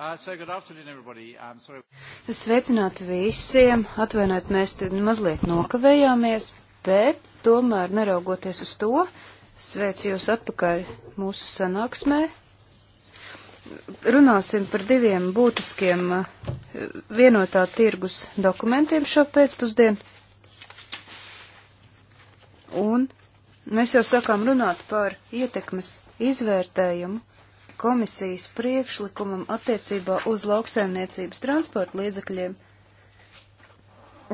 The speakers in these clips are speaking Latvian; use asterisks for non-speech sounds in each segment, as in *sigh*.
Uh, so um, Sveicināti visiem, atvainojiet, mēs te mazliet nokavējāmies, bet tomēr neraugoties uz to, sveicu jūs atpakaļ mūsu sanāksmē. Runāsim par diviem būtiskiem uh, vienotā tirgus dokumentiem šo pēcpusdienu. Un mēs jau sākām runāt par ietekmes izvērtējumu komisijas priekšlikumam attiecībā uz lauksaimniecības transporta līdzekļiem.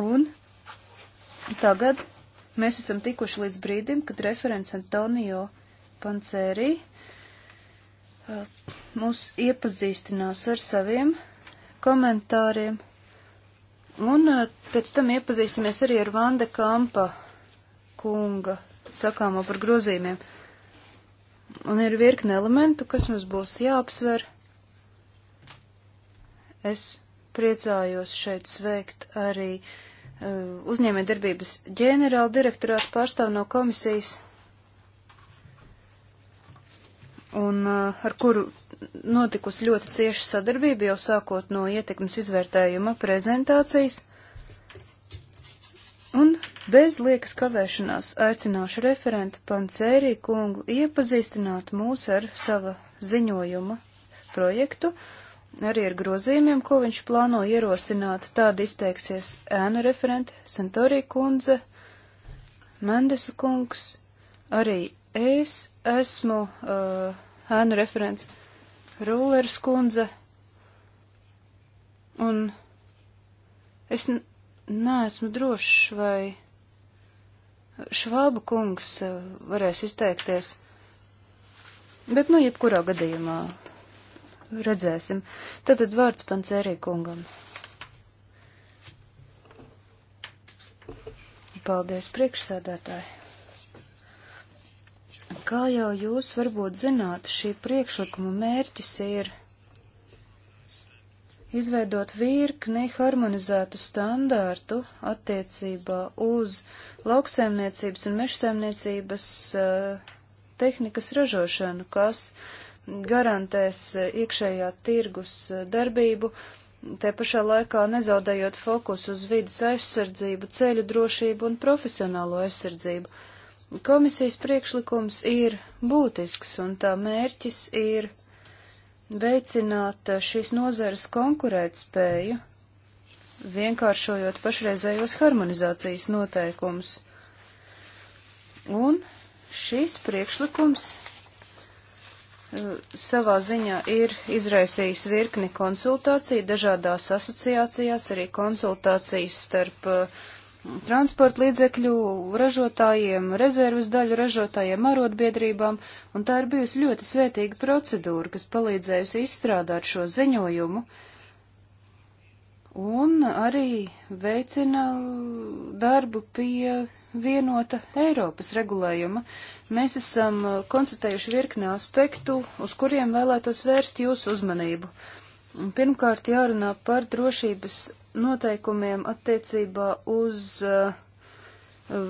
Un tagad mēs esam tikuši līdz brīdim, kad referents Antonio Pancēri uh, mūs iepazīstinās ar saviem komentāriem. Un uh, pēc tam iepazīsimies arī ar Vanda Kampa kunga sakāmo par grozījumiem. Un ir virkne elementu, kas mums būs jāapsver. Es priecājos šeit sveikt arī uh, uzņēmē darbības ģenerāla direktorāta pārstāv no komisijas, un uh, ar kuru notikusi ļoti cieša sadarbība jau sākot no ietekmes izvērtējuma prezentācijas un bez liekas kavēšanās aicināšu referentu Pancērī kungu iepazīstināt mūs ar sava ziņojuma projektu, arī ar grozījumiem, ko viņš plāno ierosināt. Tādi izteiksies ēnu referenti Santorī kundze, Mendesa kungs, arī es esmu uh, ēnu referents Rulers kundze, un es neesmu drošs, vai Švāba kungs eh, varēs izteikties. Bet, nu, jebkurā gadījumā redzēsim. Tātad vārds pancerī kungam. Paldies, priekšsēdētāji! Kā jau jūs varbūt zināt, šī priekšlikuma mērķis ir izveidot virkni harmonizētu standārtu attiecībā uz lauksēmniecības un mežsēmniecības uh, eh, tehnikas ražošanu, kas garantēs eh, iekšējā tirgus eh, darbību, te pašā laikā nezaudējot fokus uz vidas aizsardzību, ceļu drošību un profesionālo aizsardzību. Komisijas priekšlikums ir būtisks, un tā mērķis ir veicināt eh, šīs nozares konkurētspēju, vienkāršojot pašreizējos harmonizācijas noteikumus. Un šis priekšlikums eh, savā ziņā ir izraisījis virkni konsultāciju dažādās asociācijās, arī konsultācijas starp uh, transporta līdzekļu ražotājiem, rezervas daļu ražotājiem, arotbiedrībām, un tā ir bijusi ļoti svētīga procedūra, kas palīdzējusi izstrādāt šo ziņojumu un arī veicina darbu pie vienota Eiropas regulējuma. Mēs esam uh, konstatējuši virkni aspektu, uz kuriem vēlētos vērst jūsu uzmanību. Pirmkārt, jārunā par drošības noteikumiem attiecībā uz uh,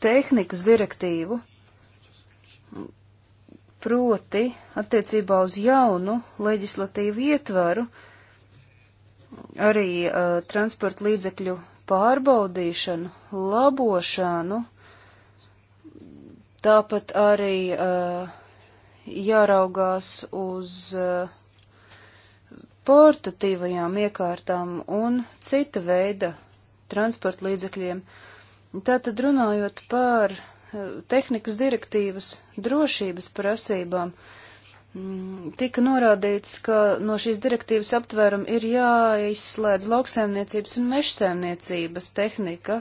tehnikas direktīvu, proti attiecībā uz jaunu leģislatīvu ietvaru, arī uh, transporta līdzekļu pārbaudīšanu, labošanu, tāpat arī uh, jāraugās uz uh, portatīvajām iekārtām un cita veida transporta līdzekļiem. Tātad runājot par eh, tehnikas direktīvas drošības prasībām, mm, tika norādīts, ka no šīs direktīvas aptvērumu ir jāizslēdz lauksaimniecības un mežsaimniecības tehnika,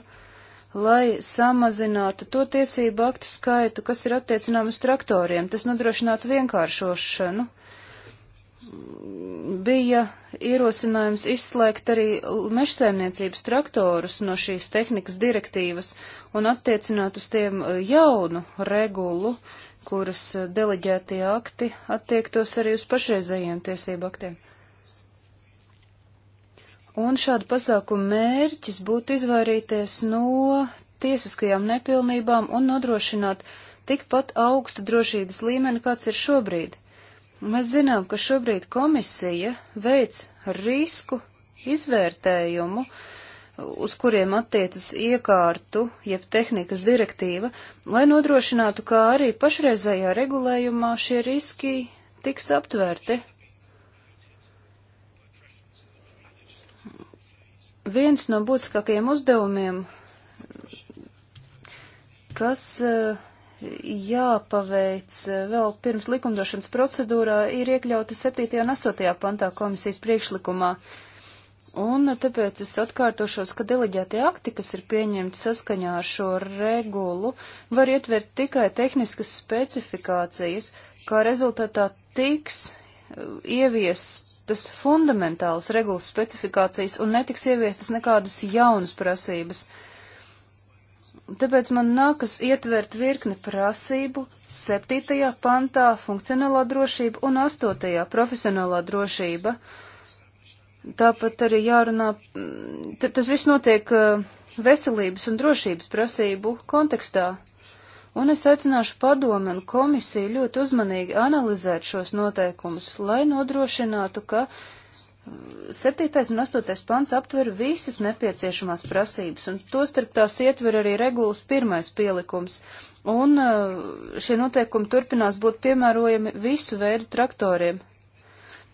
lai samazinātu to tiesību aktu skaitu, kas ir attiecinām uz traktoriem. Tas nodrošinātu vienkāršošanu. Nu, bija ierosinājums izslēgt arī mežsēmniecības traktorus no šīs tehnikas direktīvas un attiecināt uz tiem uh, jaunu regulu, kuras uh, deleģētie akti attiektos arī uz pašreizējiem tiesību aktiem. Un šādu pasākumu mērķis būtu izvairīties no tiesiskajām nepilnībām un nodrošināt tikpat augstu drošības līmeni, kāds ir šobrīd. Mēs zinām, ka šobrīd komisija veic risku izvērtējumu, uz kuriem attiecas iekārtu, jeb tehnikas direktīva, lai nodrošinātu, kā arī pašreizējā regulējumā šie riski tiks aptvērti. Viens no būtiskākajiem uzdevumiem, kas uh, jāpaveic eh, vēl pirms likumdošanas procedūrā, ir iekļauti 7. un 8. pantā komisijas priekšlikumā. Un tāpēc es atkārtošos, ka deleģētie akti, kas ir pieņemti saskaņā ar šo regulu, var ietvert tikai tehniskas specifikācijas, kā rezultātā tiks eh, ieviestas fundamentālas regulas specifikācijas un netiks ieviestas nekādas jaunas prasības. Uh, Tāpēc man nākas ietvert virkni prasību 7. pantā - funkcionālā drošība un 8. profesionālā drošība. Tāpat arī jārunā, mm, tas viss notiek uh, veselības un drošības prasību kontekstā. Un es aicināšu padomi un komisiju ļoti uzmanīgi analizēt šos noteikumus, lai nodrošinātu, ka Septītais un astotais pants aptver visas nepieciešamās prasības, un tostarp tās ietver arī regulas pirmais pielikums, un uh, šie noteikumi turpinās būt piemērojami visu veidu traktoriem.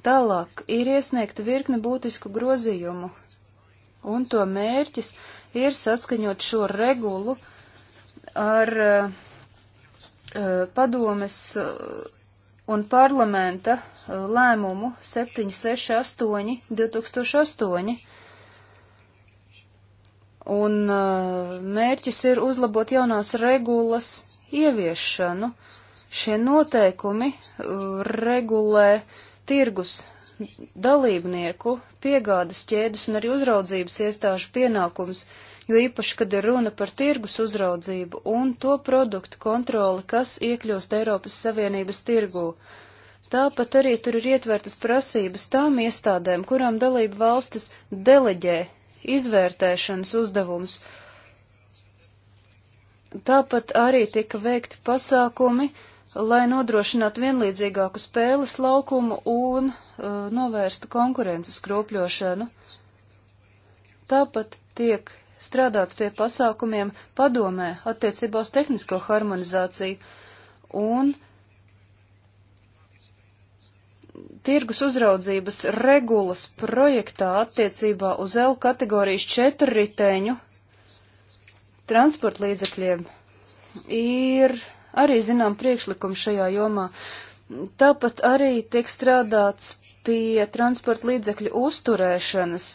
Tālāk ir iesniegta virkne būtisku grozījumu, un to mērķis ir saskaņot šo regulu ar uh, uh padomes uh, un parlamenta uh, lēmumu 768 2008 un uh, mērķis ir uzlabot jaunās regulas ieviešanu. Šie noteikumi uh, regulē tirgus dalībnieku, piegādas ķēdes un arī uzraudzības iestāžu pienākums jo īpaši, kad ir runa par tirgus uzraudzību un to produktu kontroli, kas iekļūst Eiropas Savienības tirgū. Tāpat arī tur ir ietvertas prasības tām iestādēm, kurām dalība valstis deleģē izvērtēšanas uzdevums. Tāpat arī tika veikti pasākumi, lai nodrošinātu vienlīdzīgāku spēles laukumu un uh, novērstu konkurences kropļošanu. Tāpat tiek strādāts pie pasākumiem padomē attiecībā uz tehnisko harmonizāciju un tirgus uzraudzības regulas projektā attiecībā uz L kategorijas četrriteņu transporta līdzekļiem ir arī zinām priekšlikumu šajā jomā. Tāpat arī tiek strādāts pie transporta līdzekļu uzturēšanas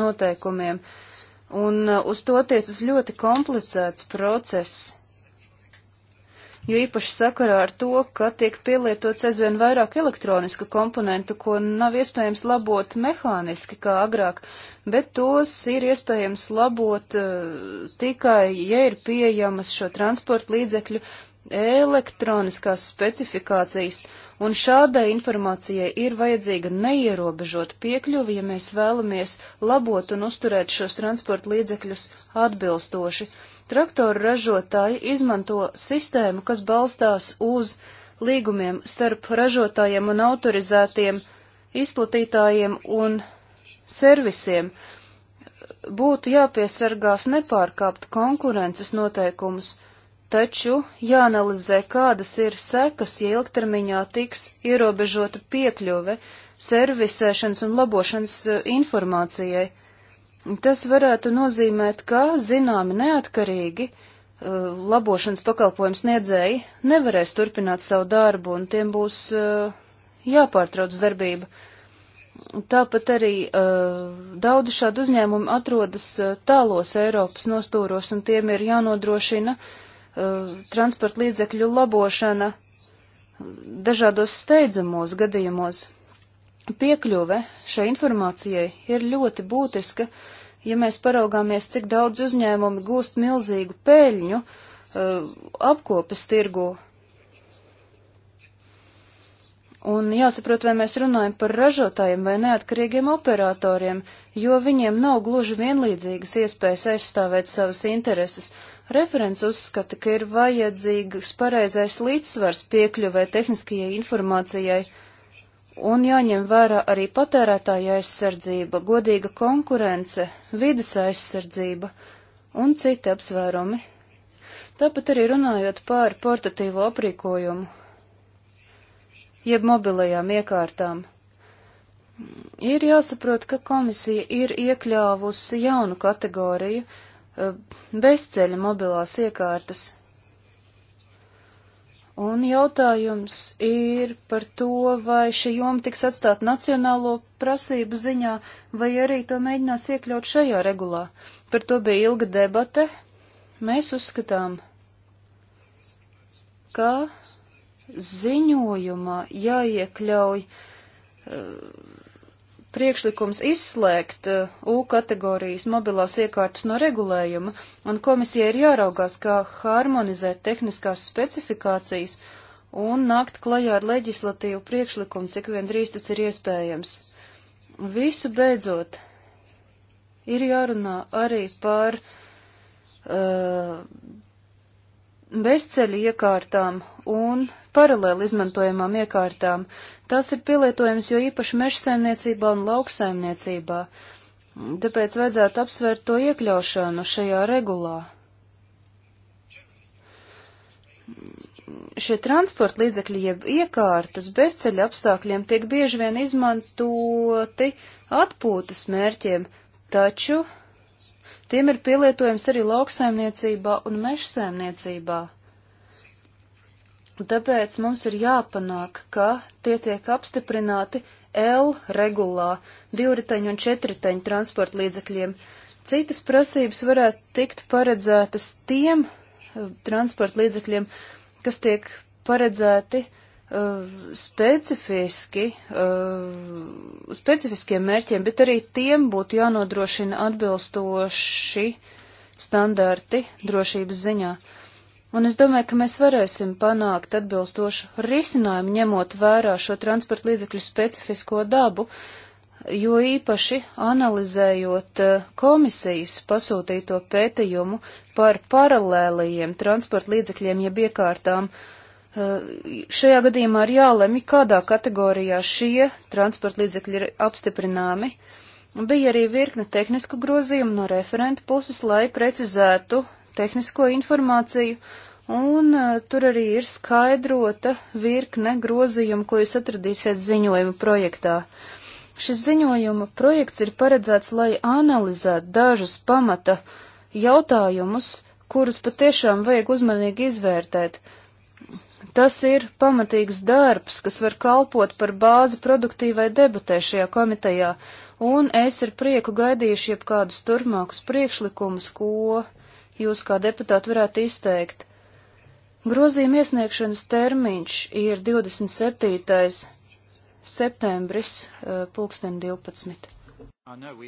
noteikumiem. Uh, un uh, uz to tiecas ļoti komplicēts process, jo īpaši sakarā ar to, ka tiek pielietots aizvien vairāk elektroniska komponentu, ko nav iespējams labot mehāniski kā agrāk, bet tos ir iespējams labot uh, tikai, ja ir pieejamas šo transporta līdzekļu elektroniskās specifikācijas. Uh, un šādai informācijai ir vajadzīga neierobežot piekļuvi, ja mēs vēlamies labot un uzturēt šos transporta līdzekļus atbilstoši. Traktoru ražotāji izmanto sistēmu, kas balstās uz līgumiem starp ražotājiem un autorizētiem izplatītājiem un servisiem būtu jāpiesargās nepārkāpt konkurences noteikumus taču jāanalizē, kādas ir sekas, ja ilgtermiņā tiks ierobežota piekļuve servisēšanas un labošanas e, informācijai. Tas varētu nozīmēt, ka zināmi neatkarīgi e, labošanas pakalpojums niedzēji nevarēs turpināt savu darbu un tiem būs e, jāpārtrauc darbība. Tāpat arī uh, daudzi šādi uzņēmumi atrodas tālos Eiropas nostūros, un tiem ir jānodrošina uh, Uh, transporta līdzekļu labošana dažādos steidzamos gadījumos. Piekļuve šai informācijai ir ļoti būtiska, ja mēs paraugāmies, cik daudz uzņēmumi gūst milzīgu peļņu uh, apkopes tirgu. Un jāsaprot, vai mēs runājam par ražotājiem vai neatkarīgiem operatoriem, jo viņiem nav gluži vienlīdzīgas iespējas aizstāvēt savas intereses. Referents uzskata, ka ir vajadzīgs pareizais līdzsvars piekļuvē tehniskajai informācijai un jāņem vērā arī patērētāja aizsardzība, godīga konkurence, vidas aizsardzība un citi apsvērumi. Tāpat arī runājot par portatīvo aprīkojumu, jeb mobilajām iekārtām. Ir jāsaprot, ka komisija ir iekļāvusi jaunu kategoriju Eh, bezceļa mobilās iekārtas. Un jautājums ir par to, vai šī joma tiks atstāta nacionālo prasību ziņā, vai arī to mēģinās iekļaut šajā regulā. Par to bija ilga debate. Mēs uzskatām, ka ziņojumā jāiekļauj uh, priekšlikums izslēgt eh, U kategorijas mobilās iekārtas no regulējuma, un komisija ir jāraugās, kā harmonizēt tehniskās specifikācijas un nākt klajā ar leģislatīvu priekšlikumu, cik vien drīz tas ir iespējams. Visu beidzot, ir jārunā arī par uh, bezceļa iekārtām un paralēli izmantojamām iekārtām. Tas ir pielietojams jo īpaši mežsaimniecībā un lauksaimniecībā, tāpēc vajadzētu apsvērt to iekļaušanu šajā regulā. Šie transporta līdzekļi jeb iekārtas bezceļa apstākļiem tiek bieži vien izmantoti atpūtas mērķiem, taču tiem ir pielietojums arī lauksaimniecībā un mežsaimniecībā. Tāpēc mums ir jāpanāk, ka tie tiek apstiprināti L regulā divriteņu un četriteņu transporta līdzekļiem. Citas prasības varētu tikt paredzētas tiem eh, transporta līdzekļiem, kas tiek paredzēti uh, specifiski, uh, specifiskiem mērķiem, bet arī tiem būtu jānodrošina atbilstoši standarti drošības ziņā. Uh, Un es domāju, ka mēs varēsim panākt atbilstošu risinājumu, ņemot vērā šo transporta līdzekļu specifisko dabu, jo īpaši analizējot eh, komisijas pasūtīto pētījumu par paralēlajiem transporta līdzekļiem, jeb iekārtām, eh, šajā gadījumā ir jālemj, kādā kategorijā šie transporta līdzekļi ir apstiprināmi. Bija arī virkne tehnisku grozījumu no referenta puses, lai precizētu tehnisko informāciju, un uh, tur arī ir skaidrota virkne grozījumu, ko jūs atradīsiet ziņojuma projektā. Šis ziņojuma projekts ir paredzēts, lai analizētu dažus pamata jautājumus, kurus patiešām vajag uzmanīgi izvērtēt. Tas ir pamatīgs darbs, kas var kalpot par bāzi produktīvai debatē šajā komitejā, un es ar prieku gaidīšu jebkādus turpmākus priekšlikumus, ko jūs kā deputāti varētu izteikt. Grozījuma iesniegšanas termiņš ir 27. septembris, eh, pulksten 12. Ah, uh,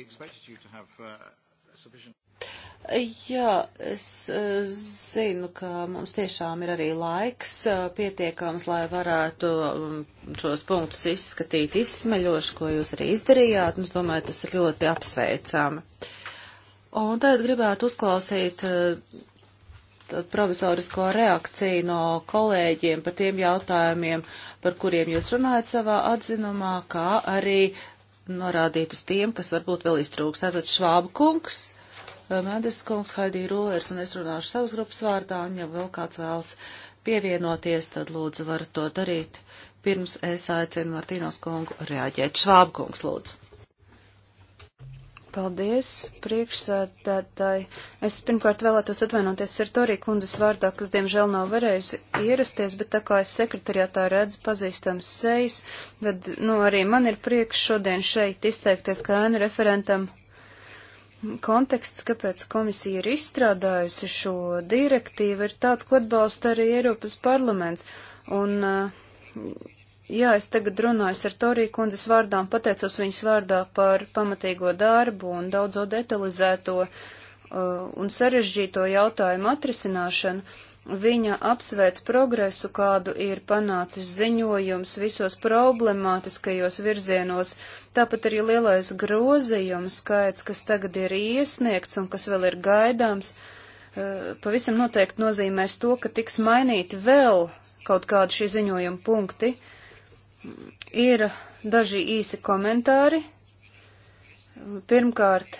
Jā, es eh, zinu, ka mums tiešām ir arī laiks eh, pietiekams, lai varētu um, šos punktus izskatīt izsmeļoši, ko jūs arī izdarījāt. Mums, domāju, tas ir ļoti apsveicami. Un tagad gribētu uzklausīt eh, tad, provizorisko reakciju no kolēģiem par tiem jautājumiem, par kuriem jūs runājat savā atzinumā, kā arī norādīt uz tiem, kas varbūt vēl iztrūks. Tātad Švāba kungs, Mendes kungs, Haidī Rulers, un es runāšu savas grupas vārdā, un ja vēl kāds vēlas pievienoties, tad lūdzu varat to darīt. Pirms es aicinu Martīnos kungu reaģēt. Švāba kungs, lūdzu. Paldies, priekšsēdētāji. Es pirmkārt vēlētos atvainoties ar Torī kundzes vārdā, kas diemžēl nav varējusi ierasties, bet tā kā es sekretariātā redzu pazīstams sejas, tad, nu, arī man ir prieks šodien šeit izteikties kā ēna referentam konteksts, kāpēc komisija ir izstrādājusi šo direktīvu, ir tāds, ko atbalsta arī Eiropas parlaments. Un uh, Jā, es tagad runāju ar Toriju kundzes vārdām, pateicos viņas vārdā par pamatīgo darbu un daudzo detalizēto uh, un sarežģīto jautājumu atrisināšanu. Viņa apsveic progresu, kādu ir panācis ziņojums visos problemātiskajos virzienos, tāpat arī lielais grozījums skaits, kas tagad ir iesniegts un kas vēl ir gaidāms, uh, pavisam noteikti nozīmēs to, ka tiks mainīti vēl kaut kādi šī ziņojuma punkti. Uh, ir daži īsi komentāri. Pirmkārt,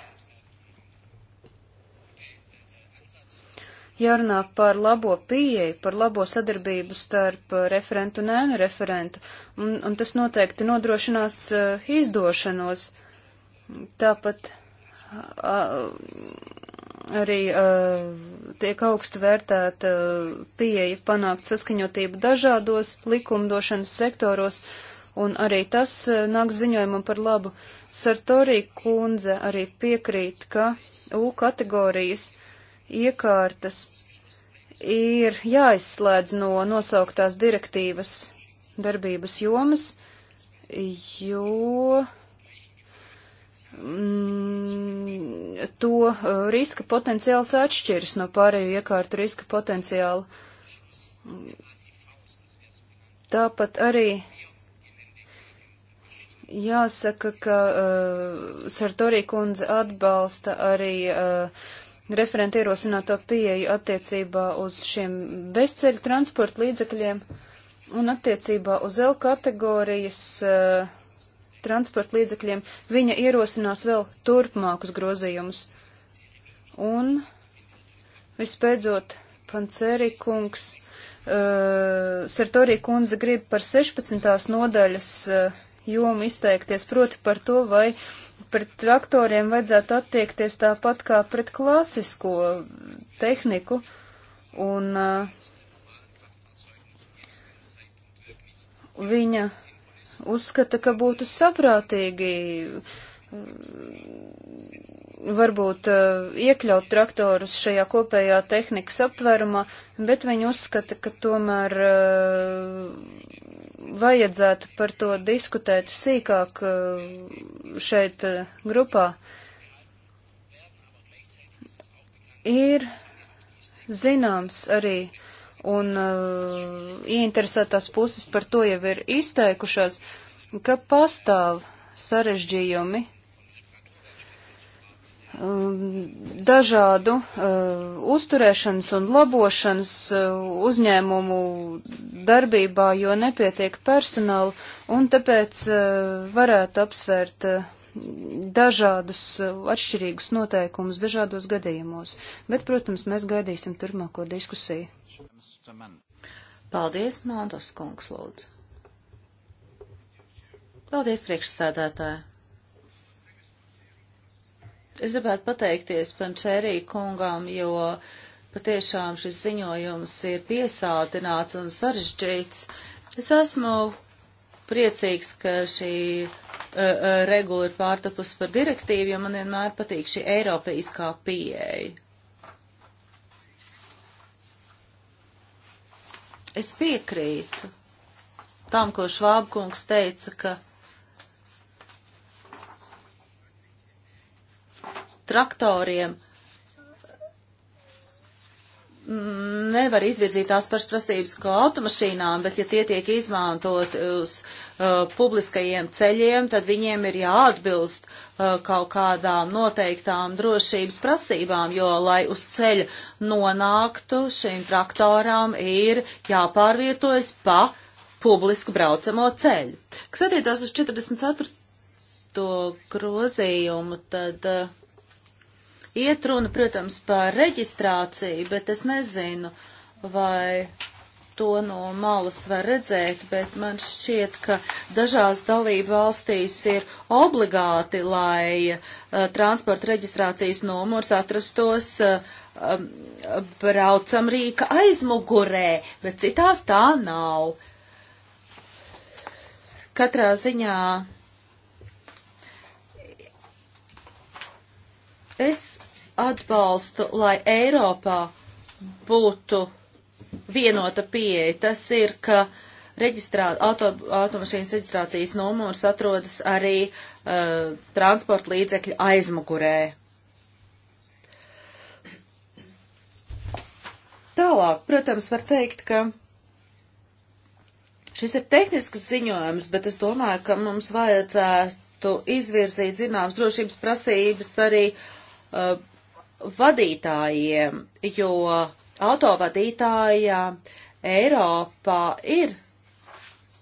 jārunā par labo pieeju, par labo sadarbību starp referentu un ēnu referentu, un, un tas noteikti nodrošinās uh, izdošanos. Tāpat uh, arī uh, tiek augstu vērtēta uh, pieeja panākt saskaņotību dažādos likumdošanas sektoros, un arī tas uh, nāk ziņojumam par labu. Sartorī kundze arī piekrīt, ka U kategorijas iekārtas ir jāizslēdz no nosauktās direktīvas darbības jomas, jo mm, to uh, riska potenciāls atšķiras no pārējo iekārtu riska potenciāla. Tāpat arī jāsaka, ka uh, Sartorī kundze atbalsta arī uh, referenta ierosināto pieeju attiecībā uz šiem bezceļu transporta līdzekļiem un attiecībā uz L kategorijas uh, transporta līdzekļiem, viņa ierosinās vēl turpmākus grozījumus. Un vispēdzot, Panceri kungs, uh, eh, Sertorija kundze grib par 16. nodaļas uh, jomu izteikties, proti par to, vai pret traktoriem vajadzētu attiekties tāpat kā pret klasisko tehniku. Un uh, viņa uzskata, ka būtu saprātīgi mm, varbūt eh, iekļaut traktorus šajā kopējā tehnikas aptvērumā, bet viņi uzskata, ka tomēr eh, vajadzētu par to diskutēt sīkāk eh, šeit grupā. Ir zināms arī uh, un uh, ieinteresētās puses par to jau ir izteikušās, ka pastāv sarežģījumi um, dažādu uh, uzturēšanas un labošanas uh, uzņēmumu darbībā, jo nepietiek personāla, un tāpēc uh, varētu apsvērt uh, dažādus uh, atšķirīgus noteikumus dažādos gadījumos, bet, protams, mēs gaidīsim turpmāko diskusiju. Paldies, Mantas kungs, lūdzu. Paldies, priekšsēdētāji. Es gribētu pateikties Pančērī kungam, jo patiešām šis ziņojums ir piesātināts un sarežģīts. Es esmu priecīgs, ka šī e, e, regula ir pārtapus par direktīvu, jo man vienmēr patīk šī Eiropeiskā pieeja. Es piekrītu tam, ko Švābkungs teica, ka traktoriem uh, nevar izvirzīt tās pašas prasības kā automašīnām, bet ja tie tiek izmantot uz uh, publiskajiem ceļiem, tad viņiem ir jāatbilst uh, kaut kādām noteiktām drošības prasībām, jo, lai uz ceļa nonāktu, šīm traktorām ir jāpārvietojas pa publisku braucamo ceļu. Kas attiecās uz 44. grozījumu, tad. Uh, Iet runa, protams, par reģistrāciju, bet es nezinu, vai to no malas var redzēt, bet man šķiet, ka dažās dalību valstīs ir obligāti, lai uh, transporta reģistrācijas numurs atrastos uh, um, braucamrīka aizmugurē, bet citās tā nav. Katrā ziņā es atbalstu, lai Eiropā būtu vienota pieeja. Tas ir, ka reģistrā, auto, automašīnas reģistrācijas numurs atrodas arī uh, transporta līdzekļa aizmugurē. Tālāk, protams, var teikt, ka šis ir tehnisks ziņojums, bet es domāju, ka mums vajadzētu izvirzīt zināmas drošības prasības arī uh, vadītājiem, jo autovadītājā Eiropā ir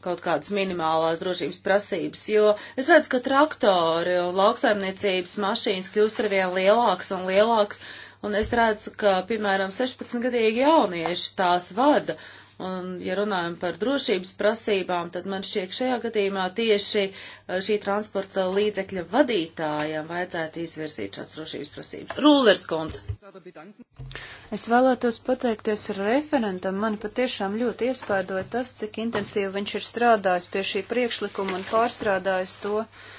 kaut kādas minimālās drošības prasības, jo es redzu, ka traktori un lauksaimniecības mašīnas kļūst ar vien lielāks un lielāks, un es redzu, ka, piemēram, 16-gadīgi jaunieši tās vada, uh, Un, ja runājam par drošības prasībām, tad man šķiet, šajā gadījumā tieši eh, šī transporta līdzekļa vadītājiem vajadzētu izvirzīt šādas drošības prasības. Rūlers kundze. Es vēlētos pateikties referentam. Man patiešām ļoti iespēdoja tas, cik intensīvi viņš ir strādājis pie šī priekšlikuma un pārstrādājis to. Uh,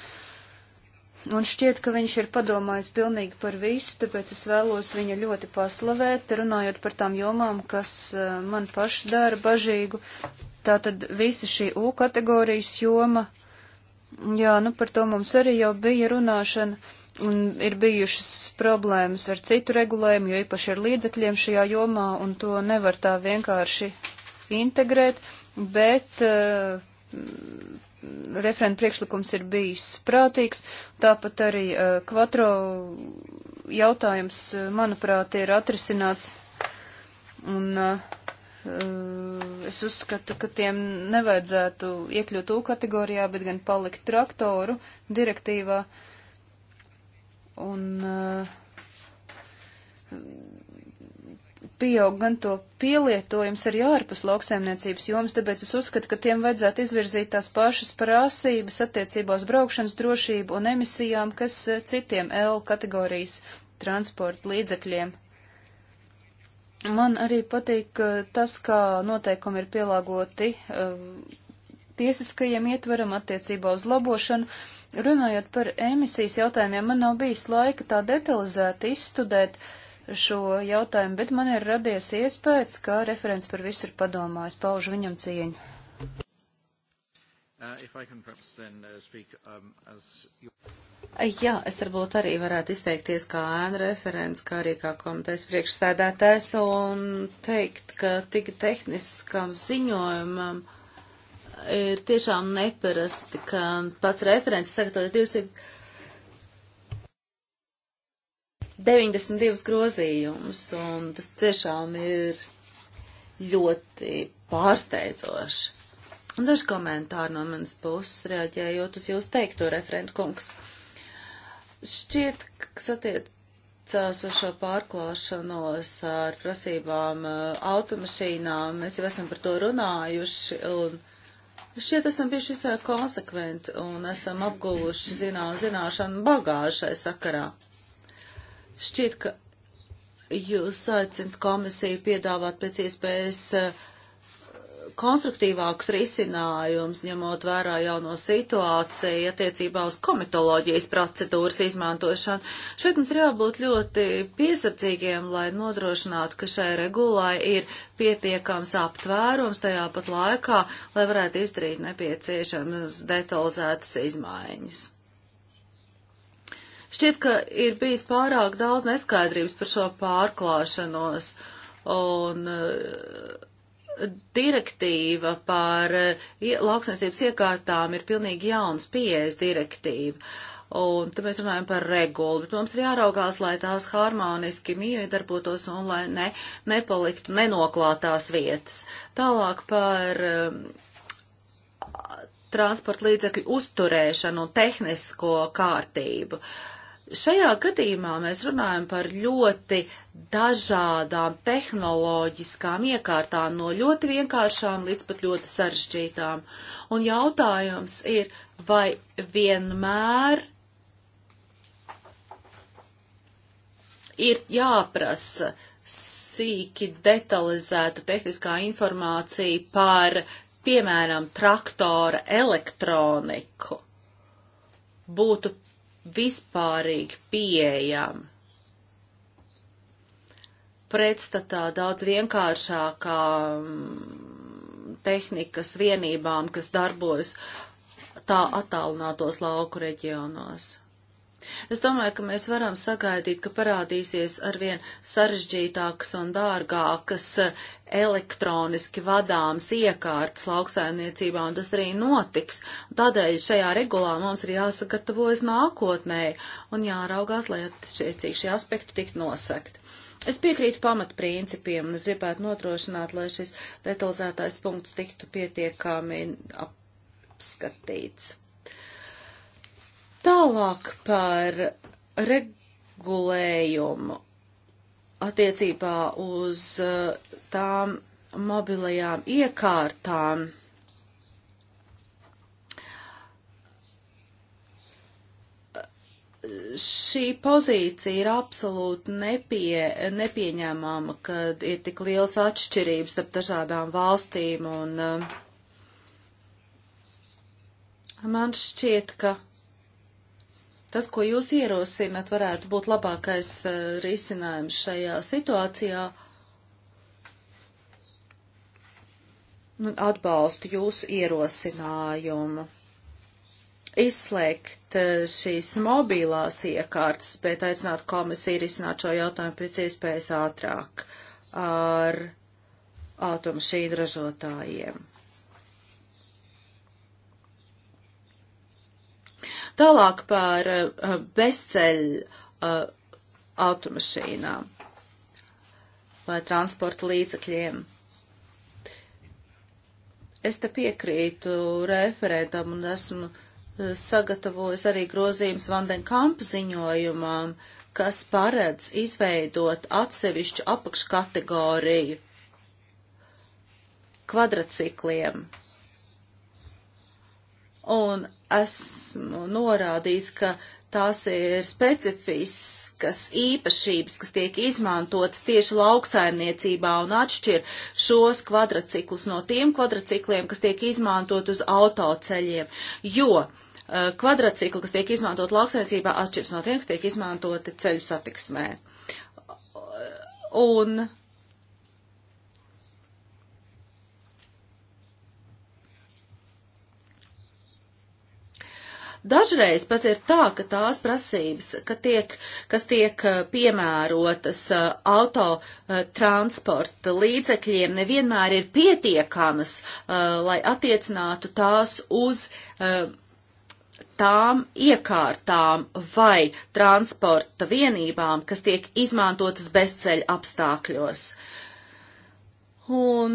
Un šķiet, ka viņš ir padomājis pilnīgi par visu, tāpēc es vēlos viņu ļoti paslavēt, runājot par tām jomām, kas eh, man paši dara bažīgu. Tātad visa šī U kategorijas joma, jā, nu par to mums arī jau bija runāšana, un ir bijušas problēmas ar citu regulējumu, jo īpaši ar līdzekļiem šajā jomā, un to nevar tā vienkārši integrēt, bet uh, referenta priekšlikums ir bijis prātīgs, tāpat arī uh, eh, kvatro jautājums, eh, manuprāt, ir atrisināts, un uh, es uzskatu, ka tiem nevajadzētu iekļūt U kategorijā, bet gan palikt traktoru direktīvā, un uh, pieaug gan to pielietojums arī ārpus lauksaimniecības jomas, tāpēc es uzskatu, ka tiem vajadzētu izvirzīt tās pašas prasības attiecībā uz braukšanas drošību un emisijām, kas eh, citiem L kategorijas transporta līdzekļiem. Man arī patīk eh, tas, kā noteikumi ir pielāgoti eh, tiesiskajiem ietveram attiecībā uz labošanu. Runājot par emisijas jautājumiem, man nav bijis laika tā detalizēti izstudēt, uh, šo jautājumu, bet man ir radies iespējas, ka referents par visu ir padomājis, paužu viņam cieņu. Uh, uh, um, Jā, es varbūt arī varētu izteikties kā ēna referents, kā arī kā komitejas priekšsēdētājs un teikt, ka tik tehniskam ziņojumam ir tiešām neparasti, ka pats referents sagatavojas 200 92 grozījumus, un tas tiešām ir ļoti pārsteidzoši. Un daži komentāri no manas puses reaģējot uz jūsu teikto, referentu kungs. Šķiet, kas attiecās uz šo pārklāšanos ar prasībām eh, automašīnām, mēs jau esam par to runājuši, un šķiet, esam bijuši visai konsekventi, un esam apguvuši zinā, zināšanu bagāžai sakarā. Šķiet, ka jūs aicinat komisiju piedāvāt pēc iespējas eh, konstruktīvāks risinājums, ņemot vērā jauno situāciju attiecībā uz komitoloģijas procedūras izmantošanu. Šeit mums ir jābūt ļoti piesardzīgiem, lai nodrošinātu, ka šai regulai ir pietiekams aptvērums tajā pat laikā, lai varētu izdarīt nepieciešamas detalizētas izmaiņas. Šķiet, ka ir bijis pārāk daudz neskaidrības par šo pārklāšanos un eh, direktīva par eh, lauksainsības iekārtām ir pilnīgi jauns pieejas direktīva. Un te mēs runājam par regulu, bet mums ir jāraugās, lai tās harmoniski mīvi darbotos un lai ne, nepaliktu nenoklātās vietas. Tālāk par um, transporta līdzekļu uzturēšanu un tehnisko kārtību. Uh, Šajā gadījumā mēs runājam par ļoti dažādām tehnoloģiskām iekārtām, no ļoti vienkāršām līdz pat ļoti sarežģītām. Un jautājums ir, vai vienmēr ir jāprasa sīki detalizēta tehniskā informācija par, piemēram, traktora elektroniku. Būtu vispārīgi pieejama pretstatā daudz vienkāršākām mm, tehnikas vienībām, kas darbojas tā attālinātos lauku reģionos. Es domāju, ka mēs varam sagaidīt, ka parādīsies arvien sarežģītākas un dārgākas eh, elektroniski vadāmas iekārtas lauksaimniecībā, un tas arī notiks. Tādēļ šajā regulā mums ir jāsagatavojas nākotnē un jāraugās, lai attiecīgi šie aspekti tiktu nosakti. Es piekrītu pamatprincipiem, un es gribētu notrošināt, lai šis detalizētais punkts tiktu pietiekami apskatīts. Tālāk par regulējumu attiecībā uz uh, tām mobilajām iekārtām. Šī pozīcija ir absolūti nepie, nepieņēmama, kad ir tik liels atšķirības starp dažādām valstīm, un uh, man šķiet, ka Tas, ko jūs ierosinat, varētu būt labākais eh, risinājums šajā situācijā. Nu, atbalstu jūsu ierosinājumu izslēgt eh, šīs mobilās iekārtas, bet aicināt komisiju risināt šo jautājumu pēc iespējas ātrāk ar automašīnu ražotājiem. Tālāk par eh, bezceļu eh, automašīnām vai transporta līdzekļiem. Es te piekrītu referentam un esmu eh, sagatavojis arī grozījums Vandenkampa ziņojumam, kas paredz izveidot atsevišķu apakškategoriju kvadracikliem, un esmu norādījis, ka tās ir specifiskas īpašības, kas tiek izmantotas tieši lauksaimniecībā un atšķir šos kvadraciklus no tiem kvadracikliem, kas tiek izmantot uz autoceļiem, jo uh, kvadracikli, kas tiek izmantot lauksaimniecībā, atšķirs no tiem, kas tiek izmantoti ceļu satiksmē. Un Dažreiz pat ir tā, ka tās prasības, ka tiek, kas tiek eh, piemērotas eh, autotransporta eh, līdzekļiem, nevienmēr ir pietiekamas, lai attiecinātu tās uz tām iekārtām vai transporta vienībām, kas tiek izmantotas bezceļa apstākļos. Un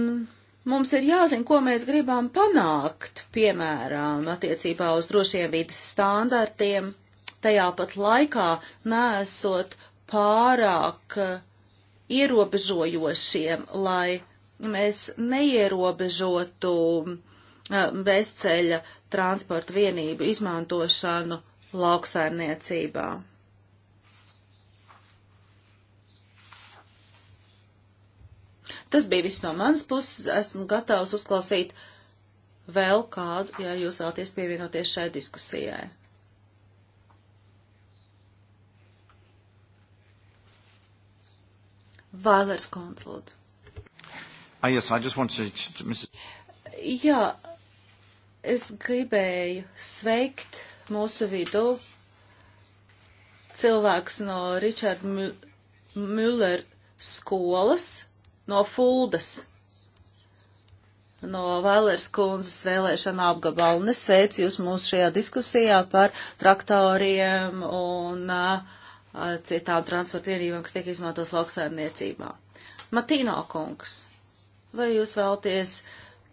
Mums ir jāzina, ko mēs gribam panākt, piemēram, attiecībā uz drošiem vidas standartiem, tajā pat laikā nesot pārāk eh, ierobežojošiem, lai mēs neierobežotu eh, bezceļa transporta vienību izmantošanu lauksaimniecībā. Tas bija viss no manas puses. Esmu gatavs uzklausīt vēl kādu, ja jūs vēlaties pievienoties šai diskusijai. Vailers konsults. Ah, yes, I just wanted to, Mrs. Jā, es gribēju sveikt mūsu vidū cilvēks no Richard Müller skolas, no Fuldas, no Vailers kundzes vēlēšana apgabalu. Un es sveicu jūs mūsu šajā diskusijā par traktoriem un uh, citām transporta vienībām, kas tiek izmantos lauksaimniecībā. Matīno kungs, vai jūs vēlties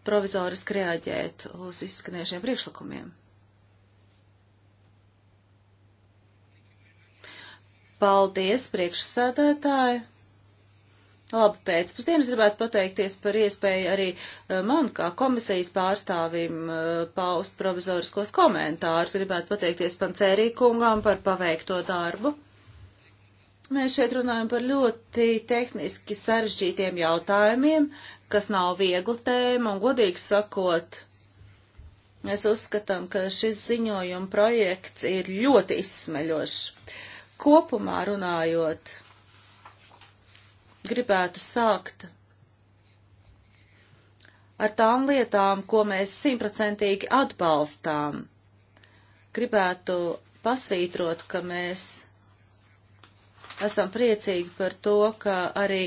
provizoriski reaģēt uz izskanējušiem priekšlikumiem? Paldies, priekšsēdētāji! Labi, pēcpusdienas gribētu pateikties par iespēju arī eh, man, kā komisijas pārstāvim, eh, paust provizoriskos komentārus. Gribētu pateikties pancērī kungām par paveikto darbu. Mēs šeit runājam par ļoti tehniski sarežģītiem jautājumiem, kas nav viegla tēma, un godīgi sakot, mēs uzskatām, ka šis ziņojuma projekts ir ļoti izsmeļošs. Kopumā runājot, gribētu sākt ar tām lietām, ko mēs simtprocentīgi atbalstām. Gribētu pasvītrot, ka mēs esam priecīgi par to, ka arī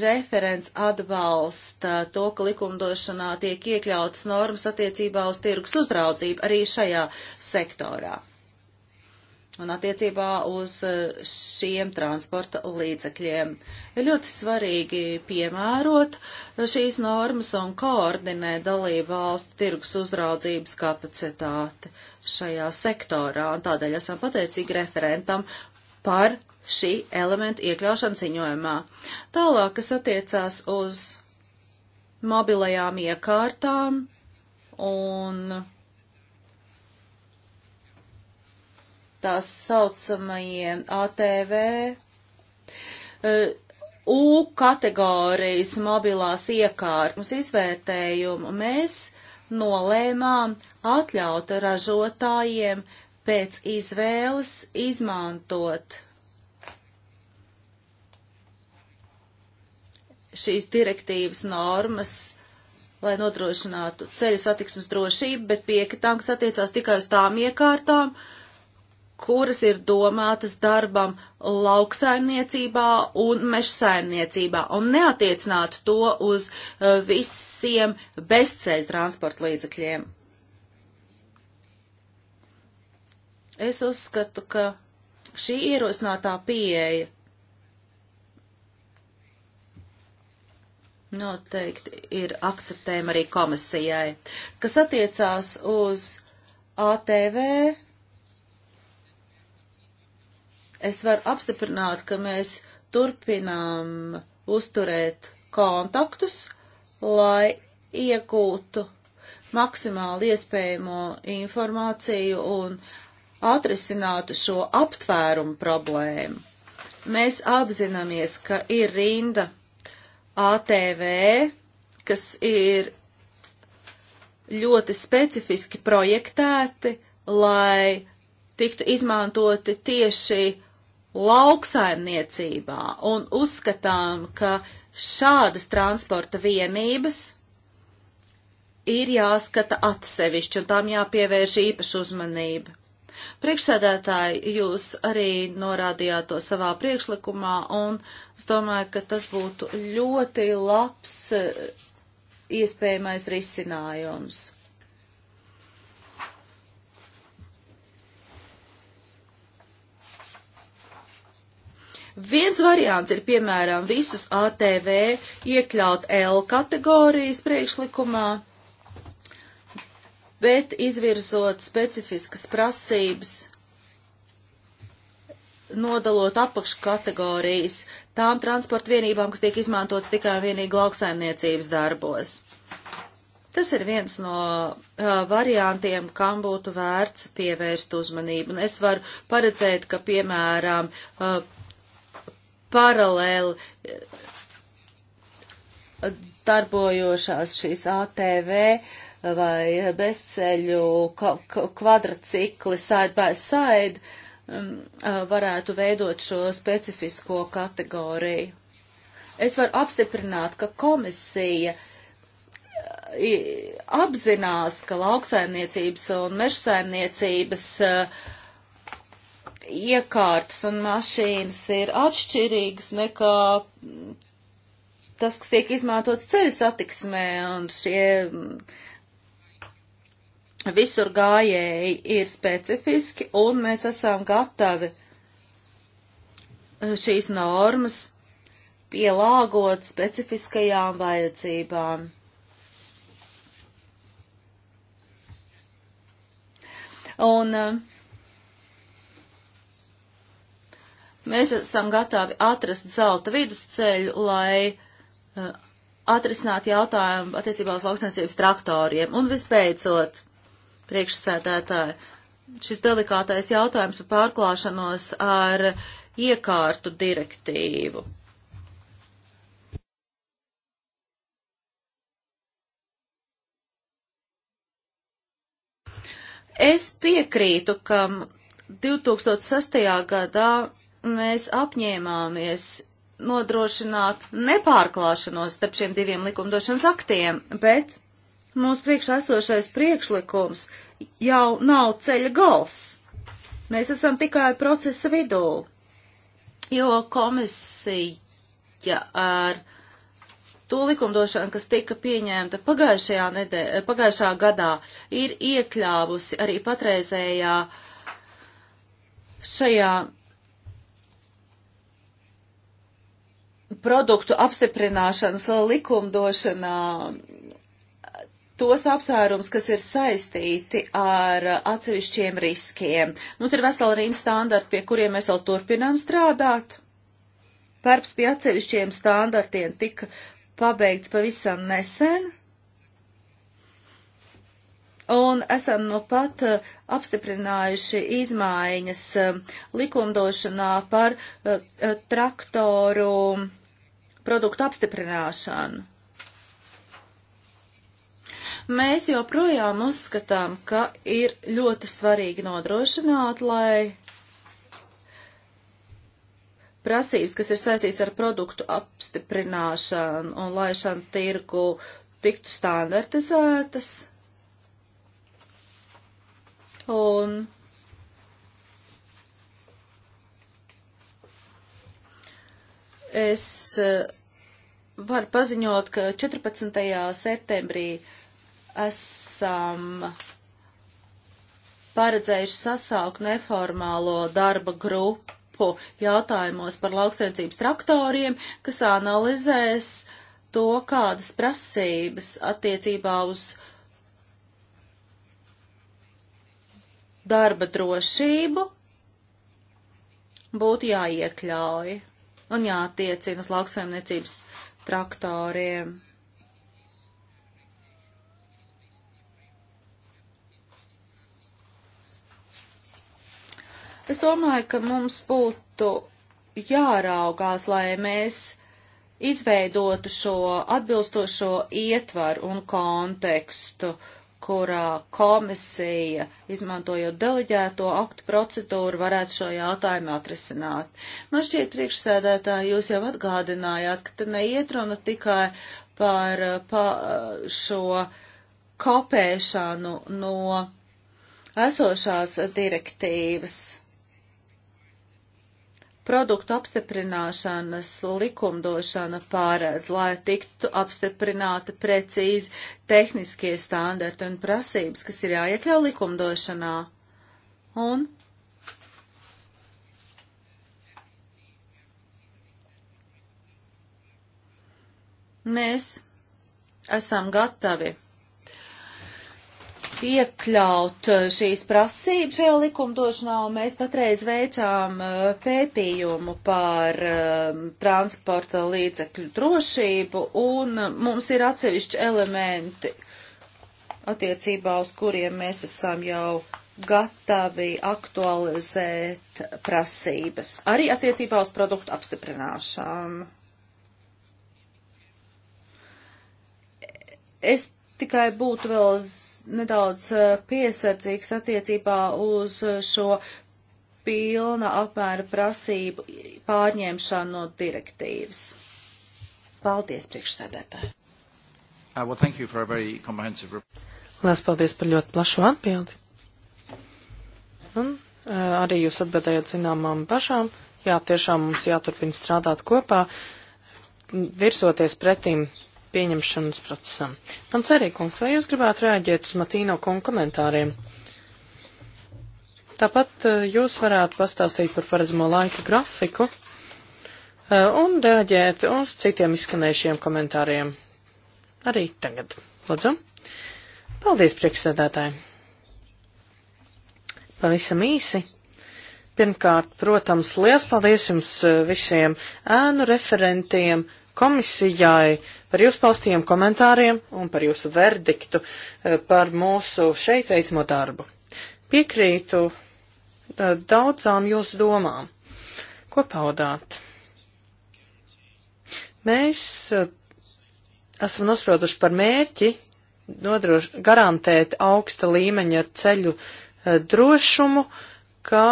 referents atbalsta to, ka likumdošanā tiek iekļautas normas attiecībā uz tirgus uzraudzību arī šajā sektorā un attiecībā uz e, šiem transporta līdzekļiem. Ir ļoti svarīgi piemērot šīs normas un koordinēt dalību valstu tirgus uzraudzības kapacitāti šajā sektorā, un tādēļ esam pateicīgi referentam par šī elementa iekļaušanu ziņojumā. Tālāk, kas attiecās uz mobilajām iekārtām un tās saucamajiem ATV. E, U kategorijas mobilās iekārtas izvērtējumu mēs nolēmām atļaut ražotājiem pēc izvēles izmantot šīs direktīvas normas, lai nodrošinātu ceļu satiksmes drošību, bet piekritām, kas attiecās tikai uz tām iekārtām, uh, kuras ir domātas darbam lauksaimniecībā un mežsaimniecībā, un neatiecināt to uz eh, visiem bezceļu transporta līdzekļiem. Es uzskatu, ka šī ierosinātā pieeja noteikti ir akceptējama arī komisijai, kas attiecās uz ATV es varu apstiprināt, ka mēs turpinām uzturēt kontaktus, lai iegūtu maksimāli iespējamo informāciju un atrisinātu šo aptvērumu problēmu. Mēs apzināmies, ka ir rinda ATV, kas ir ļoti specifiski projektēti, lai tiktu izmantoti tieši lauksaimniecībā un uzskatām, ka šādas transporta vienības ir jāskata atsevišķi un tām jāpievērš īpaša uzmanība. Priekšsēdētāji, jūs arī norādījāt to savā priekšlikumā, un es domāju, ka tas būtu ļoti labs eh, iespējamais risinājums. Viens variants ir, piemēram, visus ATV iekļaut L kategorijas priekšlikumā, bet izvirzot specifiskas prasības, nodalot apakškategorijas tām transporta vienībām, kas tiek izmantotas tikai un vienīgi lauksaimniecības darbos. Tas ir viens no uh, variantiem, kam būtu vērts pievērst uzmanību. Un es varu paredzēt, ka, piemēram, uh, paralēli eh, darbojošās šīs ATV eh, vai bezceļu kvadratcikli side by side mm, eh, varētu veidot šo specifisko kategoriju. Es varu apstiprināt, ka komisija apzinās, ka lauksaimniecības un mežsaimniecības uh, iekārtas un mašīnas ir atšķirīgas nekā tas, kas tiek izmantots ceļu satiksmē, un šie visur gājēji ir specifiski, un mēs esam gatavi šīs normas pielāgot specifiskajām vajadzībām. Un uh, Mēs esam gatavi atrast zelta vidusceļu, lai uh, eh, atrisināt jautājumu attiecībā uz lauksainicības traktoriem. Un visbeidzot, priekšsēdētāji, šis delikātais jautājums par pārklāšanos ar iekārtu direktīvu. Es piekrītu, ka 2006. gadā mēs apņēmāmies nodrošināt nepārklāšanos starp šiem diviem likumdošanas aktiem, bet mūsu priekšā esošais priekšlikums jau nav ceļa gals. Mēs esam tikai procesa vidū, jo komisija ar to likumdošanu, kas tika pieņemta pagājušajā, nedē, pagājušā gadā, ir iekļāvusi arī patreizējā šajā produktu apstiprināšanas likumdošanā tos apsvērums, kas ir saistīti ar atsevišķiem riskiem. Mums ir vesela rīna standarti, pie kuriem mēs vēl turpinām strādāt. Darbs pie atsevišķiem standartiem tika pabeigts pavisam nesen. Un esam nu pat uh, apstiprinājuši izmaiņas uh, likumdošanā par uh, traktoru produktu apstiprināšanu. Mēs joprojām uzskatām, ka ir ļoti svarīgi nodrošināt, lai prasības, kas ir saistīts ar produktu apstiprināšanu un laišanu tirgu, tiktu standartizētas. Un es uh, var paziņot, ka 14. septembrī esam paredzējuši sasaukt neformālo darba grupu jautājumos par lauksainicības traktoriem, kas analizēs to, kādas prasības attiecībā uz darba drošību būtu jāiekļauj un jātiecina uz lauksaimniecības traktoriem traktoriem. Es domāju, ka mums būtu jāraugās, lai mēs izveidotu šo atbilstošo ietvaru un kontekstu. Uh, kurā komisija, izmantojot deleģēto aktu procedūru, varētu šo jautājumu atrisināt. Man šķiet, priekšsēdētāji, jūs jau atgādinājāt, ka te neiet runa tikai par pa, šo kopēšanu no esošās direktīvas Produktu apstiprināšanas likumdošana pārēdz, lai tiktu apstiprināti precīzi tehniskie standarti un prasības, kas ir jāiekļau likumdošanā. Un mēs esam gatavi iekļaut eh, šīs prasības šajā likumdošanā, un mēs patreiz veicām eh, pētījumu par eh, transporta līdzekļu drošību, un mums ir atsevišķi elementi, attiecībā uz kuriem mēs esam jau gatavi aktualizēt prasības, arī attiecībā uz produktu apstiprināšanu. Es tikai būtu vēl nedaudz eh, piesardzīgs attiecībā uz eh, šo pilna apmēra prasību pārņemšanu no direktīvas. Paldies, priekšsēdētāji! Uh, well, thank you for a very comprehensive Lielas paldies par ļoti plašu atbildi. Un uh, arī jūs atbildējat zināmām bažām. Jā, tiešām mums jāturpina strādāt kopā, virsoties pretim pieņemšanas procesam. Pants Erīkungs, vai jūs gribētu rēģēt uz Matīno kungu komentāriem? Tāpat eh, jūs varētu pastāstīt par paredzamo laika grafiku eh, un rēģēt uz citiem izskanējušiem komentāriem. Arī tagad. Lūdzu. Paldies, priekšsēdētāji. Pavisam īsi. Pirmkārt, protams, liels paldies jums eh, visiem ēnu referentiem, uh, komisijai par jūsu paustiem komentāriem un par jūsu verdiktu eh, par mūsu šeit veicamo darbu. Piekrītu eh, daudzām jūsu domām. Ko paudāt? Mēs eh, esam nosprotuši par mērķi nodroš, garantēt augsta līmeņa ceļu drošumu, kā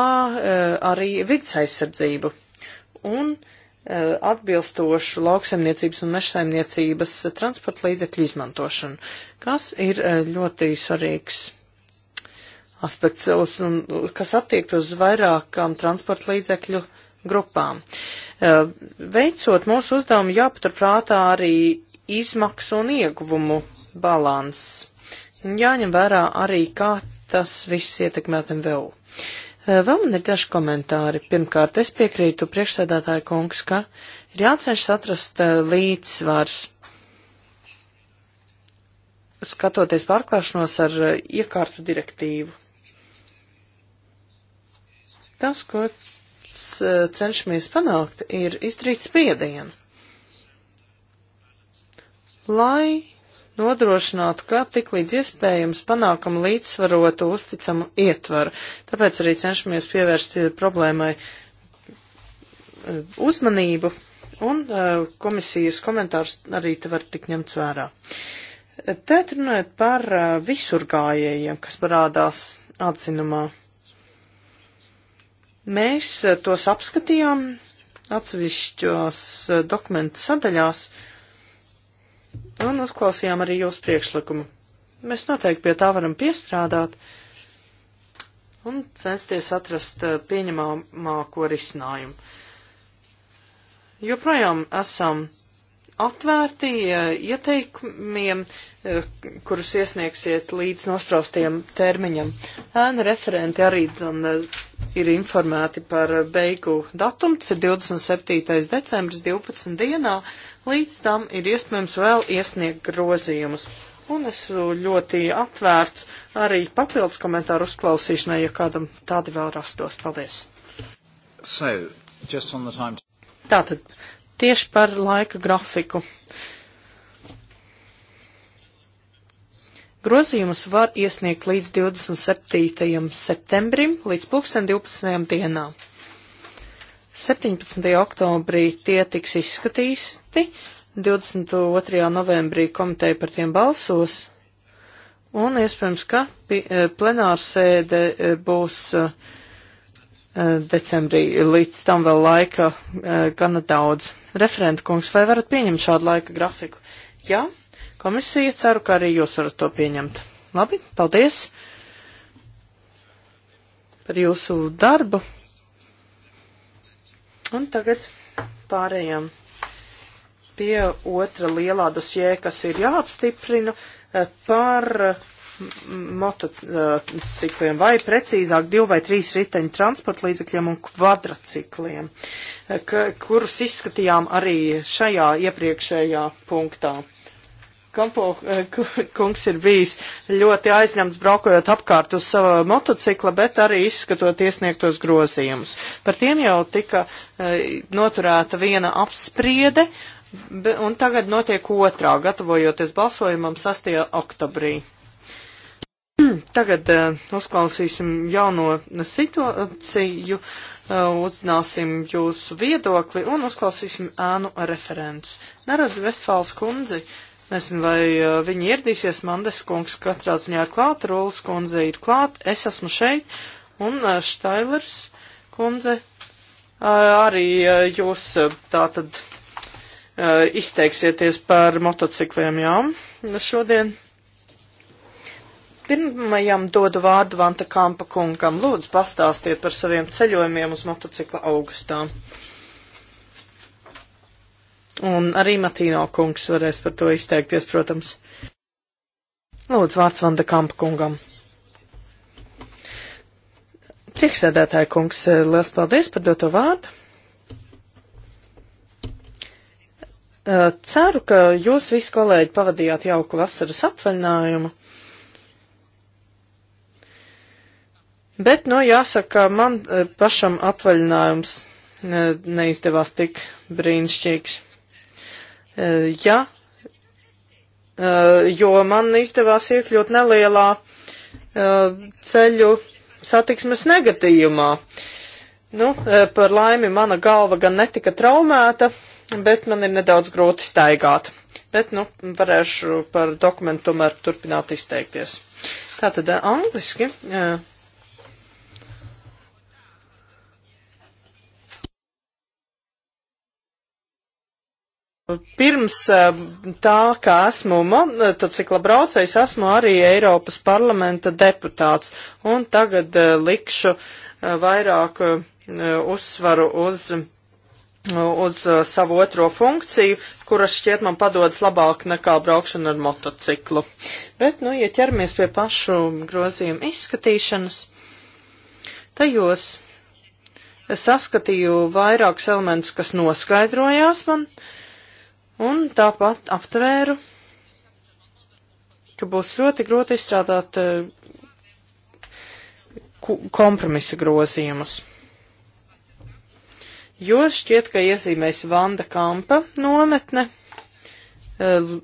arī vidas aizsardzību. Un uh, Eh, atbilstošu lauksaimniecības un mežsaimniecības transporta līdzekļu izmantošanu, kas ir eh, ļoti svarīgs aspekts, uz, kas attiekt uz vairākām transporta līdzekļu grupām. Eh, veicot mūsu uzdevumu, jāpaturprātā arī izmaksu un ieguvumu balans. Jāņem vērā arī, kā tas viss ietekmē MVU. Eh, vēl man ir daži komentāri. Pirmkārt, es piekrītu priekšsēdētāju kungs, ka ir jācenšas atrast eh, līdzsvars. Skatoties pārklāšanos ar eh, iekārtu direktīvu. Tas, ko cenšamies panākt, ir izdarīt spiedienu, lai nodrošinātu, ka tik līdz iespējams panākam līdzsvarotu uzticamu ietvaru. Tāpēc arī cenšamies pievērst eh, problēmai eh, uzmanību, un eh, komisijas komentārs arī te var tik ņemts vērā. Tēt runājot par visurgājējiem, kas parādās atzinumā. Mēs tos apskatījām atsevišķos dokumentu sadaļās. Uh, un uzklausījām arī jūsu priekšlikumu. Mēs noteikti pie tā varam piestrādāt un censties atrast eh, pieņemamāko risinājumu. Joprojām esam atvērti eh, ieteikumiem, eh, kurus iesniegsiet līdz nospraustiem termiņam. Ēna referenti arī dzan, ir informēti par beigu datumu, tas ir 27. decembris 12. dienā, Līdz tam ir iespējams vēl iesniegt grozījumus. Un es ļoti atvērts arī papildus komentāru uzklausīšanai, ja kādam tādi vēl rastos. Paldies! So, just on the time... Tātad, tieši par laika grafiku. Grozījumus var iesniegt līdz 27. septembrim, līdz 2012. dienām. 17. oktobrī tie tiks izskatīti, 22. novembrī komiteja par tiem balsos, un iespējams, ka e, plenārsēde e, būs e, decembrī, līdz tam vēl laika gana daudz. Referenta kungs, vai varat pieņemt šādu laika grafiku? Jā, komisija ceru, ka arī jūs varat to pieņemt. Labi, paldies par jūsu darbu. Un tagad pārējām pie otra lielā dosjē, kas ir jāapstiprina eh, par eh, motocikliem eh, vai precīzāk divu vai trīs riteņu transporta līdzekļiem un kvadracikliem, kurus izskatījām arī šajā iepriekšējā punktā. Kampo eh, kungs ir bijis ļoti aizņemts braukojot apkārt uz sava motocikla, bet arī izskatot iesniegtos grozījumus. Par tiem jau tika eh, noturēta viena apspriede, un tagad notiek otrā, gatavojoties balsojumam 6. oktobrī. *clears throat* Tagad uh, uzklausīsim jauno situāciju, uh, uzzināsim jūsu viedokli un uzklausīsim ēnu referentus. Neredzu Vesfāls kundzi. Uh, Nezinu, vai viņi ieradīsies, Mandes kungs katrā ziņā ir klāt, Rūlas kundze ir klāt, es esmu šeit, un Štailers kundze arī jūs tātad izteiksieties par motocikliem, jā, šodien. Pirmajam dodu vārdu Vanta Kampa kungam. Lūdzu, pastāstiet par saviem ceļojumiem uz motocikla augustā. Un arī Matīno kungs varēs par to izteikties, protams. Lūdzu, vārds Vanda Kampa kungam. Priekšsēdētāja kungs, liels paldies par doto vārdu. Ceru, ka jūs visi kolēģi pavadījāt jauku vasaras apvaļinājumu. Bet, nu, jāsaka, man pašam apvaļinājums neizdevās tik brīnišķīgs. Eh, ja, eh, jo man izdevās iekļūt nelielā eh, ceļu satiksmes negadījumā. Nu, par laimi mana galva gan netika traumēta, bet man ir nedaudz grūti staigāt. Bet, nu, varēšu par dokumentu tomēr turpināt izteikties. Tātad angliski. Uh, Pirms eh, tā, kā esmu motocikla eh, braucējs, esmu arī Eiropas parlamenta deputāts, un tagad eh, likšu vairāk uzsvaru uz, uz savu otro funkciju, kuras šķiet man padodas labāk nekā braukšana ar motociklu. Bet, nu, ja ķeramies pie pašu grozījumu izskatīšanas, tajos saskatīju vairākus elementus, kas noskaidrojās man. Uh, Un tāpat aptvēru, ka būs ļoti grūti izstrādāt eh, kompromisa grozījumus. Jo šķiet, ka iezīmēs Vanda Kampa nometne, eh,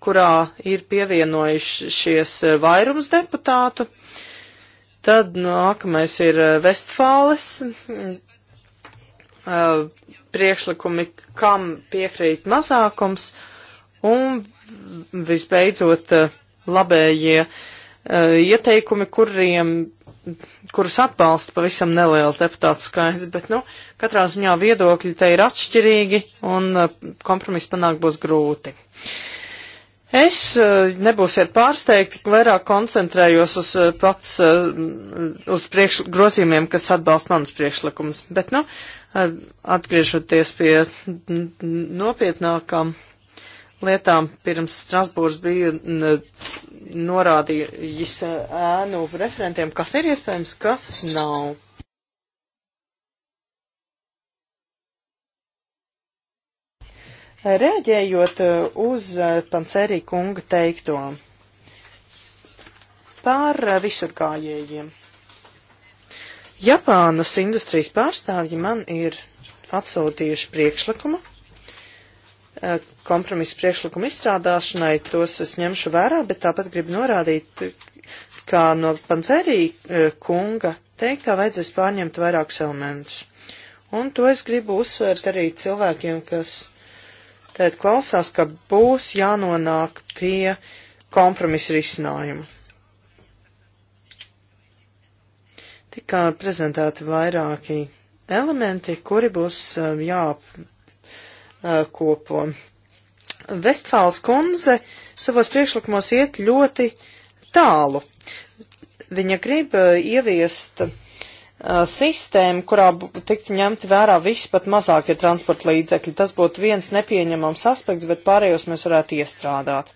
kurā ir pievienojušies vairums deputātu. Tad nākamais ir eh, Vestfāles priekšlikumi, kam piekrīt mazākums, un visbeidzot eh, labējie eh, ieteikumi, kuriem, kurus atbalsta pavisam neliels deputāts skaits, bet, nu, katrā ziņā viedokļi te ir atšķirīgi, un eh, kompromiss panākt būs grūti. Es nebūsiet pārsteigti, ka vairāk koncentrējos uz pats, uz priekš, grozījumiem, kas atbalsta manas priekšlikumus, bet, nu, Atgriežoties pie nopietnākām lietām, pirms Strasbūrs bija norādījis ēnu referentiem, kas ir iespējams, kas nav. Rēģējot uz Panserī kunga teikto par visurgājējiem. Japānas industrijas pārstāvji man ir atsūtījuši priekšlikumu, eh, kompromisu priekšlikumu izstrādāšanai, tos es ņemšu vērā, bet tāpat gribu norādīt, kā no Panzerī eh, kunga teiktā vajadzēs pārņemt vairākus elementus. Un to es gribu uzsvērt arī cilvēkiem, kas tad klausās, ka būs jānonāk pie kompromisa risinājumu. Tikā prezentēti vairāki elementi, kuri būs eh, jāapkopo. Eh, Vestfāls kundze savos priekšlikumos iet ļoti tālu. Viņa grib eh, ieviest sistēmu, kurā tiktu ņemti vērā visi pat mazākie transporta līdzekļi. Tas būtu viens nepieņemams aspekts, bet pārējos mēs varētu iestrādāt.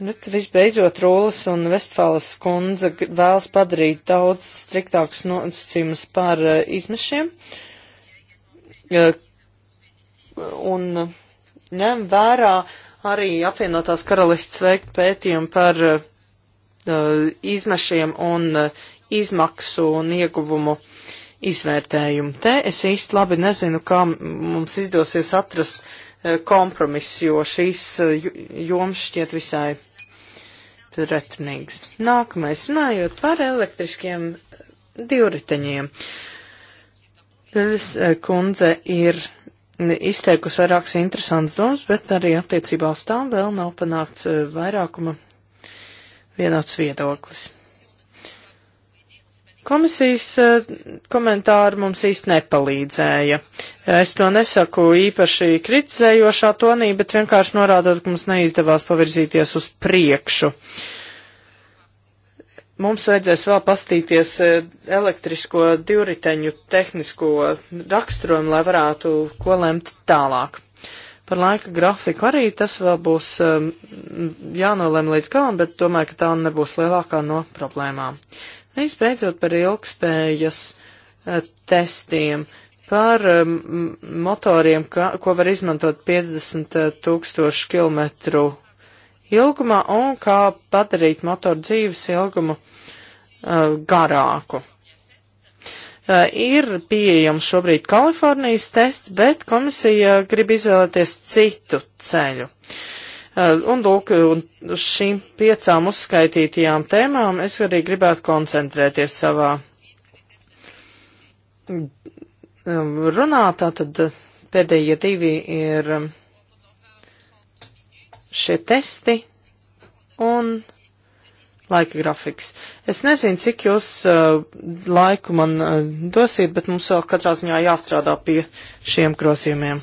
Nu, visbeidzot, Rūlas un Vestfāles kundze vēlas padarīt daudz striktākus nosacījumus par uh, izmešiem uh, un uh, ņem vērā arī apvienotās karalists veikt pētījumu par uh, izmešiem un uh, izmaksu un ieguvumu izvērtējumu. Te es īsti labi nezinu, kā mums izdosies atrast uh, Eh, kompromiss, jo šīs eh, joms šķiet visai pretrunīgas. Nākamais, runājot par elektriskiem eh, divriteņiem. Devis kundze ir izteikusi vairākas interesantas domas, bet arī attiecībā uz tām vēl nav panākts vairākuma vienots viedoklis. Komisijas eh, komentāri mums īsti nepalīdzēja. Es to nesaku īpaši kritizējošā tonī, bet vienkārši norādot, ka mums neizdevās pavirzīties uz priekšu. Mums vajadzēs vēl pastīties eh, elektrisko divriteņu tehnisko raksturojumu, lai varētu ko lemt tālāk. Par laika grafiku arī tas vēl būs um, jānolem līdz galam, bet domāju, ka tā nebūs lielākā no problēmām. Visbeidzot par ilgspējas eh, testiem, par eh, motoriem, ka, ko var izmantot 50 eh, tūkstošu kilometru ilgumā un kā padarīt motoru dzīves ilgumu uh, garāku. Uh, ir pieejams šobrīd Kalifornijas tests, bet komisija grib izvēlēties citu ceļu. Uh, Eh, un lūk, eh, un šīm piecām uzskaitītajām tēmām es arī gribētu koncentrēties savā mm, eh, runā. Tātad pēdējie divi ir šie testi un laika grafiks. Es nezinu, cik jūs uh, laiku man uh, dosiet, bet mums vēl katrā ziņā jāstrādā pie šiem grozījumiem.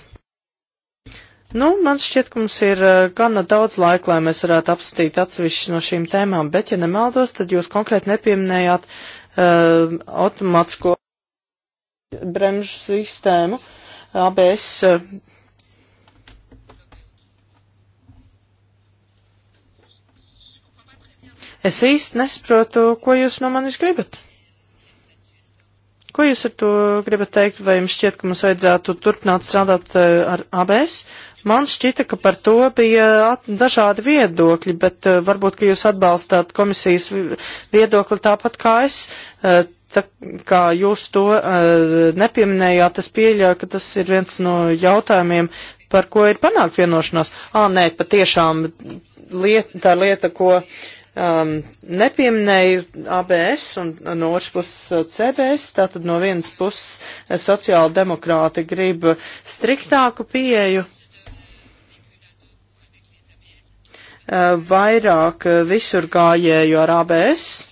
Nu, man šķiet, ka mums ir eh, gana daudz laika, lai mēs varētu apstīt atsevišķi no šīm tēmām, bet, ja nemaldos, tad jūs konkrēti nepieminējāt uh, automātisko bremžu sistēmu, ABS. Eh. Es īsti nesaprotu, ko jūs no manis gribat. Ko jūs ar to gribat teikt, vai jums šķiet, ka mums vajadzētu turpināt strādāt ar ABS? Uh, Man šķita, ka par to bija dažādi viedokļi, bet uh, varbūt, ka jūs atbalstāt komisijas viedokli tāpat kā es. Uh, tā kā jūs to uh, nepieminējāt, es pieļauju, ka tas ir viens no jautājumiem, par ko ir panākt vienošanās. Ā, nē, patiešām lieta, tā lieta, ko um, ehm, nepieminēju ABS un no otras puses CBS, tātad no vienas puses sociāla demokrāti grib striktāku pieeju Eh, vairāk eh, visur gājēju ar ABS.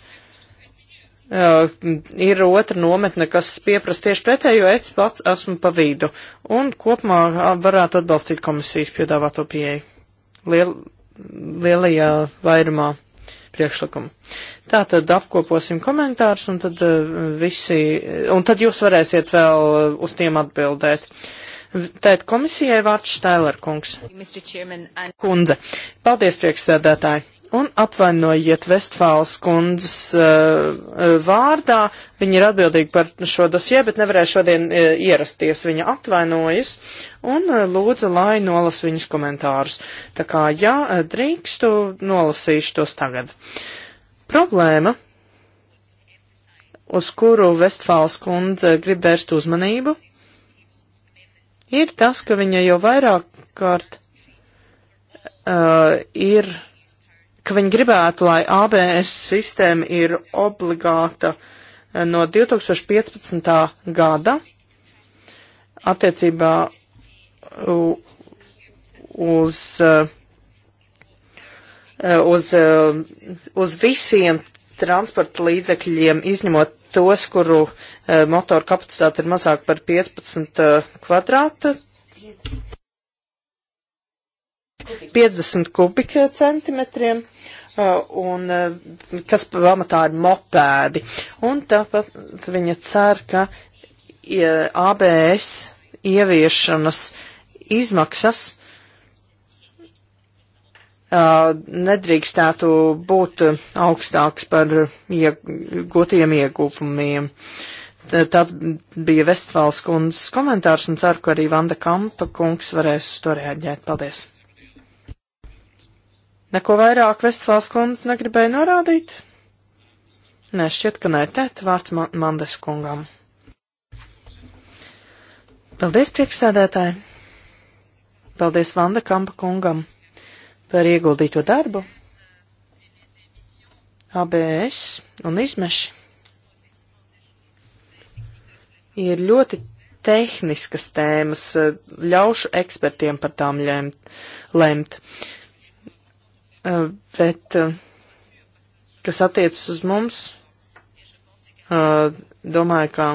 Uh, eh, ir otra nometne, kas pieprasa tieši pretējo, es pats esmu pa vidu. Un kopumā varētu atbalstīt komisijas piedāvāto pieeju Liel, lielajā vairumā priekšlikumu. Tā tad apkoposim komentārus, un tad, uh, visi, un tad jūs varēsiet vēl uz tiem atbildēt. Uh, Tātad komisijai vārds Štēler kungs. Kundze. Paldies, priekšsēdētāji. Un atvainojiet Vestfāles kundzes uh, vārdā. Viņa ir atbildīga par šo dosie, bet nevarēja šodien uh, ierasties. Viņa atvainojas un uh, lūdza, lai nolas viņas komentārus. Tā kā, ja drīkstu, nolasīšu tos tagad. Problēma, uz kuru Vestfāles kundze grib vērst uzmanību, ir tas, ka viņa jau vairāk kārt uh, ir, ka viņa gribētu, lai ABS sistēma ir obligāta uh, no 2015. gada attiecībā uz, uh, uz, uh, uz visiem transporta līdzekļiem, izņemot tos, kuru e, motoru kapacitāte ir mazāk par 15 e, eh, kvadrāta. 50 kubika centimetriem, eh, un kas pamatā ir mopēdi. Un tāpat viņa cer, ka ABS ieviešanas izmaksas uh, nedrīkstētu būt augstāks par gūtiem ieguvumiem. Tāds bija Vestfāls kundzes komentārs un ceru, ka arī Vanda Kampa kungs varēs uz to reaģēt. Paldies! Neko vairāk Vestfāls kundze negribēja norādīt? Nē, šķiet, ka nē, tēt vārds man Mandes kungam. Paldies, priekšsēdētāji! Paldies Vanda Kampa kungam! par ieguldīto darbu. ABS un izmeši ir ļoti tehniskas tēmas, ļaušu ekspertiem par tām lēmt. lemt. Bet, kas attiecas uz mums, domāju, ka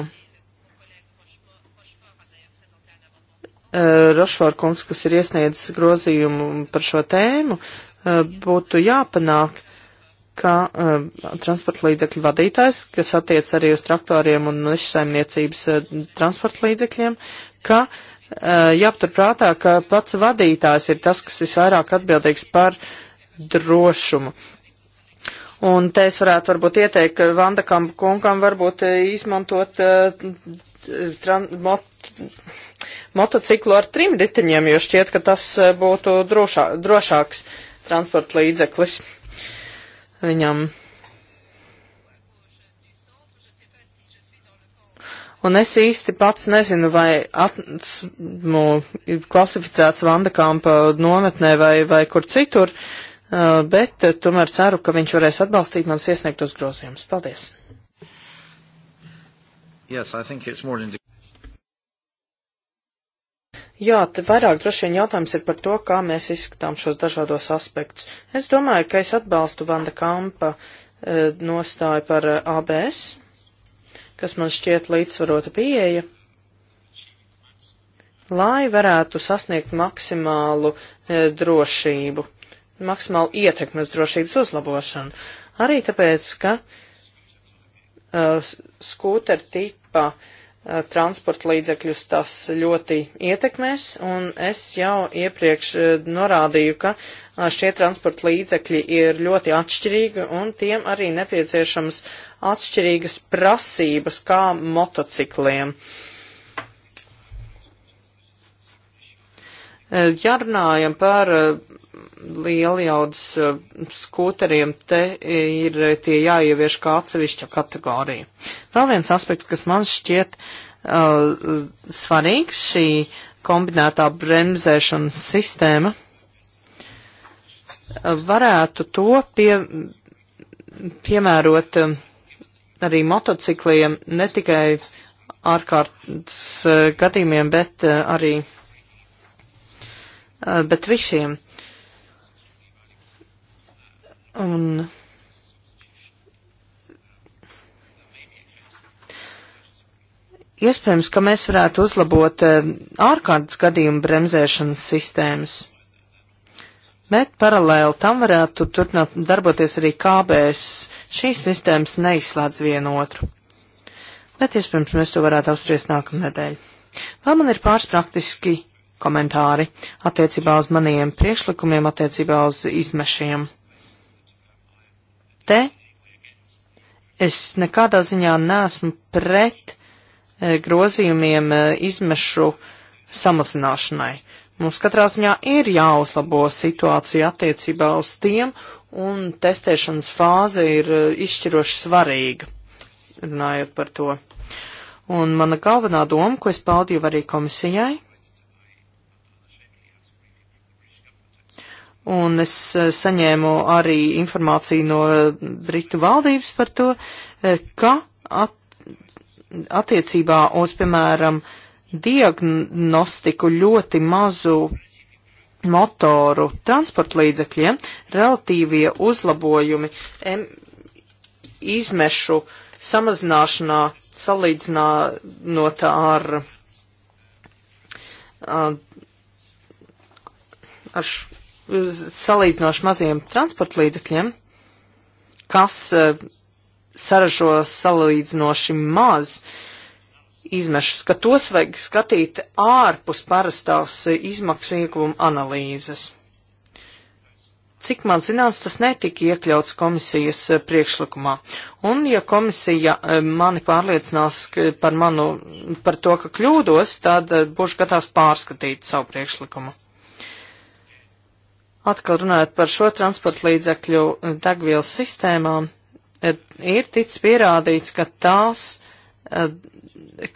Eh, Rošvāra kungs, kas ir iesniedzis grozījumu par šo tēmu, eh, būtu jāpanāk, ka eh, transporta līdzekļu vadītājs, kas attiec arī uz traktoriem un mežsaimniecības transporta līdzekļiem, ka jāpaturprātā, ka pats vadītājs ir tas, kas visvairāk atbildīgs par drošumu. Un te es varētu varbūt ieteikt Vandakam kungam varbūt izmantot uh, tran, mot, motociklu ar trim riteņiem, jo šķiet, ka tas eh, būtu drošā, drošāks transporta līdzeklis viņam. Un es īsti pats nezinu, vai esmu klasificēts Vandekampa nometnē vai, vai kur citur, eh, bet eh, tomēr ceru, ka viņš varēs atbalstīt manas iesniegtos grozījumus. Paldies! Yes, Jā, te vairāk droši vien jautājums ir par to, kā mēs izskatām šos dažādos aspektus. Es domāju, ka es atbalstu Vanda Kampa e, nostāju par eh, ABS, kas man šķiet līdzsvarota pieeja, lai varētu sasniegt maksimālu e, drošību, maksimālu ietekmi uz drošības uzlabošanu. Arī tāpēc, ka e, skūter tipa e, Eh, transporta līdzekļus tas ļoti ietekmēs, un es jau iepriekš eh, norādīju, ka eh, šie transporta līdzekļi ir ļoti atšķirīgi, un tiem arī nepieciešams atšķirīgas prasības kā motocikliem. Ja runājam par lieli jaudas eh, skūteriem te ir eh, tie jāievieš kā atsevišķa kategorija. Vēl viens aspekts, kas man šķiet uh, svarīgs, šī kombinētā bremzēšanas sistēma uh, varētu to pie, piemērot uh, arī motocikliem ne tikai ārkārtas uh, gadījumiem, bet uh, arī bet visiem. Un iespējams, ka mēs varētu uzlabot eh, ārkārtas gadījumu bremzēšanas sistēmas. Bet paralēli tam varētu turpināt darboties arī KBS. Šīs sistēmas neizslēdz vienotru. Bet iespējams, mēs to varētu apspriest nākamnedēļ. Vēl man ir pāris praktiski komentāri attiecībā uz maniem priekšlikumiem, attiecībā uz izmešiem te es nekādā ziņā neesmu pret e, grozījumiem e, izmešu samazināšanai. Mums katrā ziņā ir jāuzlabo situācija attiecībā uz tiem, un testēšanas fāze ir e, izšķiroši svarīga, runājot par to. Un mana galvenā doma, ko es paudīju arī komisijai, un es eh, saņēmu arī informāciju no eh, Britu valdības par to, eh, ka at, attiecībā uz, piemēram, diagnostiku ļoti mazu motoru transportlīdzekļiem relatīvie uzlabojumi em, izmešu samazināšanā salīdzinot ar, ar, ar salīdzinoši maziem transporta līdzekļiem, kas eh, saražo salīdzinoši maz izmešus, ka tos vajag skatīt ārpus parastās eh, izmaksu ieguvuma analīzes. Cik man zināms, tas netika iekļauts komisijas eh, priekšlikumā. Un ja komisija mani pārliecinās par, manu, par to, ka kļūdos, tad būšu gatavs pārskatīt savu priekšlikumu. Atkal runājot par šo transporta līdzekļu eh, degvielas sistēmām, eh, ir ticis pierādīts, ka tās eh,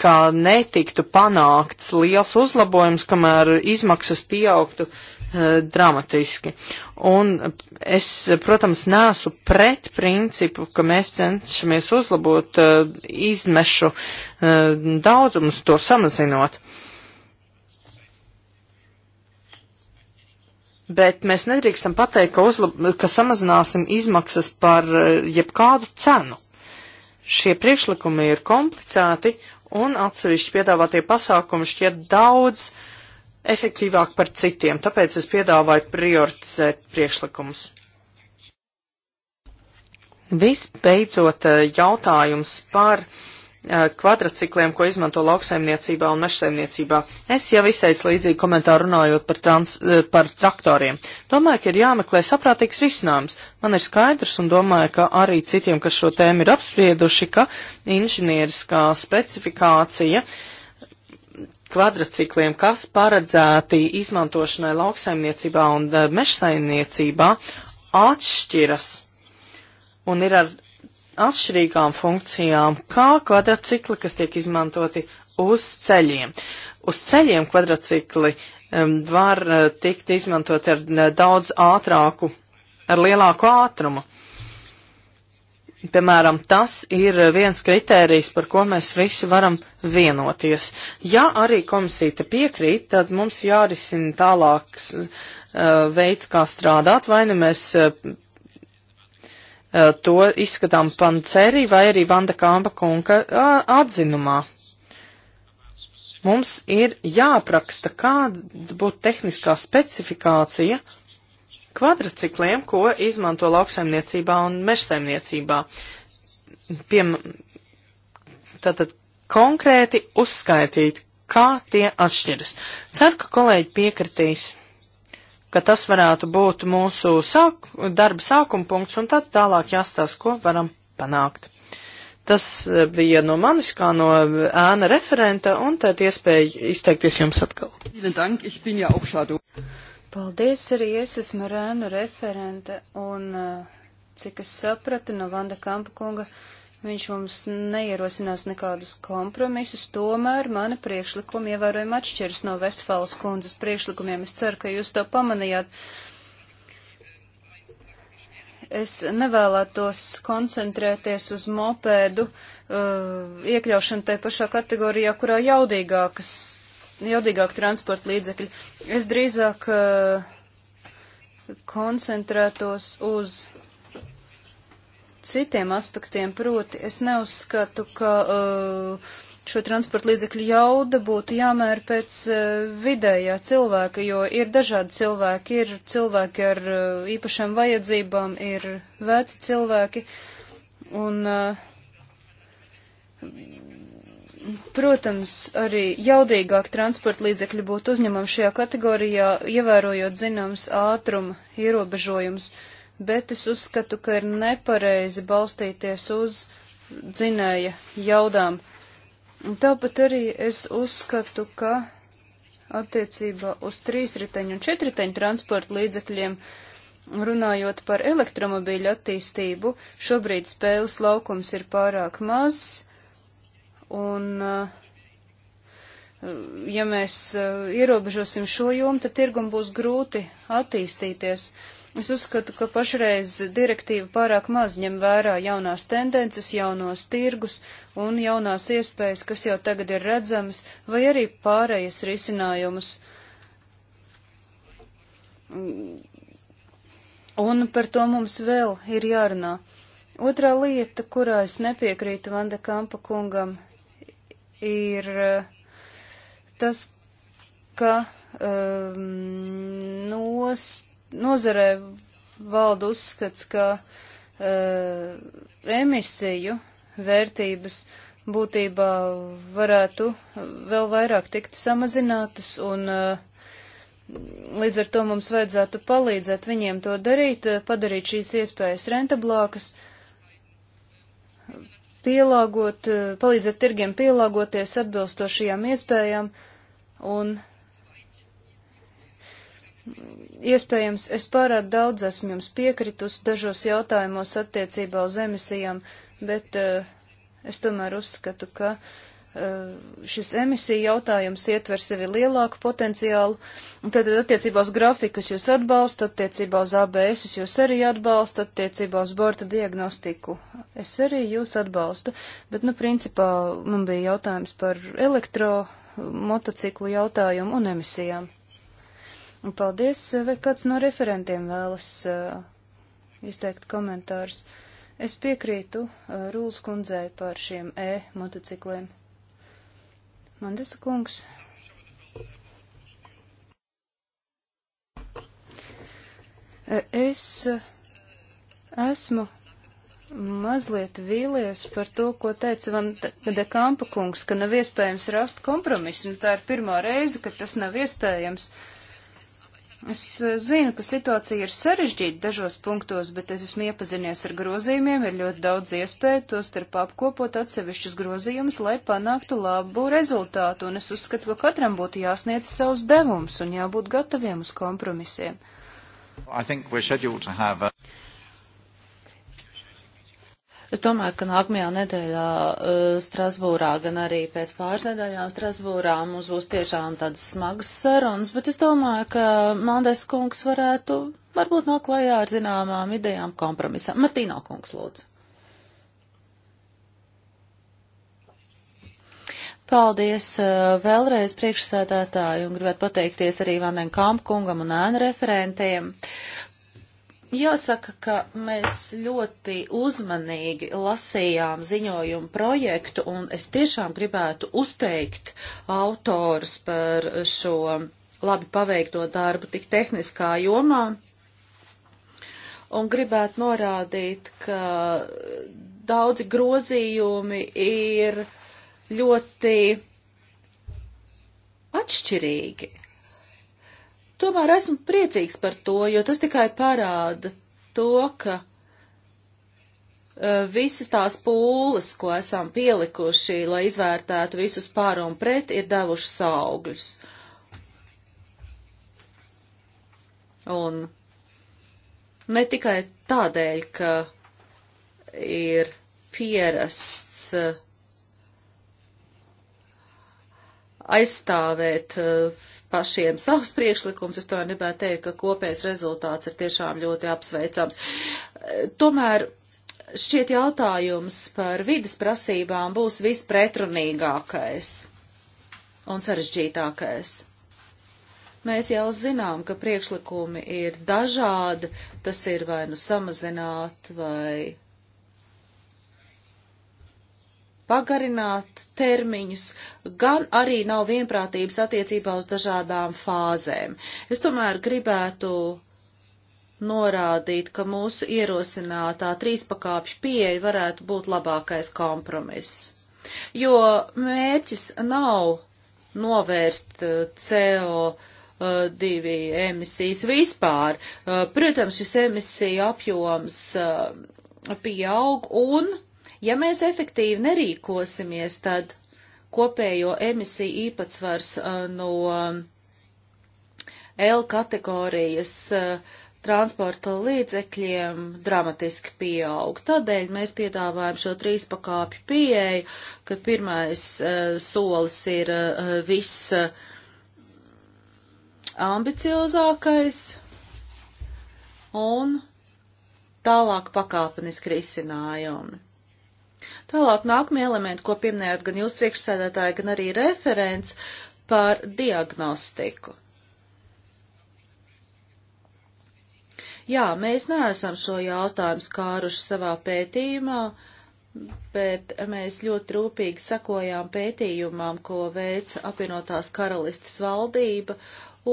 kā netiktu panākts liels uzlabojums, kamēr izmaksas pieaugtu dramatiski. Un es, protams, nesu pret principu, ka mēs cenšamies uzlabot izmešu daudzumus, to samazinot. Uh, Bet mēs nedrīkstam pateikt, ka, uzlab, ka samazināsim izmaksas par eh, jebkādu cenu. Šie priekšlikumi ir komplicēti un atsevišķi piedāvātie pasākumi šķiet daudz efektīvāk par citiem, tāpēc es piedāvāju prioritizēt priekšlikumus. Visbeidzot, eh, jautājums par uh, Eh, kvadracikliem, ko izmanto lauksaimniecībā un mežsaimniecībā. Es jau izteicu līdzīgi komentāru runājot par, trans, eh, par traktoriem. Domāju, ka ir jāmeklē saprātīgs risinājums. Man ir skaidrs un domāju, ka arī citiem, kas šo tēmu ir apsprieduši, ka inženieriskā specifikācija kvadracikliem, kas paredzēti izmantošanai lauksaimniecībā un eh, mežsaimniecībā, atšķiras un ir ar atšķirīgām funkcijām, kā kvadratcikli, kas tiek izmantoti uz ceļiem. Uz ceļiem kvadratcikli um, var uh, tikt izmantot ar uh, daudz ātrāku, ar lielāku ātrumu. Piemēram, tas ir viens kritērijs, par ko mēs visi varam vienoties. Ja arī komisija piekrīt, tad mums jārisina tālāks uh, veids, kā strādāt, vai nu mēs uh, Eh, to izskatām Panceri vai arī Vanda Kāmba kunga eh, atzinumā. Mums ir jāapraksta, kāda būtu tehniskā specifikācija kvadracikliem, ko izmanto lauksaimniecībā un mežsaimniecībā. Piem, tātad konkrēti uzskaitīt, kā tie atšķiras. Ceru, ka kolēģi piekritīs ka tas varētu būt mūsu sāk, darba sākuma punkts, un tad tālāk jāstāsta, ko varam panākt. Tas eh, bija no manis kā no eh, ēna referenta, un tad iespēja izteikties jums atkal. Paldies arī, es esmu ēnu referente, un eh, cik es sapratu no Vanda Kampa kunga, uh, Viņš mums neierosinās nekādus kompromisus, tomēr mani priekšlikumi ievērojami atšķiras no Vestfāles kundzes priekšlikumiem. Es ceru, ka jūs to pamanījāt. Es nevēlētos koncentrēties uz mopēdu uh, iekļaušanu tai pašā kategorijā, kurā jaudīgākas, jaudīgāk transporta līdzekļi. Es drīzāk uh, koncentrētos uz citiem aspektiem, proti es neuzskatu, ka uh, šo transporta līdzekļu jauda būtu jāmēr pēc uh, vidējā cilvēka, jo ir dažādi cilvēki, ir cilvēki ar uh, īpašām vajadzībām, ir veci cilvēki, un, uh, protams, arī jaudīgāk transporta līdzekļi būtu uzņemami šajā kategorijā, ievērojot zināms ātruma ierobežojums. Uh, bet es uzskatu, ka ir nepareizi balstīties uz dzinēja jaudām. Un tāpat arī es uzskatu, ka attiecībā uz trīsriteņu un četriteņu transporta līdzekļiem runājot par elektromobīļu attīstību, šobrīd spēles laukums ir pārāk mazs, un eh, ja mēs eh, ierobežosim šo jomu, tad tirgum būs grūti attīstīties. Uh, Es uzskatu, ka pašreiz direktīva pārāk maz ņem vērā jaunās tendences, jaunos tirgus un jaunās iespējas, kas jau tagad ir redzamas, vai arī pārējas risinājumus. Un par to mums vēl ir jārunā. Otrā lieta, kurā es nepiekrītu Vanda Kampa kungam, ir eh, tas, ka um, ehm, nost nozarē valda uzskats, ka uh, emisiju vērtības būtībā varētu vēl vairāk tikt samazinātas un uh, līdz ar to mums vajadzētu palīdzēt viņiem to darīt, e, padarīt šīs iespējas rentablākas, pielāgot, palīdzēt tirgiem pielāgoties atbilstošajām iespējām un Iespējams, es pārāk daudz esmu jums piekritus dažos jautājumos attiecībā uz emisijām, bet uh, es tomēr uzskatu, ka uh, šis emisija jautājums ietver sevi lielāku potenciālu, un tad attiecībā uz grafikus jūs atbalstat, attiecībā uz ABS jūs arī atbalstat, attiecībā uz borta diagnostiku es arī jūs atbalstu, bet, nu, principā man bija jautājums par elektro eh, motociklu jautājumu un emisijām. Un paldies, vai kāds no referentiem vēlas uh, izteikt komentārus. Es piekrītu uh, Rūlas kundzei par šiem e-motocikliem. Mandisa kungs. Uh, es uh, esmu mazliet vīlies par to, ko teica Van de Kampa kungs, ka nav iespējams rast kompromisu. Nu, tā ir pirmā reize, kad tas nav iespējams. Uh, Es eh, zinu, ka situācija ir sarežģīta dažos punktos, bet es esmu iepazinies ar grozījumiem, ir ļoti daudz iespēju, tostarp apkopot atsevišķus grozījumus, lai panāktu labu rezultātu, un es uzskatu, ka katram būtu jāsniedz savus devums un jābūt gataviem uz kompromisiem. A... Es domāju, ka nākamajā nedēļā uh, Strasbūrā, gan arī pēc pāris nedēļām Strasbūrā mums būs tiešām tādas smagas sarunas, bet es domāju, ka Mandes kungs varētu varbūt noklājā ar zināmām idejām kompromisam. Martīno kungs, lūdzu. Paldies uh, vēlreiz priekšsēdētāju un gribētu pateikties arī Vanen Kampkungam un ēnu referentiem. Jāsaka, ka mēs ļoti uzmanīgi lasījām ziņojumu projektu, un es tiešām gribētu uzteikt autors par šo labi paveikto darbu tik tehniskā jomā, un gribētu norādīt, ka daudzi grozījumi ir ļoti atšķirīgi. Tomēr esmu priecīgs par to, jo tas tikai parāda to, ka eh, visas tās pūles, ko esam pielikuši, lai izvērtētu visus pār un pret, ir devušas augļus. Un ne tikai tādēļ, ka ir pierasts eh, aizstāvēt eh, pašiem savus priekšlikumus. Es to gribētu teikt, ka kopējs rezultāts ir tiešām ļoti apsveicams. Tomēr šķiet jautājums par vidas prasībām būs vispretrunīgākais un sarežģītākais. Mēs jau zinām, ka priekšlikumi ir dažādi, tas ir vai nu samazināt, vai pagarināt termiņus, gan arī nav vienprātības attiecībā uz dažādām fāzēm. Es tomēr gribētu norādīt, ka mūsu ierosinātā trīspakāpju pieeja varētu būt labākais kompromiss. Jo mērķis nav novērst uh, CO2 uh, emisijas vispār. Uh, protams, šis emisiju apjoms pieaug un Ja mēs efektīvi nerīkosimies, tad kopējo emisiju īpatsvars uh, no L kategorijas uh, transporta līdzekļiem dramatiski pieaug. Tādēļ mēs piedāvājam šo trīspakāpju pieeju, kad pirmais uh, solis ir viss ambiciozākais un tālāk pakāpeniski risinājumi. Tālāk nākamie elementi, ko pieminējāt gan jūs priekšsēdētāji, gan arī referents par diagnostiku. Jā, mēs neesam šo jautājumu skāruši savā pētījumā, bet mēs ļoti rūpīgi sakojām pētījumam, ko veica apvienotās karalistes valdība,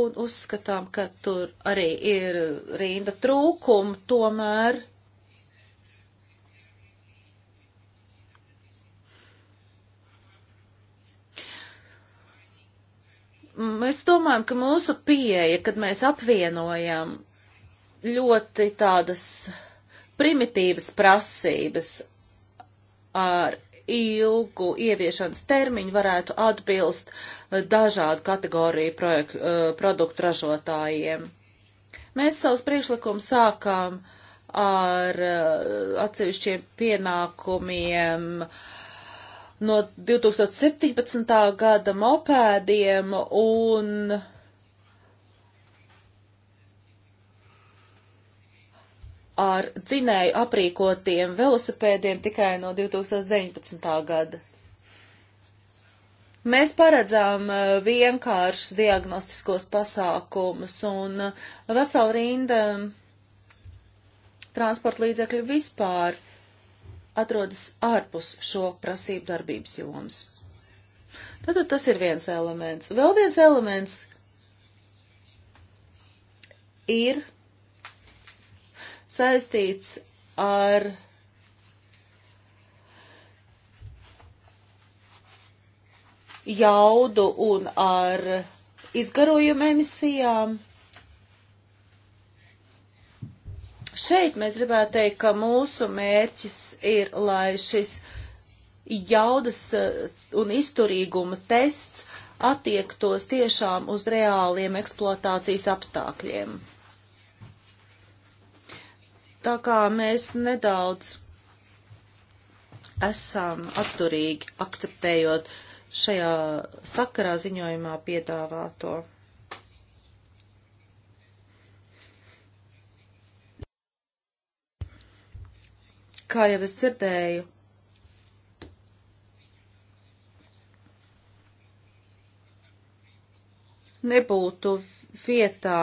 un uzskatām, ka tur arī ir rinda trūkumi, tomēr Mēs domājam, ka mūsu pieeja, kad mēs apvienojam ļoti tādas primitīvas prasības ar ilgu ieviešanas termiņu varētu atbilst eh, dažādu kategoriju projektu, eh, produktu ražotājiem. Mēs savus priekšlikumus sākām ar eh, atsevišķiem pienākumiem uh, no 2017. gada mopēdiem un ar dzinēju aprīkotiem velosipēdiem tikai no 2019. gada. Mēs paredzām eh, vienkāršus diagnostiskos pasākumus un veselu rindu transporta līdzekļu vispār. Uh, atrodas ārpus šo prasību darbības jomas. Tātad tas ir viens elements. Vēl viens elements ir saistīts ar jaudu un ar izgarojuma emisijām. Šeit mēs gribētu teikt, ka mūsu mērķis ir, lai šis jaudas eh, un izturīguma tests attiektos tiešām uz reāliem eksploatācijas apstākļiem. Tā kā mēs nedaudz esam atturīgi akceptējot šajā sakarā ziņojumā piedāvāto. kā jau es dzirdēju, nebūtu vietā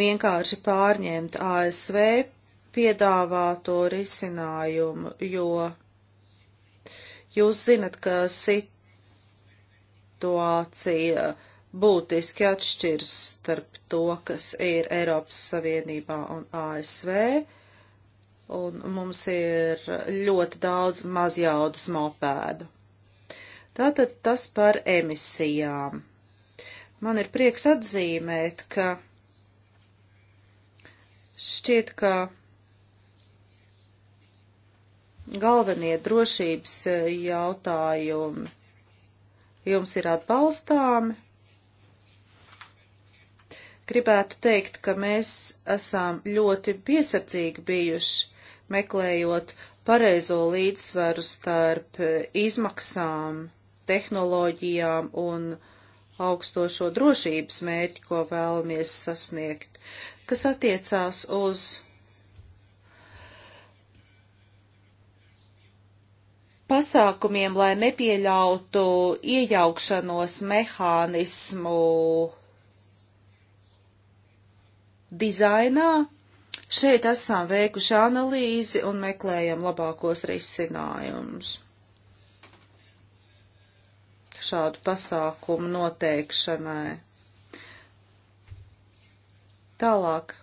vienkārši pārņemt ASV piedāvāto risinājumu, jo jūs zinat, ka situācija būtiski atšķirs starp to, kas ir Eiropas Savienībā un ASV un mums ir ļoti daudz mazjaudas mopēdu. Tātad tas par emisijām. Man ir prieks atzīmēt, ka šķiet, ka galvenie drošības jautājumi jums ir atbalstāmi. Gribētu teikt, ka mēs esam ļoti piesardzīgi bijuši meklējot pareizo līdzsveru starp eh, izmaksām, tehnoloģijām un augstošo drošības mērķu, ko vēlamies sasniegt, kas attiecās uz pasākumiem, lai nepieļautu iejaukšanos mehānismu dizainā, Šeit esam veikuši analīzi un meklējam labākos risinājumus. Šādu pasākumu noteikšanai. Tālāk.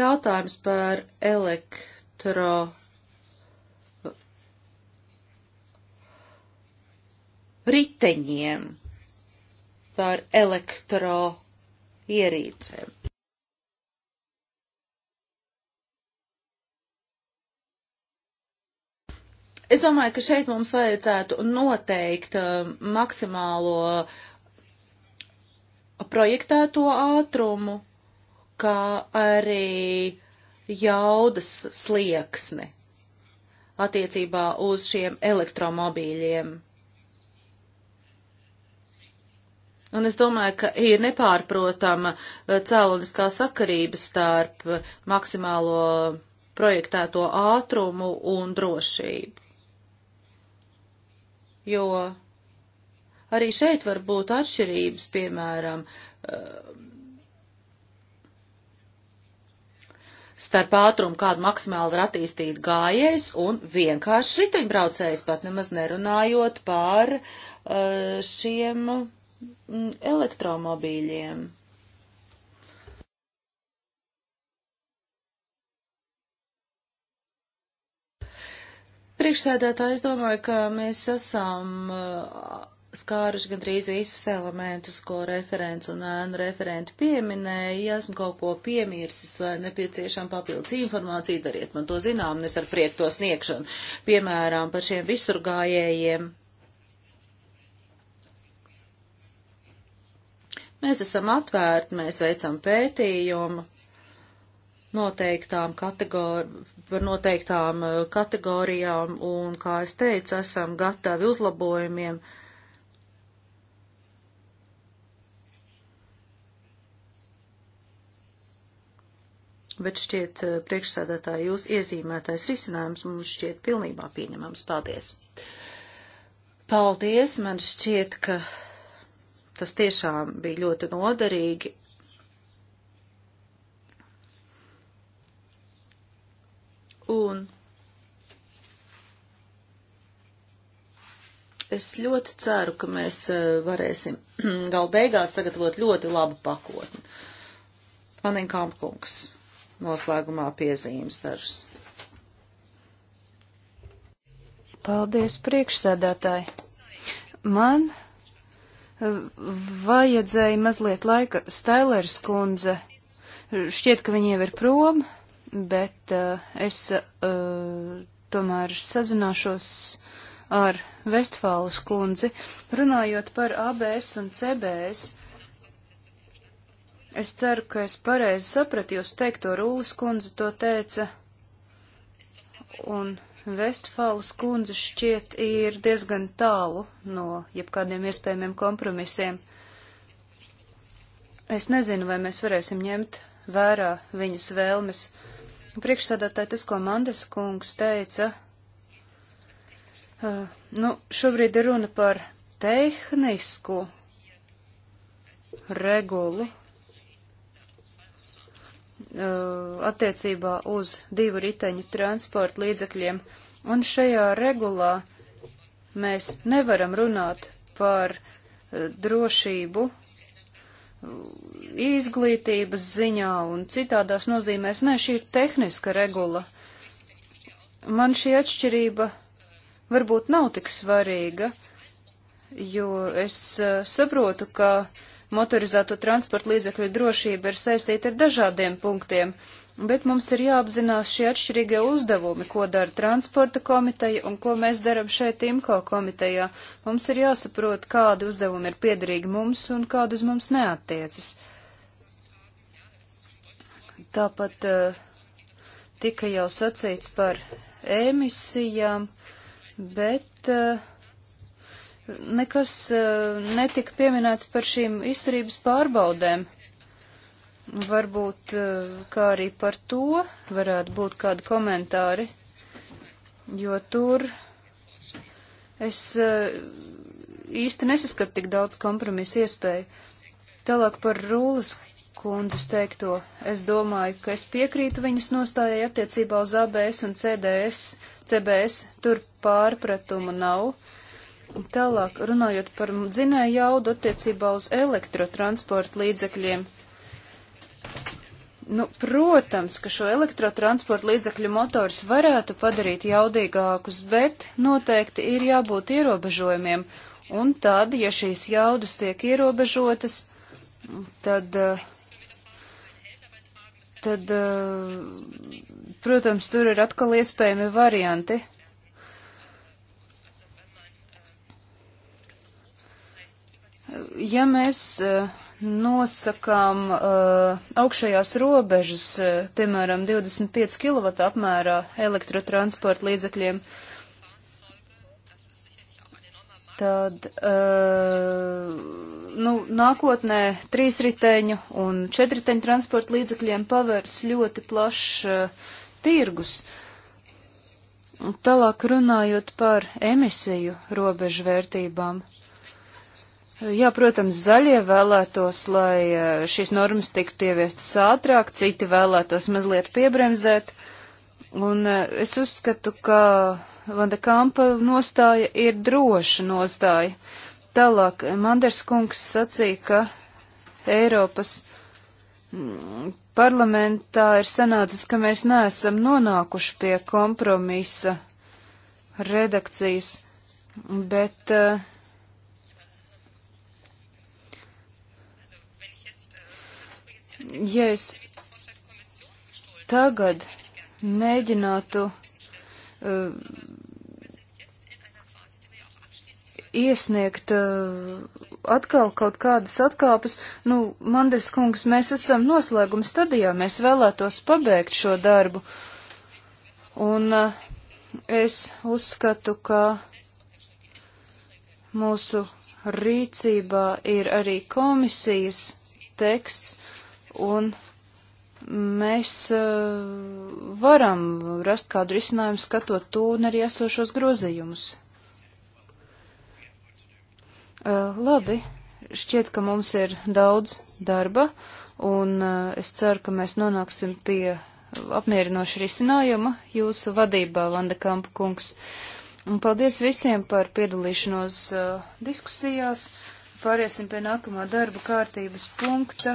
Jautājums par elektro riteņiem, par elektro ierīcēm. Es domāju, ka šeit mums vajadzētu noteikt uh, maksimālo projektēto ātrumu, kā arī jaudas slieksni attiecībā uz šiem elektromobīļiem. Un es domāju, ka ir nepārprotama eh, cēloniskā sakarība starp maksimālo projektēto ātrumu un drošību. Jo arī šeit var būt atšķirības, piemēram, eh, starp ātrumu, kādu maksimāli var attīstīt gājējs un vienkārši riteņbraucējs, pat nemaz nerunājot par eh, šiem Mm, elektromobīļiem. Priekšsēdētāji, es domāju, ka mēs esam uh, skāruši gandrīz visus elementus, ko referents un ēnu referenti pieminēja. Ja esmu kaut ko piemirsis vai nepieciešama papildus informācija, dariet man to zinām, un es ar prieku to sniegšanu, piemēram, par šiem visurgājējiem. Mēs esam atvērti, mēs veicam pētījumu noteiktām kategori, par noteiktām eh, kategorijām un, kā es teicu, esam gatavi uzlabojumiem. bet šķiet eh, priekšsēdētāji jūs iezīmētais risinājums mums šķiet pilnībā pieņemams. Paldies! Paldies! Man šķiet, ka Tas tiešām bija ļoti noderīgi. Un es ļoti ceru, ka mēs eh, varēsim *clears throat* gal beigās sagatavot ļoti labu pakotni. Manin Kampkungs noslēgumā piezīmes dažas. Paldies, priekšsēdētāji! Man vajadzēja mazliet laika Stailers kundze. Šķiet, ka viņi jau ir prom, bet uh, es uh, tomēr sazināšos ar Vestfālas kundzi, runājot par ABS un CBS. Es ceru, ka es pareizi sapratu jūs teikto, Rūlis kundze to teica. Un Vestfāles kundze šķiet ir diezgan tālu no jebkādiem iespējamiem kompromisiem. Es nezinu, vai mēs varēsim ņemt vērā viņas vēlmes. Priekšsādātāji tas, ko Mandes kungs teica, uh, nu, šobrīd ir runa par tehnisku regulu, Uh, attiecībā uz divu riteņu transporta līdzekļiem, un šajā regulā mēs nevaram runāt par uh, drošību uh, izglītības ziņā un citādās nozīmēs. Nē, šī ir tehniska regula. Man šī atšķirība varbūt nav tik svarīga, jo es saprotu, ka uh, motorizēto transportu līdzekļu drošība ir saistīta ar dažādiem punktiem, bet mums ir jāapzinās šie atšķirīgie uzdevumi, ko dara transporta komiteja un ko mēs daram šeit IMKO komitejā. Mums ir jāsaprot, kādi uzdevumi ir piederīgi mums un kādi uz mums neatiecas. Tāpat eh, tika jau sacīts par emisijām, bet uh, nekas eh, netika pieminēts par šīm izturības pārbaudēm. Varbūt, eh, kā arī par to varētu būt kādi komentāri, jo tur es eh, īsti nesaskatu tik daudz kompromisu iespēju. Tālāk par Rūlas kundzes teikto, es domāju, ka es piekrītu viņas nostājai attiecībā uz ABS un CDS, CBS, tur pārpratumu nav Tālāk, runājot par dzinēju jaudu attiecībā uz elektrotransporta līdzekļiem. Nu, protams, ka šo elektrotransporta līdzekļu motors varētu padarīt jaudīgākus, bet noteikti ir jābūt ierobežojumiem. Un tad, ja šīs jaudas tiek ierobežotas, tad, tad, eh, protams, tur ir atkal iespējami varianti. Ja mēs eh, nosakām eh, augšējās robežas, eh, piemēram, 25 kW apmērā elektrotransporta līdzekļiem, tad nu, nākotnē trīsriteņu un četriteņu transporta līdzekļiem pavērs ļoti plašs tirgus. Tālāk runājot par emisiju robežvērtībām. vērtībām. Jā, protams, zaļie vēlētos, lai e, šīs normas tiktu ieviestas ātrāk, citi vēlētos mazliet piebremzēt. Un e, es uzskatu, ka Vanda Kampa nostāja ir droša nostāja. Tālāk e, Manders kungs sacīja, ka Eiropas mm, parlamentā ir sanācis, ka mēs neesam nonākuši pie kompromisa redakcijas, bet uh, ja es tagad mēģinātu uh, iesniegt uh, atkal kaut kādas atkāpes, nu, Manders kungs, mēs esam noslēguma stadijā, mēs vēlētos pabeigt šo darbu. Un uh, es uzskatu, ka mūsu rīcībā ir arī komisijas teksts, uh, un mēs eh, varam rast kādu risinājumu skatot to un arī esošos grozījumus. Eh, labi, šķiet, ka mums ir daudz darba, un eh, es ceru, ka mēs nonāksim pie apmierinoša risinājuma jūsu vadībā, Vanda Kampa kungs. Un paldies visiem par piedalīšanos diskusijās. Pāriesim pie nākamā darba kārtības punkta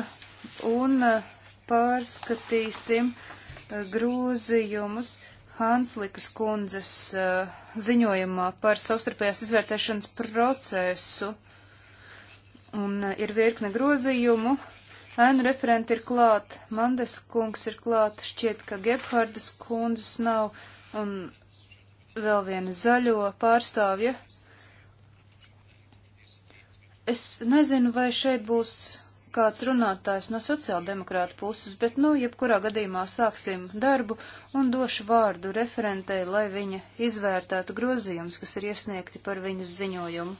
un eh, pārskatīsim eh, grūzījumus Hanslikas kundzes eh, ziņojumā par savstarpējās izvērtēšanas procesu. Un ir virkne grozījumu. Ēnu referenti ir klāt, Mandes kungs ir klāt, šķiet, ka Gebhardas kundzes nav, un vēl viena zaļo pārstāvja. Es nezinu, vai šeit būs kāds runātājs no sociāldemokrāta puses, bet, nu, jebkurā gadījumā sāksim darbu un došu vārdu referentei, lai viņa izvērtētu grozījumus, kas ir iesniegti par viņas ziņojumu.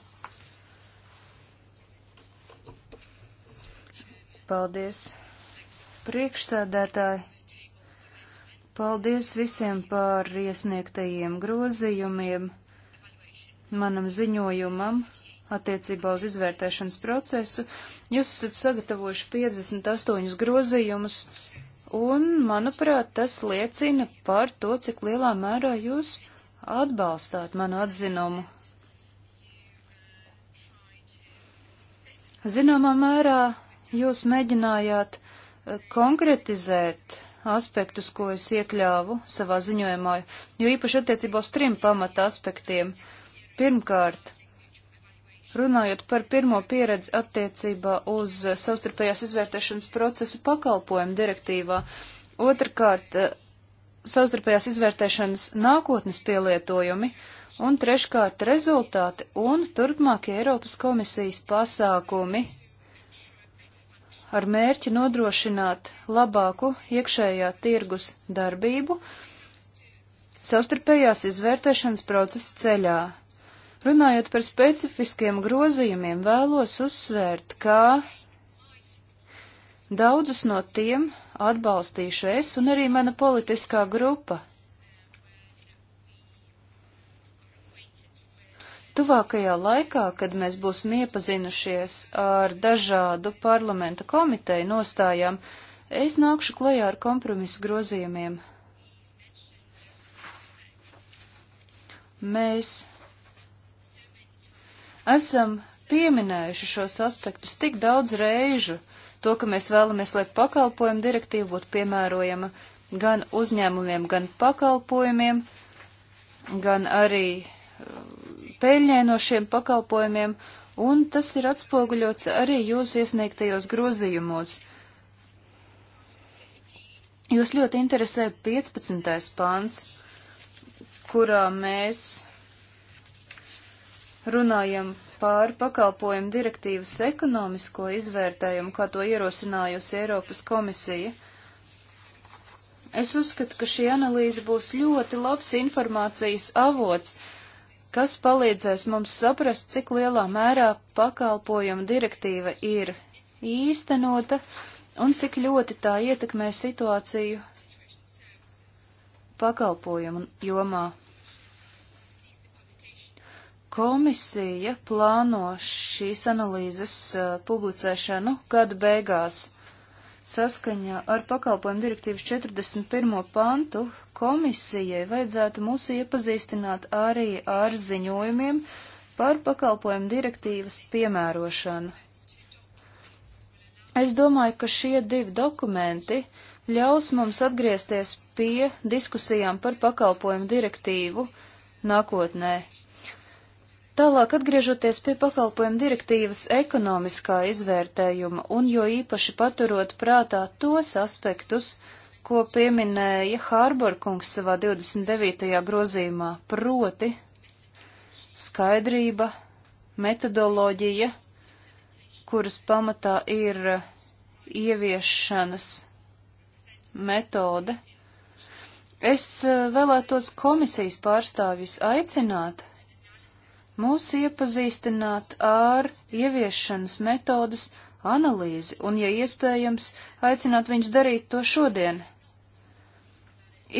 Paldies, priekšsēdētāji! Paldies visiem par iesniegtajiem grozījumiem manam ziņojumam attiecībā uz izvērtēšanas procesu. Jūs esat sagatavojuši 58 grozījumus, un, manuprāt, tas liecina par to, cik lielā mērā jūs atbalstāt manu atzinumu. Zināmā mērā jūs mēģinājāt eh, konkretizēt aspektus, ko es iekļāvu savā ziņojumā, jo īpaši attiecībā uz trim pamata aspektiem. Pirmkārt, Runājot par pirmo pieredzi attiecībā uz savstarpējās izvērtēšanas procesu pakalpojumu direktīvā, otrkārt savstarpējās izvērtēšanas nākotnes pielietojumi un treškārt rezultāti un turpmākie Eiropas komisijas pasākumi ar mērķi nodrošināt labāku iekšējā tirgus darbību savstarpējās izvērtēšanas procesa ceļā. Runājot par specifiskiem grozījumiem, vēlos uzsvērt, ka daudzus no tiem atbalstīšu es un arī mana politiskā grupa. Tuvākajā laikā, kad mēs būsim iepazinušies ar dažādu parlamenta komiteju nostājām, es nākšu klajā ar kompromisu grozījumiem. Mēs Esam pieminējuši šos aspektus tik daudz reižu, to, ka mēs vēlamies, lai pakalpojumu direktīva būtu piemērojama gan uzņēmumiem, gan pakalpojumiem, gan arī um, peļņai no šiem pakalpojumiem, un tas ir atspoguļots arī jūsu iesniegtajos grozījumos. Jūs ļoti interesē 15. pāns, kurā mēs runājam pār pakalpojumu direktīvas ekonomisko izvērtējumu, kā to ierosinājusi Eiropas komisija, es uzskatu, ka šī analīze būs ļoti labs informācijas avots, kas palīdzēs mums saprast, cik lielā mērā pakalpojumu direktīva ir īstenota un cik ļoti tā ietekmē situāciju pakalpojumu jomā. Komisija plāno šīs analīzes uh, publicēšanu gada beigās. Saskaņā ar pakalpojumu direktīvas 41. pantu komisijai vajadzētu mūs iepazīstināt arī ar ziņojumiem par pakalpojumu direktīvas piemērošanu. Es domāju, ka šie divi dokumenti ļaus mums atgriezties pie diskusijām par pakalpojumu direktīvu nākotnē. Tālāk atgriežoties pie pakalpojumu direktīvas ekonomiskā izvērtējuma un jo īpaši paturot prātā tos aspektus, ko pieminēja Hārborkungs savā 29. grozījumā, proti skaidrība, metodoloģija, kuras pamatā ir ieviešanas metode. Es eh, vēlētos komisijas pārstāvjus aicināt mūs iepazīstināt ar ieviešanas metodas analīzi un, ja iespējams, aicināt viņus darīt to šodien.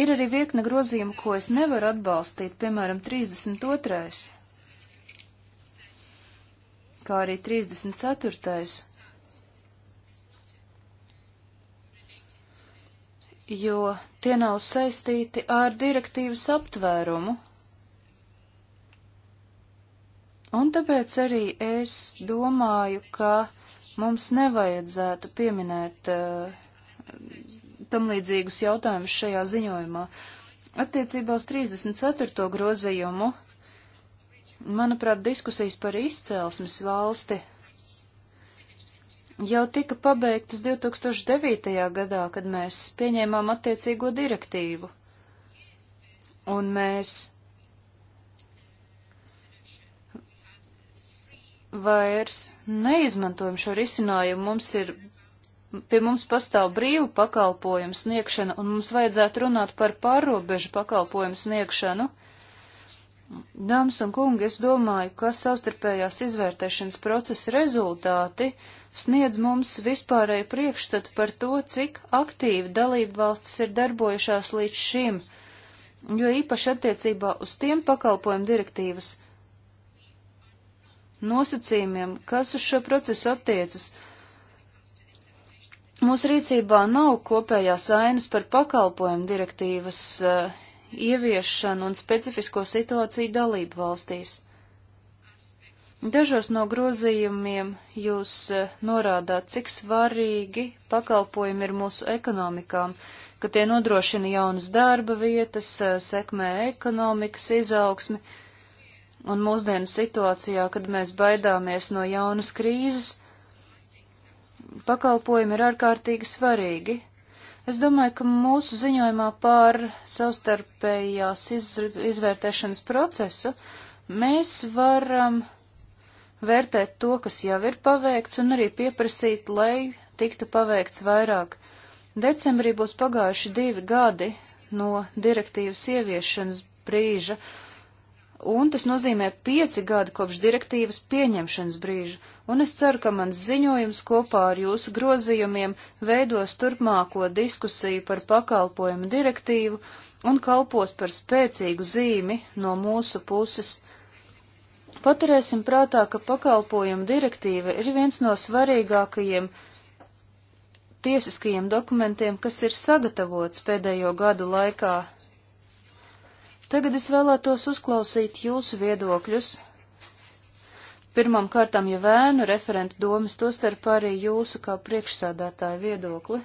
Ir arī virkne grozījumu, ko es nevaru atbalstīt, piemēram, 32. kā arī 34. jo tie nav saistīti ar direktīvas aptvērumu. Un tāpēc arī es domāju, ka mums nevajadzētu pieminēt uh, tam līdzīgus jautājumus šajā ziņojumā. Attiecībā uz 34. grozījumu, manuprāt, diskusijas par izcelsmes valsti jau tika pabeigtas 2009. gadā, kad mēs pieņēmām attiecīgo direktīvu. Un mēs vairs neizmantojam šo risinājumu. Mums ir, pie mums pastāv brīvu pakalpojumu sniegšana, un mums vajadzētu runāt par pārobežu pakalpojumu sniegšanu. Dāmas un kungi, es domāju, ka savstarpējās izvērtēšanas procesa rezultāti sniedz mums vispārēju priekšstatu par to, cik aktīvi dalību valstis ir darbojušās līdz šim, jo īpaši attiecībā uz tiem pakalpojumu direktīvas nosacījumiem, kas uz šo procesu attiecas. Mūsu rīcībā nav kopējās ainas par pakalpojumu direktīvas uh, ieviešanu un specifisko situāciju dalību valstīs. Dažos no grozījumiem jūs eh, norādāt, cik svarīgi pakalpojumi ir mūsu ekonomikām, ka tie nodrošina jaunas darba vietas, eh, sekmē ekonomikas izaugsmi. Un mūsdienu situācijā, kad mēs baidāmies no jaunas krīzes, pakalpojumi ir ārkārtīgi svarīgi. Es domāju, ka mūsu ziņojumā pār savstarpējās iz, izvērtēšanas procesu mēs varam vērtēt to, kas jau ir paveikts, un arī pieprasīt, lai tiktu paveikts vairāk. Decembrī būs pagājuši divi gadi no direktīvas ieviešanas brīža, un tas nozīmē pieci gadi kopš direktīvas pieņemšanas brīža, un es ceru, ka mans ziņojums kopā ar jūsu grozījumiem veidos turpmāko diskusiju par pakalpojumu direktīvu un kalpos par spēcīgu zīmi no mūsu puses. Paturēsim prātā, ka pakalpojumu direktīva ir viens no svarīgākajiem tiesiskajiem dokumentiem, kas ir sagatavots pēdējo gadu laikā Tagad es vēlētos uzklausīt jūsu viedokļus. Pirmām kārtām jau vēnu referentu domas, tostarp arī jūsu kā priekšsādātāja viedokli.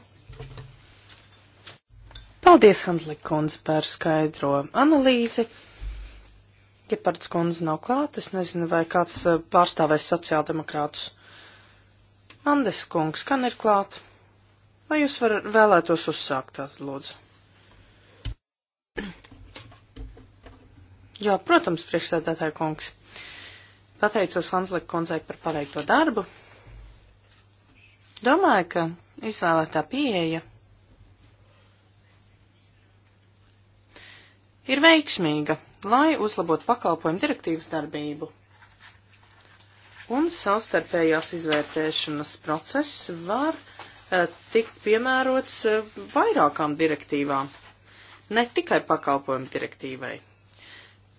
Paldies, Hanslik kundze, par skaidro analīzi. Gepards ja kundze nav klāt, es nezinu, vai kāds eh, pārstāvēs sociāldemokrātus. Andes kungs, kan ir klāt? Vai jūs var, vēlētos uzsākt tādu lūdzu? Jā, protams, priekšsēdētāja kungs. Pateicos Hanslika kundzei par paveikto darbu. Domāju, ka izvēlētā pieeja ir veiksmīga, lai uzlabotu pakalpojumu direktīvas darbību. Un savstarpējās izvērtēšanas process var uh, tikt piemērots uh, vairākām direktīvām, ne tikai pakalpojumu direktīvai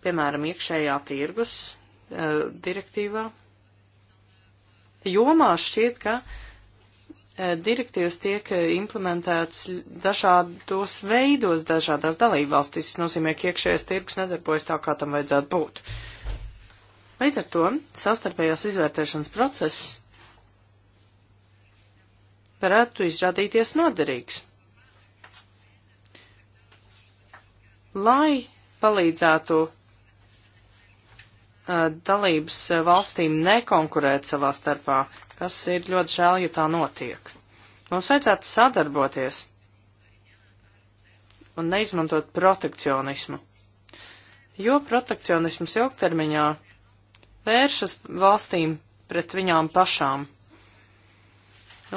piemēram, iekšējā tirgus eh, direktīvā. Jomā šķiet, ka eh, direktīvas tiek implementētas dažādos veidos dažādās dalībvalstīs. Tas nozīmē, ka iekšējais tirgus nedarbojas tā, kā tam vajadzētu būt. Līdz ar to savstarpējās izvērtēšanas process varētu izrādīties noderīgs. Lai palīdzētu Uh, dalības uh, valstīm nekonkurēt savā starpā, kas ir ļoti žēl, ja tā notiek. Mums vajadzētu sadarboties un neizmantot protekcionismu, jo protekcionisms ilgtermiņā vēršas valstīm pret viņām pašām.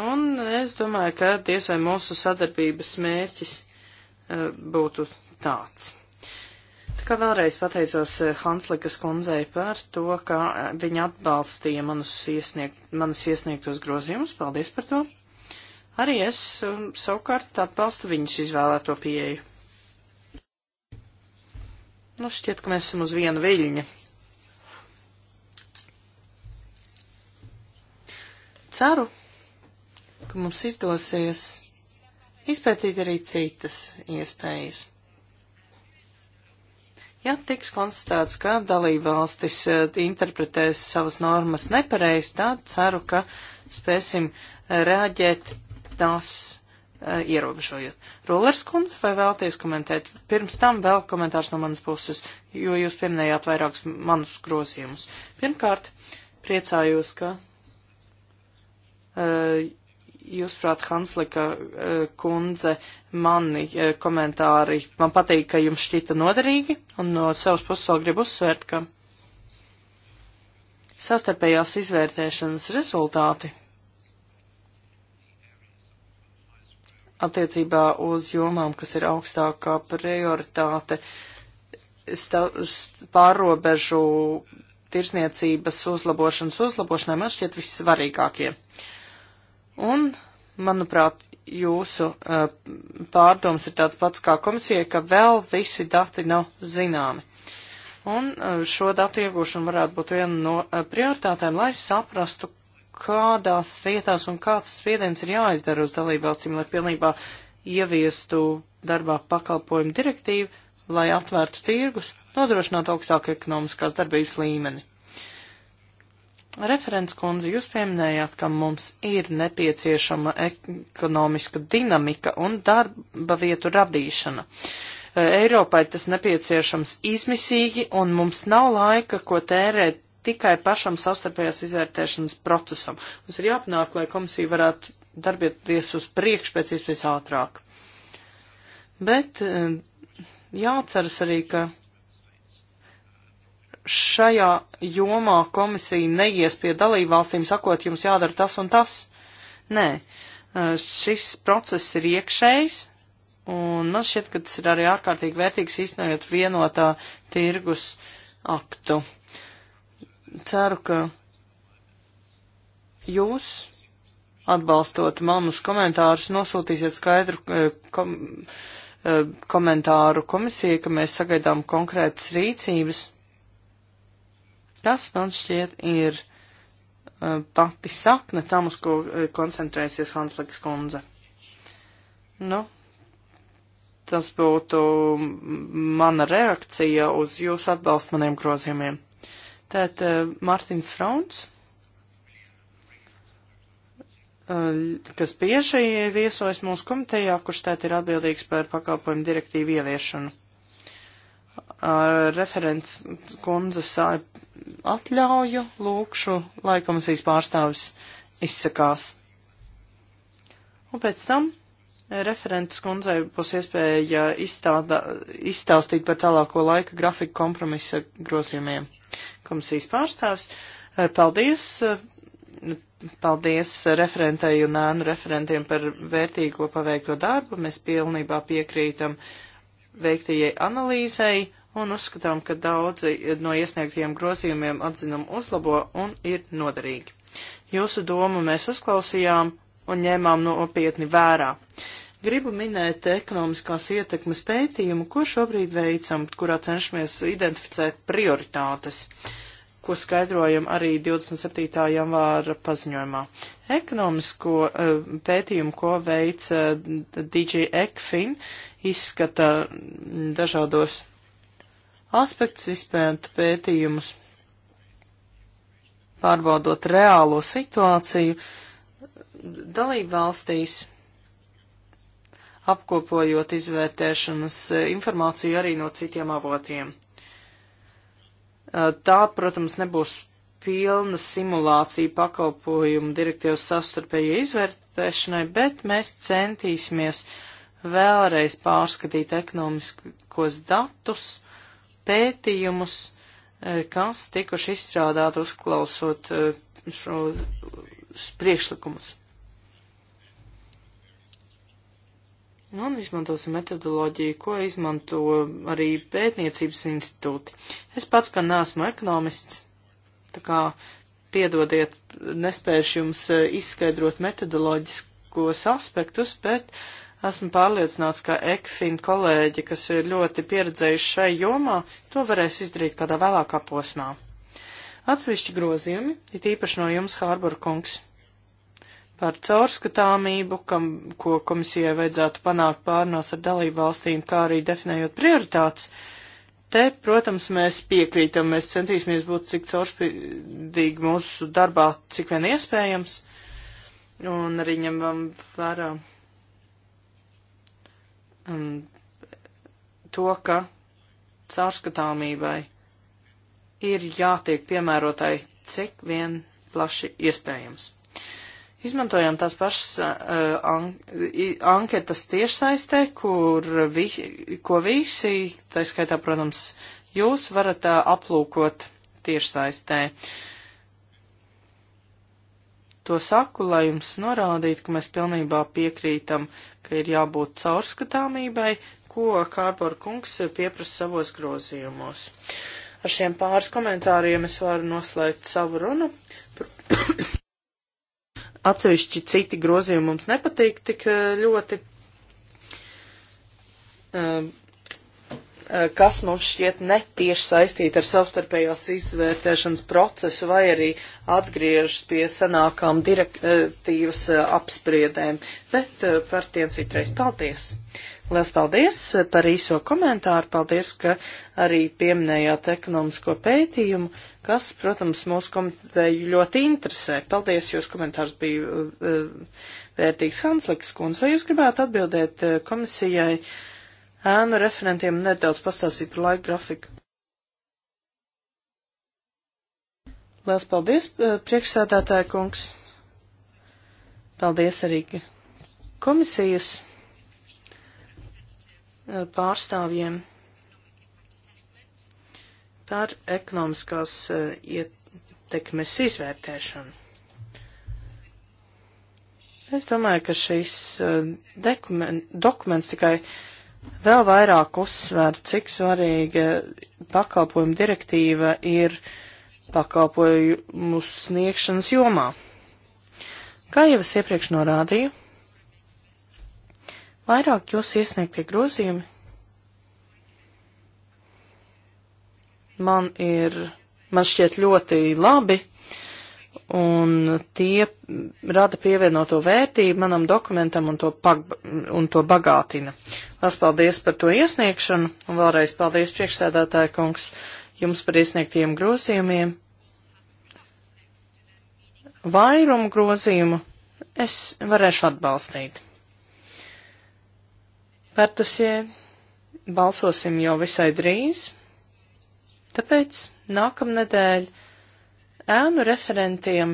Un es domāju, ka diez vai mūsu sadarbības mērķis uh, būtu tāds. Kā vēlreiz pateicos eh, Hanslikas kundzei par to, ka eh, viņa atbalstīja manus, iesniegt, manus iesniegtos grozījumus. Paldies par to. Arī es um, savukārt atbalstu viņas izvēlēto pieeju. Nu, šķiet, ka mēs esam uz viena viļņa. Ceru, ka mums izdosies izpētīt arī citas iespējas. Ja tiks konstatēts, ka dalība valstis eh, interpretēs savas normas nepareizi, tad ceru, ka spēsim eh, reaģēt tās eh, ierobežojot. Rulers kundze, vai vēlties komentēt? Pirms tam vēl komentārs no manas puses, jo jūs pieminējāt vairākus manus grozījumus. Pirmkārt, priecājos, ka uh, Jūsuprāt, Hanslika e, kundze, mani e, komentāri man patīk, ka jums šķita noderīgi, un no savas puses vēl gribu uzsvērt, ka sastarpējās izvērtēšanas rezultāti attiecībā uz jomām, kas ir augstākā prioritāte pārrobežu tirsniecības uzlabošanas uzlabošanai, man šķiet vissvarīgākie. Uh, Un, manuprāt, jūsu uh, pārdoms ir tāds pats kā komisijai, ka vēl visi dati nav zināmi. Un uh, šo datu iegūšana varētu būt viena no uh, prioritātēm, lai saprastu, kādās vietās un kāds spiediens ir jāizdara uz dalībvalstīm, lai pilnībā ieviestu darbā pakalpojumu direktīvu, lai atvērtu tirgus, nodrošinātu augstāku ekonomiskās darbības līmeni. Referents kundze, jūs pieminējāt, ka mums ir nepieciešama ekonomiska dinamika un darba vietu radīšana. E, Eiropai tas nepieciešams izmisīgi, un mums nav laika, ko tērēt tikai pašam savstarpējās izvērtēšanas procesam. Mums ir jāpanāk, lai komisija varētu darbieties uz priekšu pēc iespējas ātrāk. Bet e, jāceras arī, ka šajā jomā komisija neies pie dalībvalstīm sakot, jums jādara tas un tas. Nē, šis process ir iekšējs, un man šķiet, ka tas ir arī ārkārtīgi vērtīgs īstenojot vienotā tirgus aktu. Ceru, ka jūs atbalstot manus komentārus, nosūtīsiet skaidru kom komentāru komisijai, ka mēs sagaidām konkrētas rīcības Tas man šķiet ir uh, e, pati sakne tam, uz ko uh, koncentrēsies Hanslīks kundze. Nu, tas būtu mana reakcija uz jūsu atbalstu maniem grozījumiem. Tēt, uh, e, Mārtiņš Frauns, kas bieži viesojas mūsu komitejā, kurš tēt ir atbildīgs par pakalpojumu direktīvu ieviešanu ar referents kundzes atļauju lūkšu laikomasīs pārstāvis izsakās. Un pēc tam referents kundzei būs iespēja izstāda, izstāstīt par tālāko laika grafiku kompromisa grozījumiem. Komisijas pārstāvis, paldies! Paldies referentei un ēnu referentiem par vērtīgo paveikto darbu. Mēs pilnībā piekrītam veiktajai analīzei un uzskatām, ka daudzi no iesniegtiem grozījumiem atzinumu uzlabo un ir noderīgi. Jūsu domu mēs uzklausījām un ņēmām nopietni vērā. Gribu minēt ekonomiskās ietekmes pētījumu, ko šobrīd veicam, kurā cenšamies identificēt prioritātes, ko skaidrojam arī 27. janvāra paziņojumā. Ekonomisko eh, pētījumu, ko veica DJ Ekfin, izskata dažādos aspekts izpēta pētījumus, pārbaudot reālo situāciju dalību valstīs, apkopojot izvērtēšanas e, informāciju arī no citiem avotiem. E, tā, protams, nebūs pilna simulācija pakalpojumu direktīvas savstarpējai izvērtēšanai, bet mēs centīsimies vēlreiz pārskatīt ekonomiskos datus, pētījumus, e, kas tikuši izstrādāti uzklausot e, šos priekšlikumus. Nu, un izmantosim metodoloģiju, ko izmanto arī pētniecības institūti. Es pats gan neesmu ekonomists, tā kā piedodiet, nespēšu jums e, izskaidrot metodoloģiskos aspektus, bet uh, Esmu pārliecināts, ka ECFIN kolēģi, kas ir ļoti pieredzējuši šai jomā, to varēs izdarīt kādā vēlākā posmā. Atsevišķi grozījumi, it īpaši no jums, Hārbor kungs, par caurskatāmību, kam, ko komisijai vajadzētu panākt pārnās ar dalību valstīm, kā arī definējot prioritātes, te, protams, mēs piekrītam, mēs centīsimies būt cik caurspīdīgi mūsu darbā, cik vien iespējams, un arī ņemam vērā um, to, ka caurskatāmībai ir jātiek piemērotai cik vien plaši iespējams. Izmantojam tās pašas uh, an anketas tiešsaistē, kur vi ko visi, tā skaitā, protams, jūs varat uh, aplūkot tiešsaistē. Uh, To saku, lai jums norādītu, ka mēs pilnībā piekrītam, ka ir jābūt caurskatāmībai, ko Kārbor kungs pieprasa savos grozījumos. Ar šiem pāris komentāriem es varu noslēgt savu runu. *coughs* Atsevišķi citi grozījumi mums nepatīk tik eh, ļoti. Um, Eh, kas mums šķiet netieši saistīti ar savstarpējās izvērtēšanas procesu vai arī atgriežas pie senākām direktīvas eh, apspriedēm. Bet eh, par tiem citreiz paldies. Lielas paldies par īso komentāru. Paldies, ka arī pieminējāt ekonomisko pētījumu, kas, protams, mūsu komiteju ļoti interesē. Paldies, jūs komentārs bija vērtīgs Hanslikas kundze. Vai jūs gribētu atbildēt komisijai? Uh, ēnu referentiem nedaudz pastāstīt par laika grafiku. Lielas paldies, eh, priekšsēdētāja kungs. Paldies arī komisijas eh, pārstāvjiem par ekonomiskās eh, ietekmes izvērtēšanu. Es domāju, ka šis dokumen, dokuments tikai uh, vēl vairāk uzsver, cik svarīga pakalpojuma direktīva ir pakalpojumu sniegšanas jomā. Kā jau es iepriekš norādīju, vairāk jūs iesniegtie grozījumi man ir, man šķiet ļoti labi, un tie rada pievienoto vērtību manam dokumentam un to, pag, un to bagātina. Lās paldies par to iesniegšanu un vēlreiz paldies priekšsēdētāja kungs jums par iesniegtiem grozījumiem. Vairumu grozījumu es varēšu atbalstīt. Pertusie balsosim jau visai drīz, tāpēc nākamnedēļ ēnu referentiem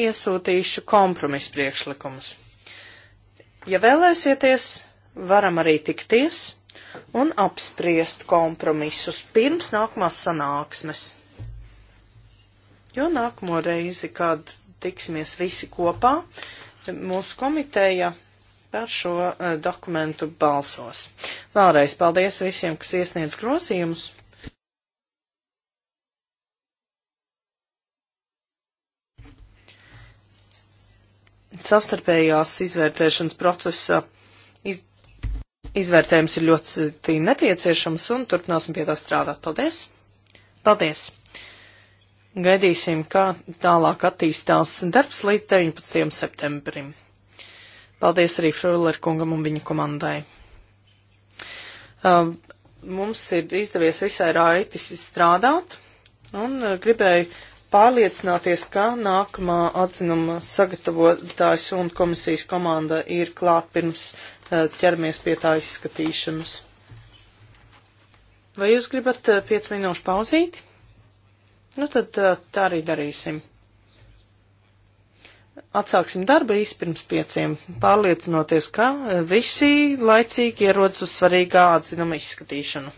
iesūtīšu kompromisu priekšlikumus. Ja vēlēsieties, varam arī tikties un apspriest kompromisus pirms nākamās sanāksmes. Jo nākamo reizi, kad tiksimies visi kopā, mūsu komiteja par šo uh, dokumentu balsos. Vēlreiz paldies visiem, kas iesniedz grozījumus. savstarpējās izvērtēšanas procesa iz, izvērtējums ir ļoti nepieciešams un turpināsim pie tā strādāt. Paldies! Paldies! Gaidīsim, kā tālāk attīstās darbs līdz 19. septembrim. Paldies arī Frūler kungam un viņa komandai. Uh, mums ir izdevies visai raiti strādāt un uh, gribēju pārliecināties, ka nākamā atzinuma sagatavotājs un komisijas komanda ir klāt pirms eh, ķeramies pie tā izskatīšanas. Vai jūs gribat 5 eh, minūšu pauzīt? Nu tad eh, tā arī darīsim. Atsāksim darbu īsi pirms pieciem, pārliecinoties, ka visi laicīgi ierodas uz svarīgā atzinuma izskatīšanu.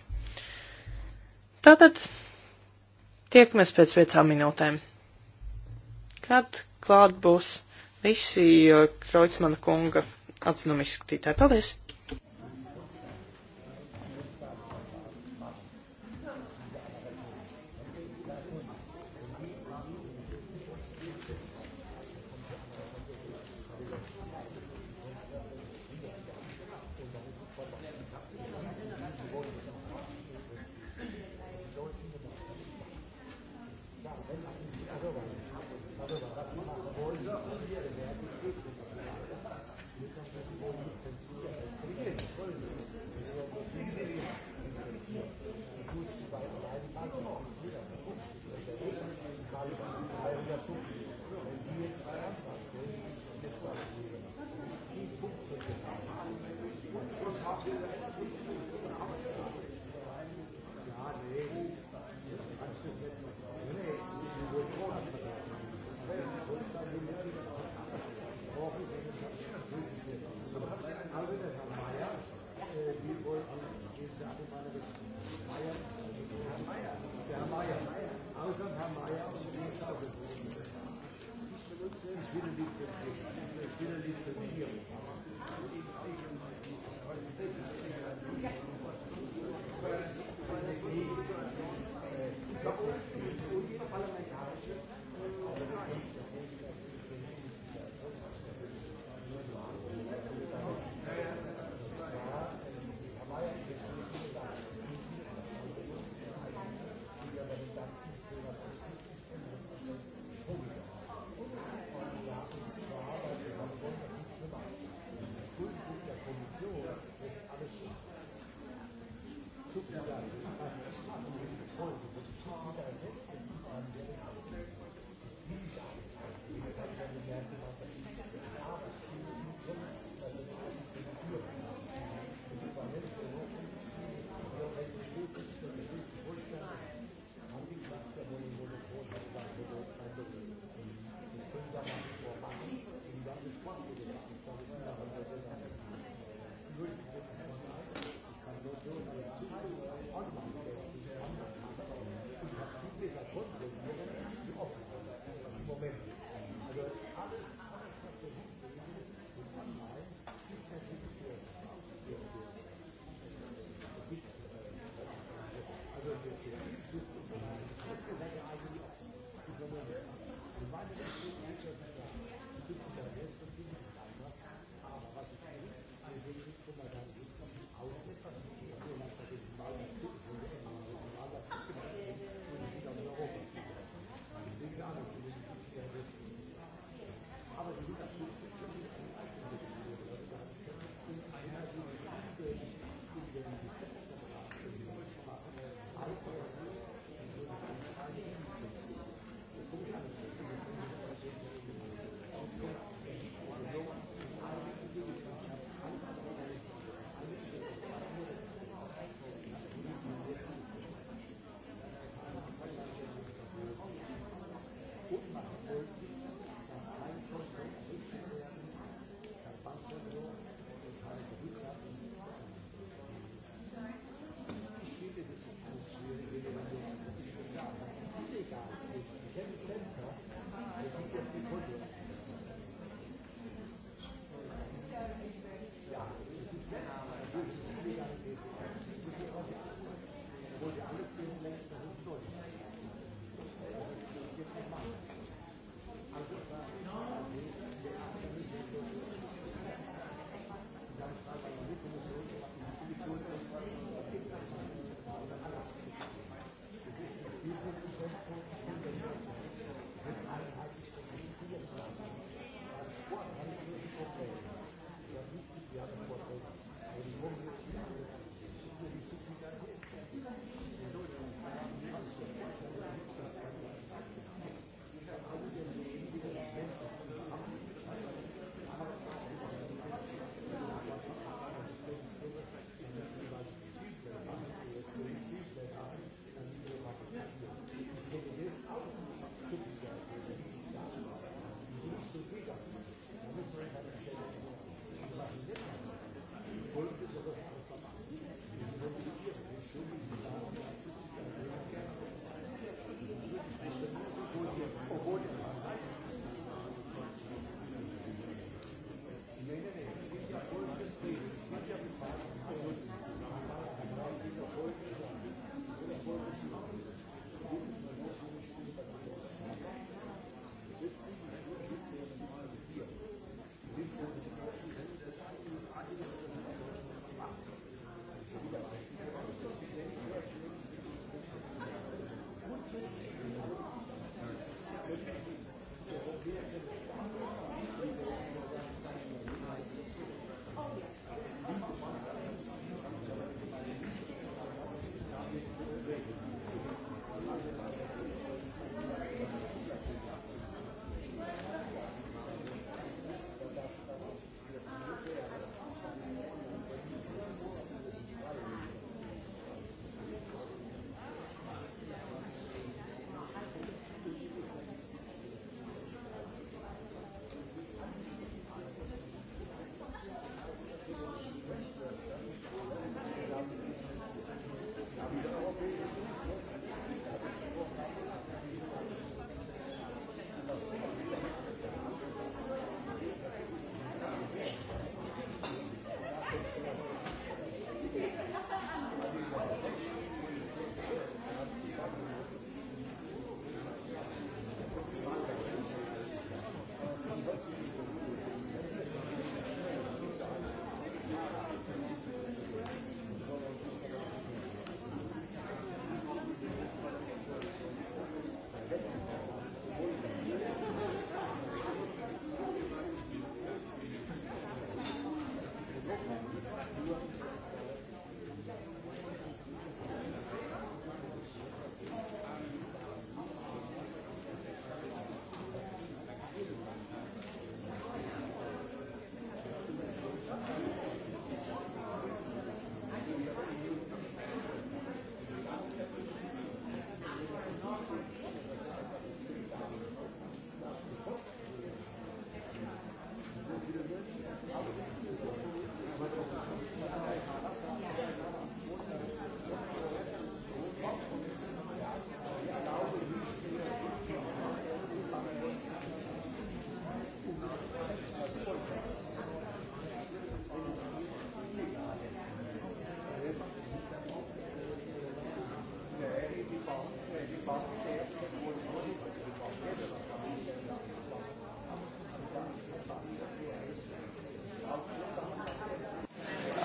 Tātad Tiekamies pēc piecām minūtēm. Kad klāt būs visi Kreutzmana kunga atzinumi izskatītāji. Paldies!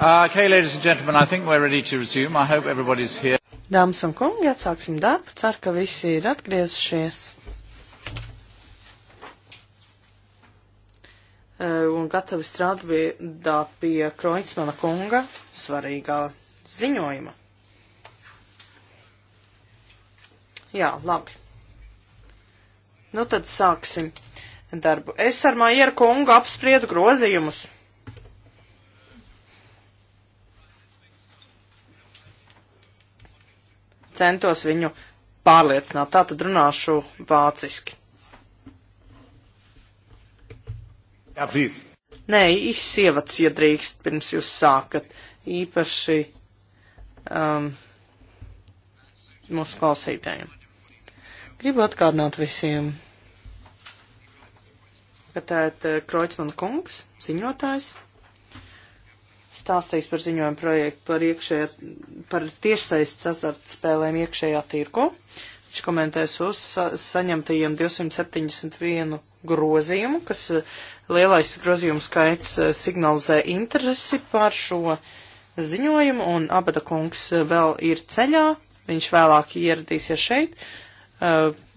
Uh, okay, ladies and gentlemen, I think we're ready to resume. I hope everybody's here. Dāmas un kungi, atsāksim darbu. Ceru, ka visi ir atgriezušies. Uh, un gatavi strādāt pie Kroicmana kunga svarīgā ziņojuma. Jā, labi. Nu tad sāksim darbu. Es ar Maieru kungu apspriedu grozījumus. centos viņu pārliecināt. Tātad runāšu vāciski. Jā, plīz. Nē, izsievats iedrīkst, ja pirms jūs sākat. Īpaši um, mūsu klausītājiem. Gribu atgādināt visiem, ka tā ir eh, Kreutzmann kungs, ziņotājs, stāstīs par ziņojumu projektu par, iekšējā, par tiešsaistes azartspēlēm iekšējā tirku. Viņš komentēs uz sa saņemtajiem 271 grozījumu, kas eh, lielais grozījumu skaits eh, signalizē interesi par šo ziņojumu, un Abada kungs eh, vēl ir ceļā, viņš vēlāk ieradīsies šeit.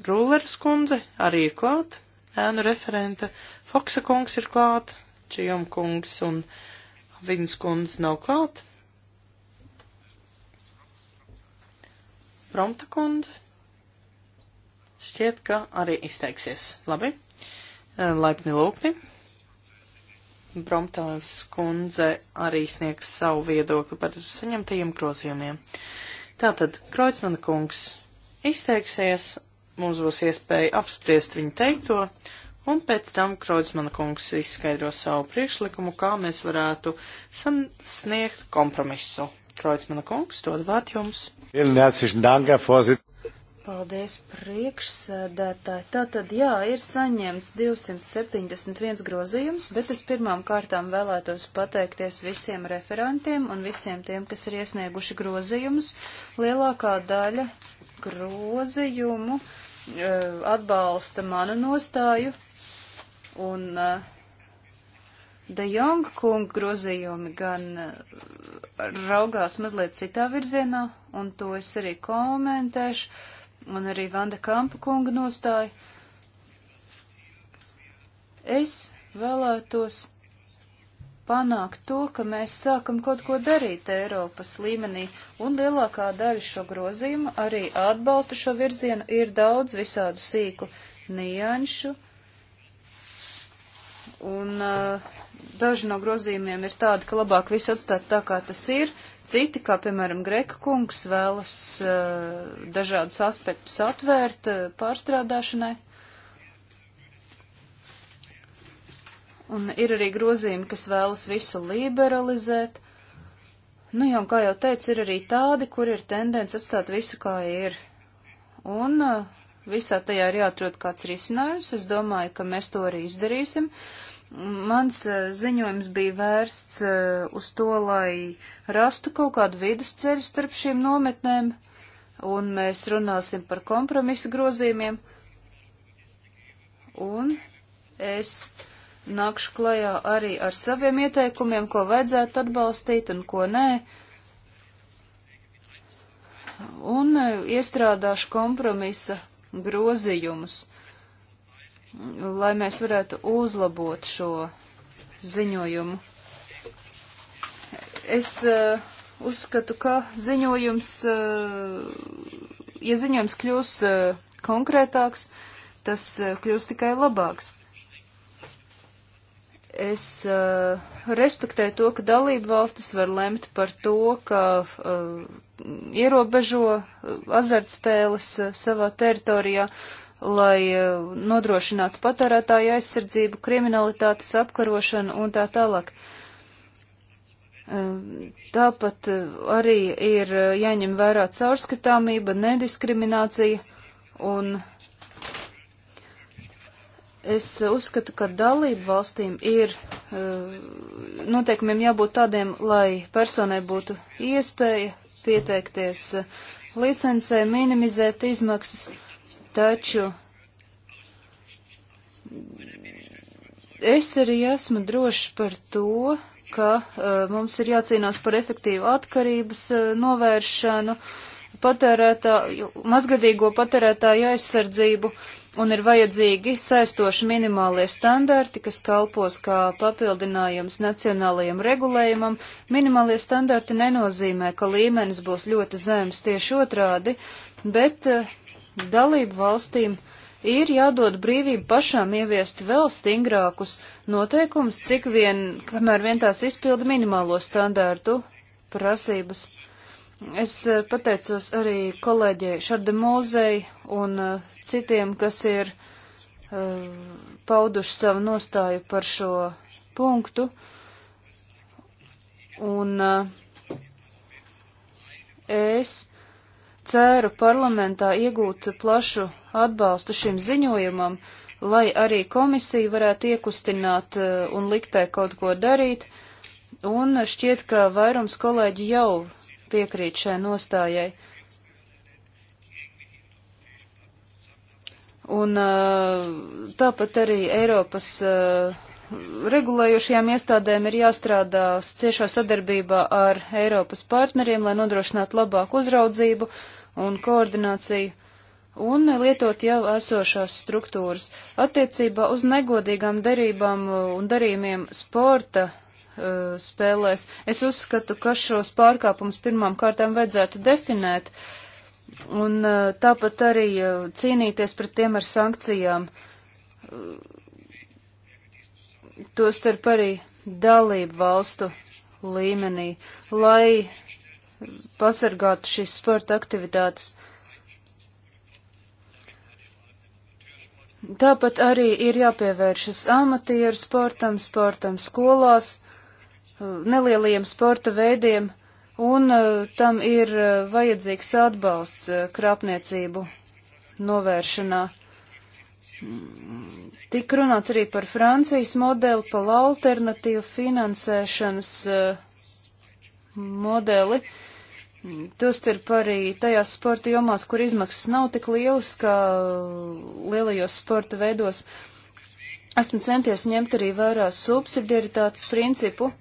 Rūleres kundze arī ir klāt, ēnu referenta, Foksa kungs ir klāt, Čijom kungs un uh, Viņas kundze nav klāt. Promta kundze. Šķiet, ka arī izteiksies. Labi. Eh, laipni lūgti. Bromtāvs kundze arī sniegs savu viedokli par saņemtajiem grozījumiem. Tātad, Kreutzmana kungs izteiksies, mums būs iespēja apspriest viņu teikto, Un pēc tam Krodzmana kungs izskaidro savu priekšlikumu, kā mēs varētu sniegt kompromisu. Krodzmana kungs, dod vārdu jums. Paldies, priekšsēdētāji. Tātad, jā, ir saņemts 271 grozījums, bet es pirmām kārtām vēlētos pateikties visiem referentiem un visiem tiem, kas ir iesnieguši grozījumus. Lielākā daļa grozījumu eh, atbalsta manu nostāju, un uh, De Jonga kunga grozījumi gan eh, raugās mazliet citā virzienā, un to es arī komentēšu, un arī Vanda Kampa kunga nostāja. Es vēlētos panākt to, ka mēs sākam kaut ko darīt Eiropas līmenī, un lielākā daļa šo grozījumu arī atbalsta šo virzienu, ir daudz visādu sīku nianšu, uh, Un uh, daži no grozījumiem ir tādi, ka labāk visu atstāt tā, kā tas ir. Citi, kā piemēram Greka kungs, vēlas uh, dažādus aspektus atvērt uh, pārstrādāšanai. Un ir arī grozījumi, kas vēlas visu liberalizēt. Nu, jau kā jau teicu, ir arī tādi, kur ir tendence atstāt visu, kā ir. Un uh, Visā tajā ir jāatrod kāds risinājums. Es domāju, ka mēs to arī izdarīsim. Mans eh, ziņojums bija vērsts eh, uz to, lai rastu kaut kādu vidusceļu starp šīm nometnēm, un mēs runāsim par kompromisu grozījumiem. Un es nākšu klajā arī ar saviem ieteikumiem, ko vajadzētu atbalstīt un ko nē. Un eh, iestrādāšu kompromisa grozījumus, lai mēs varētu uzlabot šo ziņojumu. Es uh, uzskatu, ka ziņojums, uh, ja ziņojums kļūs uh, konkrētāks, tas uh, kļūs tikai labāks. Es uh, respektēju to, ka dalību valstis var lemt par to, ka uh, ierobežo eh, azartspēles eh, savā teritorijā, lai eh, nodrošinātu patērētāju aizsardzību, kriminalitātes apkarošanu un tā tālāk. Tāpat arī ir jāņem vērā caurskatāmība, nediskriminācija un es uzskatu, ka dalību valstīm ir noteikumiem jābūt tādiem, lai personai būtu iespēja pieteikties licencē, minimizēt izmaksas, taču es arī esmu drošs par to, ka uh, mums ir jācīnās par efektīvu atkarības uh, novēršanu, patērētā, mazgadīgo patērētāju aizsardzību. Uh, un ir vajadzīgi saistoši minimālie standarti, kas kalpos kā papildinājums nacionālajiem regulējumam. Minimālie standarti nenozīmē, ka līmenis būs ļoti zems tieši otrādi, bet eh, dalību valstīm ir jādod brīvība pašām ieviest vēl stingrākus noteikumus, cik vien, kamēr vien tās izpilda minimālo standārtu prasības. Es eh, pateicos arī kolēģei Šarde Mūzei un eh, citiem, kas ir uh, pauduši savu nostāju par šo punktu. Un uh, es ceru parlamentā iegūt plašu atbalstu šim ziņojumam, lai arī komisija varētu iekustināt un liktē kaut ko darīt. Un šķiet, ka vairums kolēģi jau piekrīt šai nostājai. Un uh, tāpat arī Eiropas uh, regulējušajām iestādēm ir jāstrādā ciešā sadarbībā ar Eiropas partneriem, lai nodrošinātu labāku uzraudzību un koordināciju un lietot jau esošās struktūras. Attiecībā uz negodīgām derībām un darījumiem sporta Eh, spēlēs. Es uzskatu, ka šos pārkāpumus pirmām kārtām vajadzētu definēt un eh, tāpat arī eh, cīnīties pret tiem ar sankcijām. Tostarp arī dalību valstu līmenī, lai pasargātu šīs sporta aktivitātes. Tāpat arī ir jāpievēršas amatieru sportam, sportam skolās. Eh, nelielajiem sporta veidiem, un eh, tam ir eh, vajadzīgs atbalsts krāpniecību novēršanā. Mm, tik runāts arī par Francijas modeli, par alternatīvu finansēšanas modeli. Tostarp arī tajās sporta jomās, kur izmaksas nav tik lielas kā lielajos sporta veidos. Esmu centies ņemt arī vērā subsidiaritātes principu,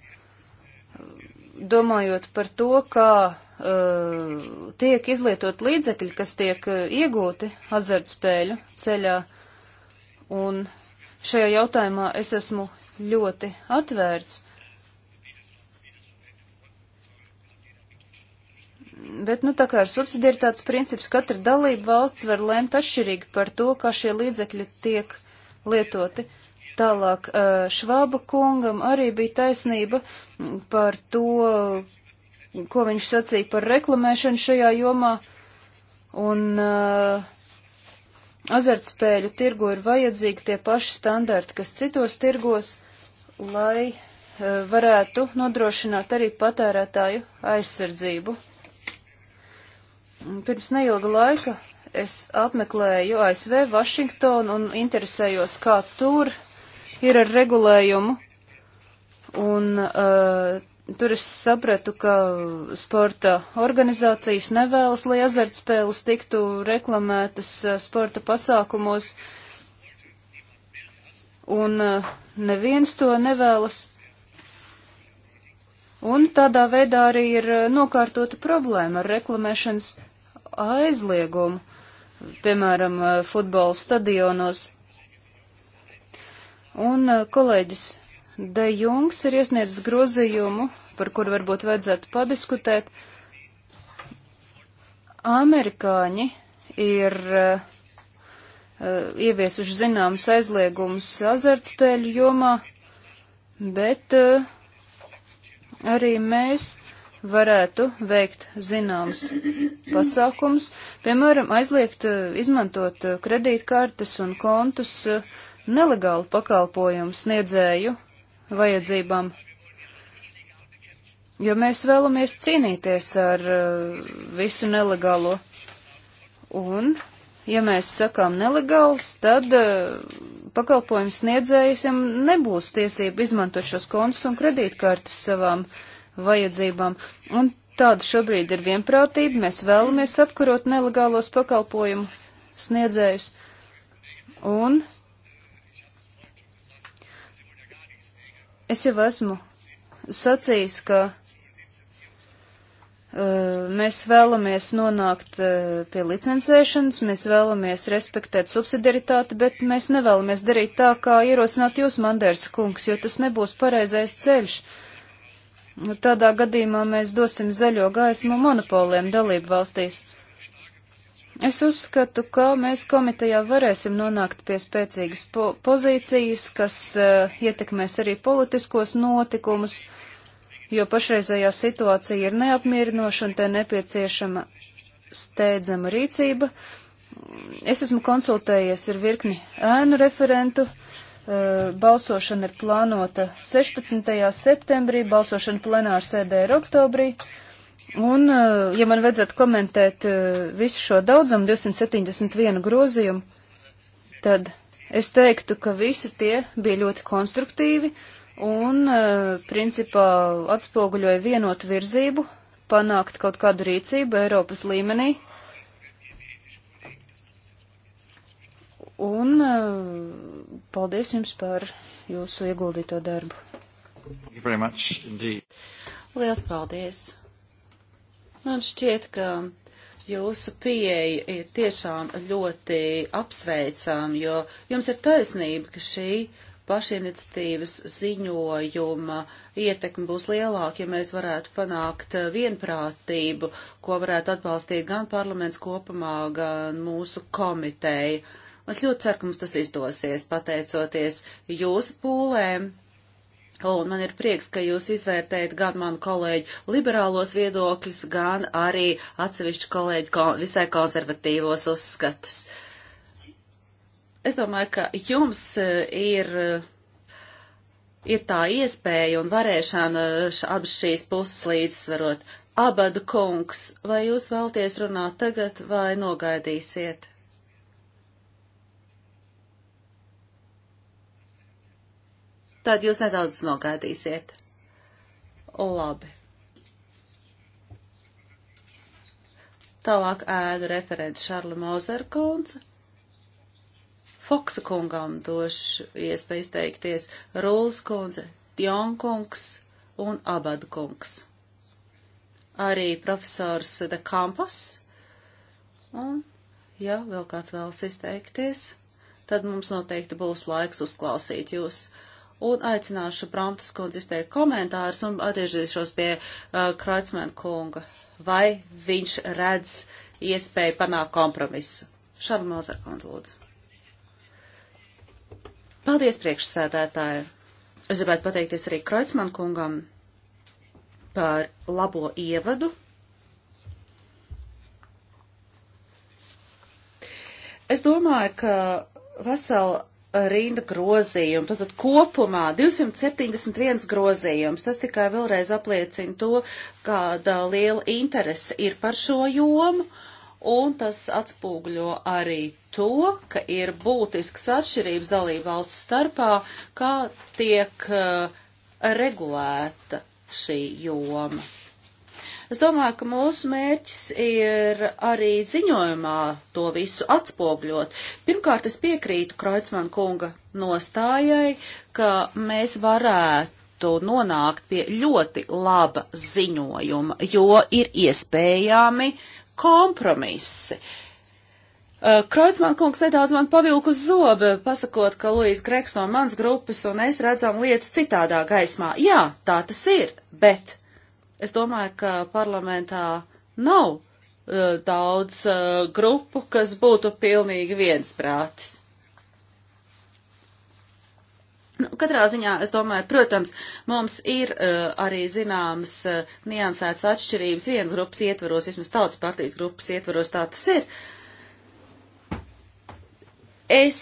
domājot par to, kā uh, tiek izlietot līdzekļi, kas tiek uh, iegūti azartspēļu ceļā, un šajā jautājumā es esmu ļoti atvērts. Bet, nu, tā kā ir subsidiertāts princips, katra dalība valsts var lēmt atšķirīgi par to, kā šie līdzekļi tiek lietoti. Uh, Tālāk eh, Švāba kungam arī bija taisnība par to, ko viņš sacīja par reklamēšanu šajā jomā. Un uh, azartspēļu tirgu ir vajadzīgi tie paši standarti, kas citos tirgos, lai uh, varētu nodrošināt arī patērētāju aizsardzību. Pirms neilga laika es apmeklēju ASV Vašingtonu un interesējos, kā tur ir ar regulējumu, un uh, tur es sapratu, ka sporta organizācijas nevēlas, lai azartspēles tiktu reklamētas uh, sporta pasākumos, un uh, neviens to nevēlas. Un tādā veidā arī ir uh, nokārtota problēma ar reklamēšanas aizliegumu, piemēram, uh, futbola stadionos. Un uh, kolēģis De Jungs ir iesniedzis grozījumu, par kuru varbūt vajadzētu padiskutēt. Amerikāņi ir uh, uh ieviesuši zināmas aizliegumus azartspēļu jomā, bet uh, arī mēs varētu veikt zināms pasākums, piemēram, aizliegt uh, izmantot uh, kredītkartes un kontus uh, nelegālu pakalpojumu sniedzēju vajadzībām, jo mēs vēlamies cīnīties ar uh, visu nelegālo. Un, ja mēs sakām nelegāls, tad uh, pakalpojumu sniedzējiem nebūs tiesība izmantot šos kontus un kredītkartes savām vajadzībām. Un tāda šobrīd ir vienprātība, mēs vēlamies apkarot nelegālos pakalpojumu sniedzējus. Un Es jau esmu sacījis, ka uh, mēs vēlamies nonākt uh, pie licencēšanas, mēs vēlamies respektēt subsidiaritāti, bet mēs nevēlamies darīt tā, kā ierosināt jūs, Manders kungs, jo tas nebūs pareizais ceļš. Nu, tādā gadījumā mēs dosim zaļo gaismu monopoliem dalību valstīs. Uh, Es uzskatu, ka mēs komitejā varēsim nonākt pie spēcīgas po pozīcijas, kas uh, ietekmēs arī politiskos notikumus, jo pašreizējā situācija ir neapmierinoša un te nepieciešama steidzama rīcība. Es esmu konsultējies ar virkni ēnu referentu. Uh, balsošana ir plānota 16. septembrī, balsošana plenāra sēdē ir oktobrī. Uh, Un, eh, ja man vajadzētu komentēt eh, visu šo daudzumu, 271 grozījumu, tad es teiktu, ka visi tie bija ļoti konstruktīvi un, eh, principā, atspoguļoja vienotu virzību, panākt kaut kādu rīcību Eiropas līmenī. Un paldies jums par jūsu ieguldīto darbu. Liels paldies! Man šķiet, ka jūsu pieeja ir tiešām ļoti apsveicām, jo jums ir taisnība, ka šī pašiniciatīvas ziņojuma ietekme būs lielāka, ja mēs varētu panākt eh, vienprātību, ko varētu atbalstīt gan parlaments kopumā, gan mūsu komiteja. Es ļoti ceru, ka mums tas izdosies, pateicoties jūsu pūlēm Un man ir prieks, ka jūs izvērtējat gan manu kolēģu liberālos viedokļus, gan arī atsevišķu kolēģu visai konservatīvos uzskatus. Es domāju, ka jums eh, ir, eh, ir tā iespēja un varēšana eh, abas šīs puses līdzsvarot. Abadu kungs, vai jūs vēlties runāt tagad vai nogaidīsiet? tad jūs nedaudz nogaidīsiet. Labi. Tālāk ēdu referents Šarla Mozerkons. Foksa kungam došu iespēju izteikties Rūlas kundze, Djonkungs un Abadkungs. Arī profesors De Kampas. Un, ja vēl kāds vēlas izteikties, tad mums noteikti būs laiks uzklausīt jūs. Uh, un aicināšu Bramtas kundzi izteikt komentārus un atgriezīšos pie uh, Kreutzmann kunga. Vai viņš redz iespēju panākt kompromisu? Šāda Mozarkundze lūdzu. Paldies priekšsēdētāju. Es gribētu pateikties arī Kreutzmann kungam par labo ievadu. Es domāju, ka vesela rinda grozījumu. Tātad kopumā 271 grozījums. Tas tikai vēlreiz apliecina to, kāda liela interese ir par šo jomu. Un tas atspūgļo arī to, ka ir būtisks atšķirības dalību valsts starpā, kā tiek eh, regulēta šī joma. Es domāju, ka mūsu mērķis ir arī ziņojumā to visu atspogļot. Pirmkārt, es piekrītu Kreutzmann kunga nostājai, ka mēs varētu nonākt pie ļoti laba ziņojuma, jo ir iespējami kompromisi. Uh, Kreutzmann kungs nedaudz man pavilku zobe, pasakot, ka Luīs Greks no mans grupas un es redzam lietas citādā gaismā. Jā, tā tas ir, bet Es domāju, ka parlamentā nav uh, daudz uh, grupu, kas būtu pilnīgi viensprātis. Nu, katrā ziņā, es domāju, protams, mums ir uh, arī zināmas uh, niansētas atšķirības vienas grupas ietvaros, vismaz tautas partijas grupas ietvaros, tā tas ir. Es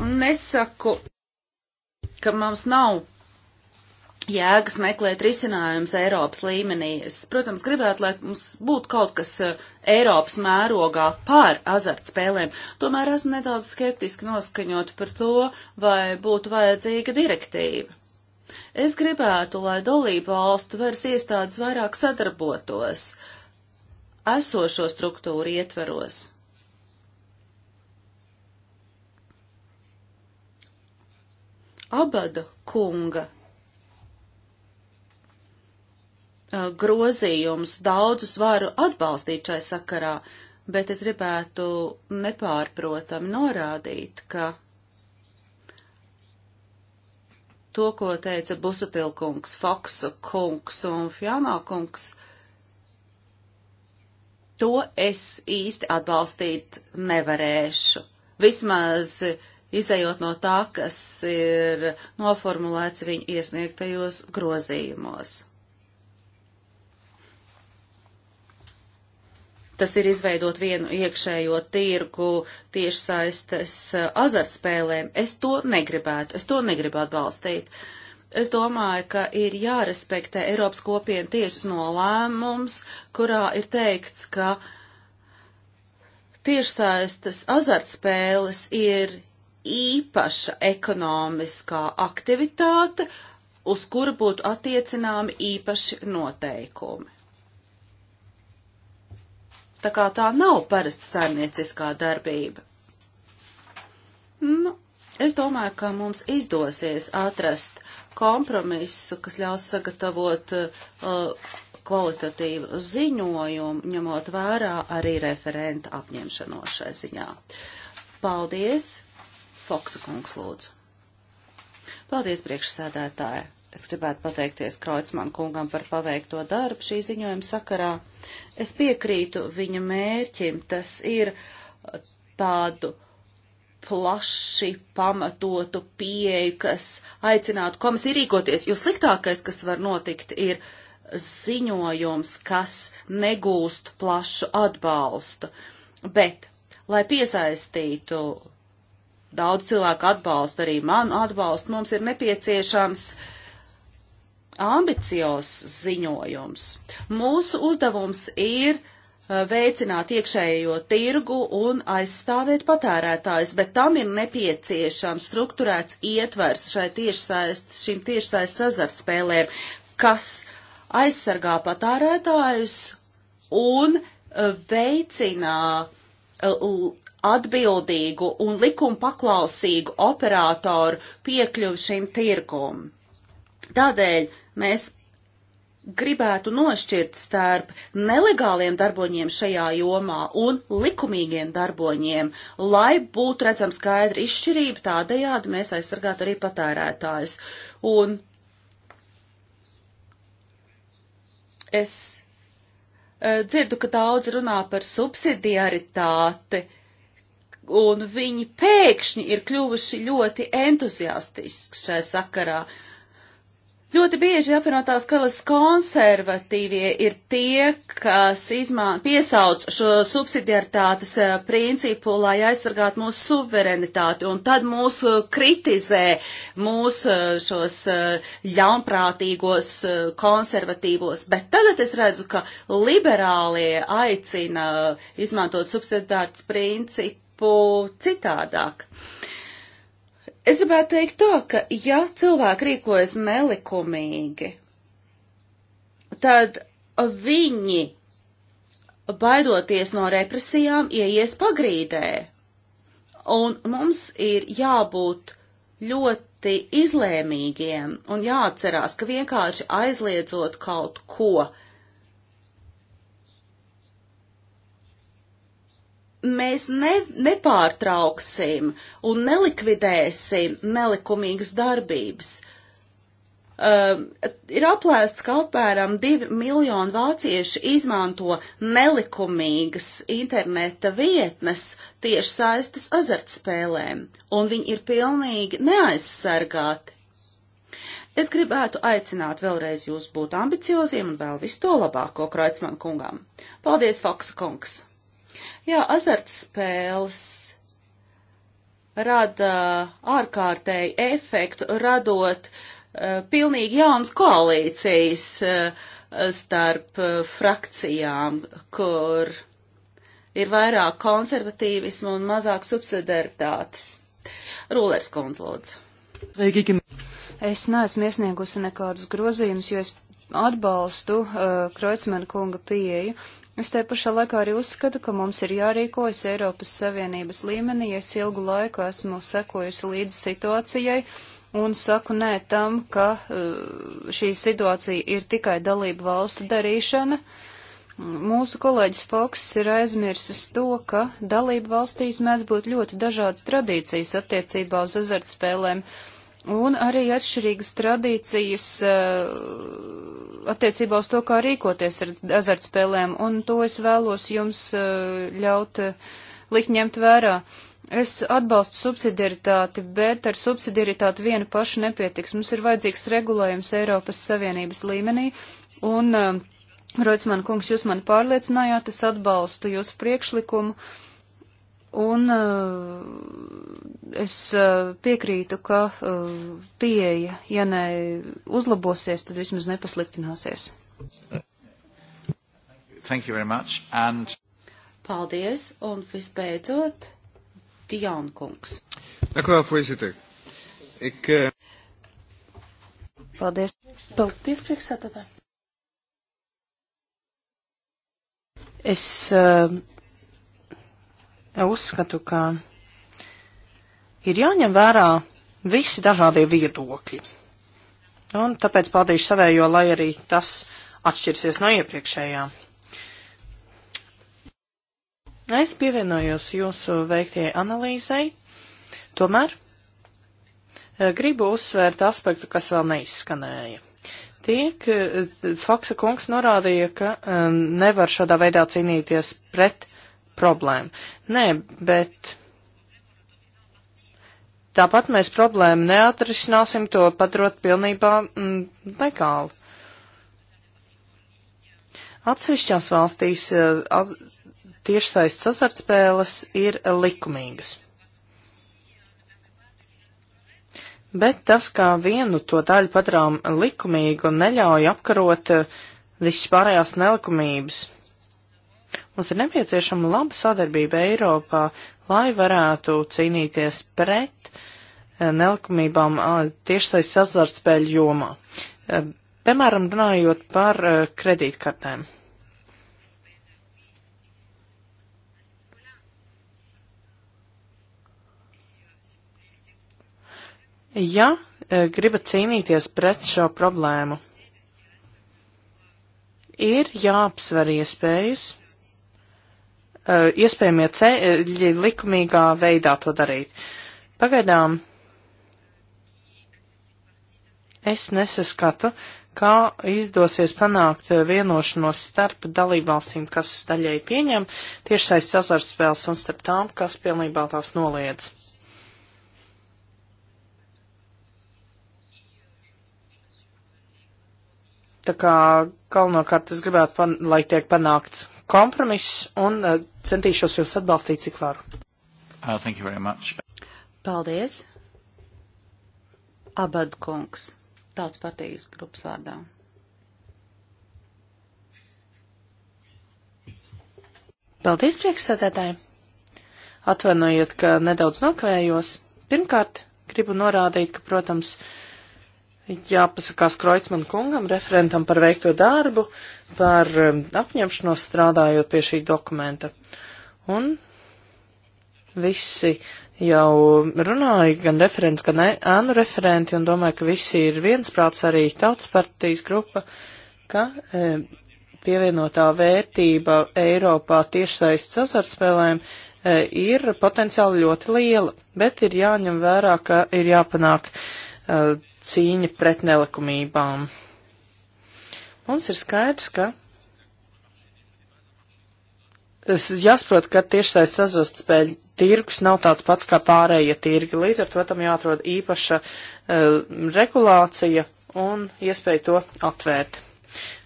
nesaku, ka mums nav jēgas meklēt risinājumus Eiropas līmenī. Es, protams, gribētu, lai mums būtu kaut kas eh, Eiropas mērogā par azartspēlēm. Tomēr esmu nedaudz skeptiski noskaņot par to, vai būtu vajadzīga direktīva. Es gribētu, lai dalību valstu varas iestādes vairāk sadarbotos esošo struktūru ietveros. Abada kunga grozījumus, daudzus varu atbalstīt šai sakarā, bet es gribētu nepārprotami norādīt, ka to, ko teica Busutilkungs, Foksa kungs un Fjānā kungs, to es īsti atbalstīt nevarēšu. Vismaz izējot no tā, kas ir noformulēts viņu iesniegtajos grozījumos. Tas ir izveidot vienu iekšējo tirgu tiešsaistes eh, azartspēlēm. Es to negribētu, es to negribu atbalstīt. Es domāju, ka ir jārespektē Eiropas kopienu tiesas nolēmums, kurā ir teikts, ka tiešsaistes azartspēles ir īpaša ekonomiskā aktivitāte, uz kuru būtu attiecināmi īpaši noteikumi tā kā tā nav parasta saimnieciskā darbība. Nu, es domāju, ka mums izdosies atrast kompromisu, kas ļaus sagatavot uh, kvalitatīvu ziņojumu, ņemot vērā arī referenta apņemšanos šai ziņā. Paldies! Foksa kungs lūdzu. Paldies, priekšsēdētāji! Es gribētu pateikties Kreutzmann kungam par paveikto darbu šī ziņojuma sakarā. Es piekrītu viņa mērķim, tas ir tādu plaši pamatotu pieeju, kas aicinātu komisiju rīkoties, jo sliktākais, kas var notikt, ir ziņojums, kas negūst plašu atbalstu. Bet, lai piesaistītu daudz cilvēku atbalstu, arī manu atbalstu, mums ir nepieciešams uh, ambiciozs ziņojums. Mūsu uzdevums ir uh, veicināt iekšējo tirgu un aizstāvēt patērētājus, bet tam ir nepieciešams strukturēts ietvers šai tiešsaist, šim tiešsaist sazartspēlēm, kas aizsargā patērētājus un uh, veicinā uh, atbildīgu un likuma paklausīgu operātoru piekļuvi šim tirgum. Tādēļ mēs gribētu nošķirt starp nelegāliem darboņiem šajā jomā un likumīgiem darboņiem, lai būtu redzama skaidra izšķirība, tādējādi mēs aizsargātu arī patērētājus. Un es e, dzirdu, ka daudz runā par subsidiaritāti, un viņi pēkšņi ir kļuvuši ļoti entuziastiski šai sakarā. Uh, Ļoti bieži apvienotās kalas konservatīvie ir tie, kas izmā, piesauc šo subsidiaritātes eh, principu, lai aizsargātu mūsu suverenitāti, un tad mūsu eh, kritizē mūsu eh, šos ļaunprātīgos konservatīvos. Bet tagad es redzu, ka liberālie aicina izmantot subsidiaritātes principu citādāk. Uh, Es gribētu teikt to, ka ja cilvēki rīkojas nelikumīgi, tad viņi, baidoties no represijām, ieies pagrīdē. Un mums ir jābūt ļoti izlēmīgiem un jāatcerās, ka vienkārši aizliedzot kaut ko, uh, mēs ne, nepārtrauksim un nelikvidēsim nelikumīgas darbības. Uh, ir aplēsts, ka apmēram 2 miljoni vācieši izmanto nelikumīgas interneta vietnes tieši saistas azartspēlēm, un viņi ir pilnīgi neaizsargāti. Es gribētu aicināt vēlreiz jūs būt ambicioziem un vēl visu to labāko Kreutzmann kungam. Paldies, Foksa kungs! Jā, azartspēles rada ārkārtēju efektu, radot uh, pilnīgi jaunas koalīcijas uh, starp uh, frakcijām, kur ir vairāk konservatīvismu un mazāk subsidaritātes. Rūlers kundz, lūdzu. Es neesmu iesniegusi nekādus grozījumus, jo es atbalstu uh, Kreutzmanu kunga pieeju. Es te pašā laikā arī uzskatu, ka mums ir jārīkojas Eiropas Savienības līmenī. Es ilgu laiku esmu sekojusi līdzi situācijai un saku nē tam, ka uh, šī situācija ir tikai dalību valstu darīšana. Mūsu kolēģis Foks ir aizmirsis to, ka dalību valstīs mēs būtu ļoti dažādas tradīcijas attiecībā uz azartspēlēm. spēlēm un arī atšķirīgas tradīcijas eh, attiecībā uz to, kā rīkoties ar azartspēlēm, un to es vēlos jums eh, ļaut eh, likt ņemt vērā. Es atbalstu subsidiaritāti, bet ar subsidiaritāti viena paša nepietiks. Mums ir vajadzīgs regulējums Eiropas Savienības līmenī, un, Roicman kungs, jūs mani pārliecinājāt, es atbalstu jūsu priekšlikumu, un es eh, piekrītu, ka eh, pieeja, ja ne uzlabosies, tad vismaz nepasliktināsies. Thank you very much. And... Paldies, un visbeidzot, Dion kungs. Dank u wel, voorzitter. Ik... Uh... Paldies. Paldies, priekšsēdētāji. Es uh, uzskatu, ka. Kā ir jāņem vērā visi dažādie viedokļi. Un tāpēc paldīšu savējo, lai arī tas atšķirsies no iepriekšējā. Es pievienojos jūsu veiktie analīzei, tomēr eh, gribu uzsvērt aspektu, kas vēl neizskanēja. Tiek eh, Faksa kungs norādīja, ka eh, nevar šādā veidā cīnīties pret problēmu. Nē, bet Tāpat mēs problēmu neatrisināsim to padarot pilnībā mm, legāli. Atsevišķās valstīs eh, at, tiešsaistes azartspēles ir likumīgas. Bet tas, kā vienu to daļu padarām likumīgu, neļauj apkarot eh, visas pārējās nelikumības. Mums ir nepieciešama laba sadarbība Eiropā, lai varētu cīnīties pret uh, Eh, nelikumībām tiešsaistes azartspēļu jomā. Eh, piemēram, runājot par eh, kredītkartēm. Ja gribat cīnīties pret šo problēmu, ir jāapsver iespējas iespējamie ceļi likumīgā veidā to darīt. Pagaidām Es nesaskatu, kā izdosies panākt vienošanos starp dalībvalstīm, kas daļai pieņem tiešsaistes azartspēles un starp tām, kas pilnībā tās noliedz. Tā kā galvenokārt es gribētu, pan, lai tiek panākts kompromiss un uh, centīšos jūs atbalstīt, cik varu. Uh, Paldies. Abad kungs tautas partijas grupas vārdā. Paldies, priekšsēdētāji! Atvainojiet, ka nedaudz nokavējos. Pirmkārt, gribu norādīt, ka, protams, jāpasakās Kreutzmann kungam, referentam par veikto darbu, par um, apņemšanos strādājot pie šī dokumenta. Un visi jau runāju gan referents, gan ēnu referenti un domāju, ka visi ir viensprāts arī tautas partijas grupa, ka e, pievienotā vērtība Eiropā tiešsaistes azartspēlēm e, ir potenciāli ļoti liela, bet ir jāņem vērā, ka ir jāpanāk e, cīņa pret nelikumībām. Mums ir skaidrs, ka jāsaprot, ka tiešsaistes azartspēļu tirgus nav tāds pats kā pārējie tirgi, līdz ar to tam jāatrod īpaša uh, regulācija un iespēja to atvērt.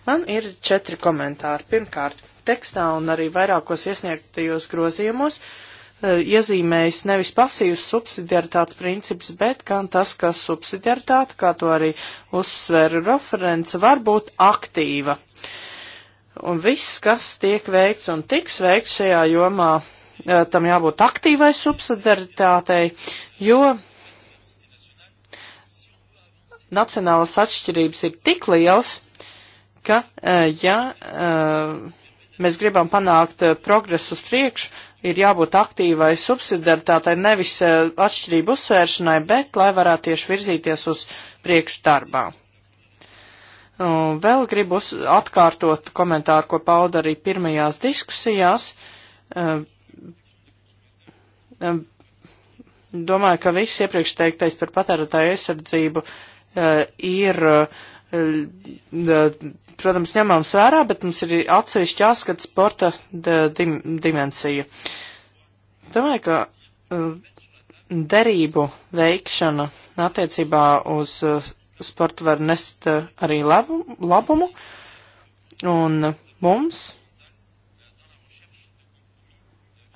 Man ir četri komentāri. Pirmkārt, tekstā un arī vairākos iesniegtajos grozījumos uh, iezīmējas nevis pasīvs subsidiaritātes princips, bet gan tas, ka subsidiaritāte, kā to arī uzsver referents, var būt aktīva. Un viss, kas tiek veikts un tiks veikts šajā jomā, Eh, tam jābūt aktīvai subsidaritātei, jo nacionālas atšķirības ir tik liels, ka, eh, ja eh, mēs gribam panākt progresu uz priekšu, ir jābūt aktīvai subsidaritātei, nevis atšķirību uzsvēršanai, bet lai varētu tieši virzīties uz priekšu darbā. Vēl gribu atkārtot komentāru, ko pauda arī pirmajās diskusijās Domāju, ka viss iepriekš teiktais par patērētāju aizsardzību eh, ir, eh, eh, protams, ņemams vērā, bet mums ir atsevišķi jāskat sporta dim dimensija. Domāju, ka derību veikšana attiecībā uz sportu var nest arī labumu, un mums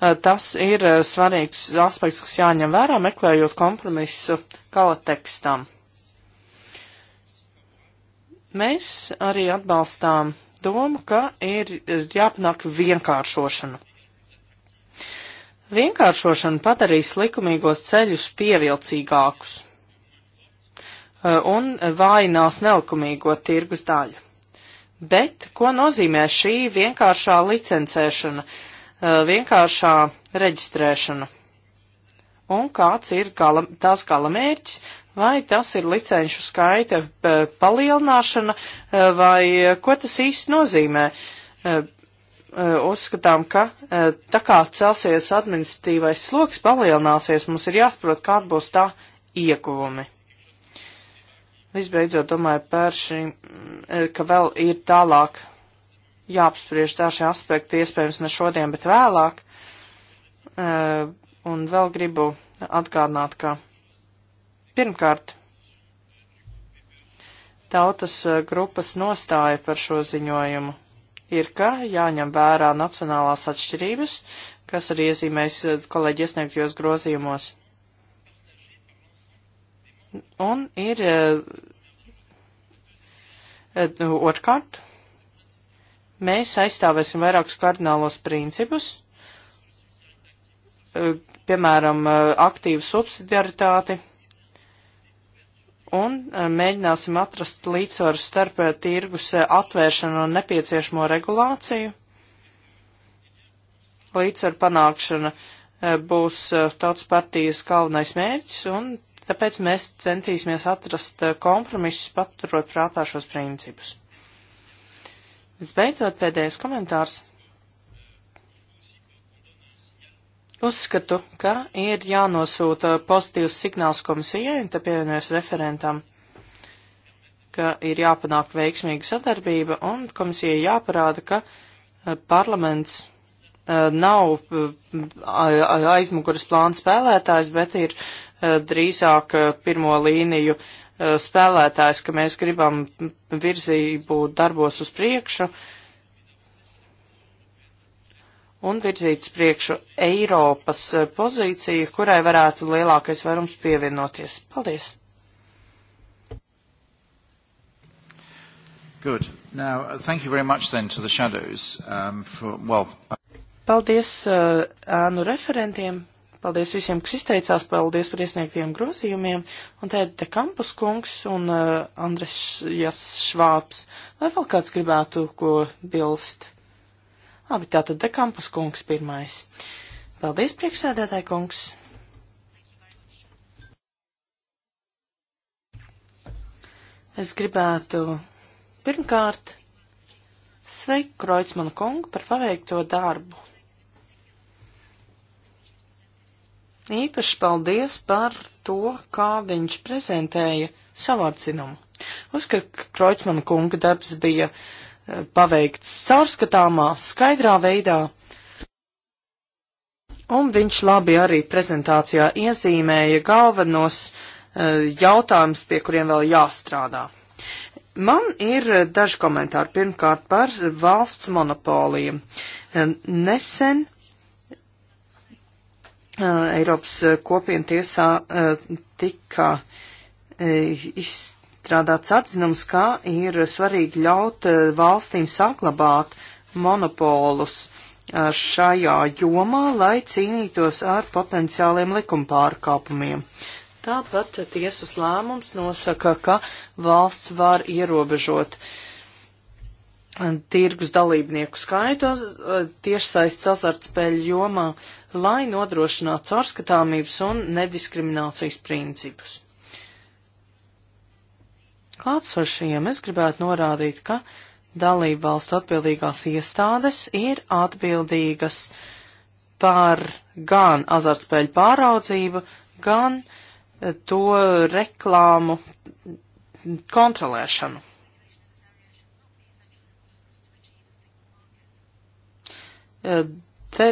Eh, tas ir eh, svarīgs aspekts, kas jāņem vērā, meklējot kompromisu kala tekstam. Mēs arī atbalstām domu, ka ir jāpanāk vienkāršošana. Vienkāršošana padarīs likumīgos ceļus pievilcīgākus eh, un vājinās nelikumīgo tirgus daļu. Bet ko nozīmē šī vienkāršā licencēšana? Uh, Uh, vienkāršā reģistrēšana. Un kāds ir gala, tās gala mērķis? Vai tas ir licenšu skaita uh, palielināšana, uh, vai ko tas īsti nozīmē? uzskatām, ka tā kā celsies administratīvais sloks palielināsies, mums ir jāsaprot, kāda būs tā ieguvumi. Visbeidzot, domāju par šīm, ka vēl ir tālāk jāapspriež daži aspekti, iespējams, ne šodien, bet vēlāk. Uh, un vēl gribu atgādināt, ka pirmkārt tautas e, grupas nostāja par šo ziņojumu ir, ka jāņem vērā nacionālās atšķirības, kas arī iezīmēs e, kolēģi iesniegtajos grozījumos. Un ir otrkārt. Uh, Mēs aizstāvēsim vairākus kardinālos principus, e, piemēram, e, aktīvu subsidiaritāti, un e, mēģināsim atrast līdzsvaru starp tirgus atvēršanu un nepieciešamo regulāciju. Līdzsvaru panākšana būs tautas partijas galvenais mērķis, un tāpēc mēs centīsimies atrast kompromisus, paturot prātā šos principus. Visbeidzot, pēdējais komentārs. Uzskatu, ka ir jānosūta pozitīvs signāls komisijai, un te pievienojas referentam, ka ir jāpanāk veiksmīga sadarbība, un komisijai jāparāda, ka eh, parlaments eh, nav eh, aizmuguras plāna spēlētājs, bet ir drīzāk pirmo līniju uh, Eh, spēlētājs, ka mēs gribam virzību darbos uz priekšu un virzīt uz priekšu Eiropas eh, pozīciju, kurai varētu lielākais vairums pievienoties. Paldies! Good. Now, uh, thank you very much then to the shadows um, for, well... Uh, Paldies uh, eh, ānu referentiem Paldies visiem, kas izteicās, paldies par iesniegtiem grozījumiem. Un te ir te Kampus kungs un uh, Andres Jas Švāps. Vai vēl kāds gribētu ko bilst? Labi, tātad te Kampus kungs pirmais. Paldies, priekšsēdētāji kungs. Es gribētu pirmkārt sveikt Kreutzmanu kungu par paveikto darbu Īpaši paldies par to, kā viņš prezentēja savu atzinumu. Uzskatu, ka Kreutzmana kunga darbs bija eh, paveikts caurskatāmā, skaidrā veidā, un viņš labi arī prezentācijā iezīmēja galvenos uh, jautājumus, pie kuriem vēl jāstrādā. Man ir daži komentāri pirmkārt par valsts monopoliem. Eh, nesen Eiropas kopienu tiesā tika izstrādāts atzinums, ka ir svarīgi ļaut valstīm saklabāt monopolus šajā jomā, lai cīnītos ar potenciāliem likuma pārkāpumiem. Tāpat tiesas lēmums nosaka, ka valsts var ierobežot tirgus dalībnieku skaitos tiešsaistes azartspēļu jomā lai nodrošinātu caurskatāmības un nediskriminācijas principus. Klātsošajiem es gribētu norādīt, ka dalību valstu atbildīgās iestādes ir atbildīgas par gan azartspēļu pāraudzību, gan eh, to reklāmu kontrolēšanu. Eh, te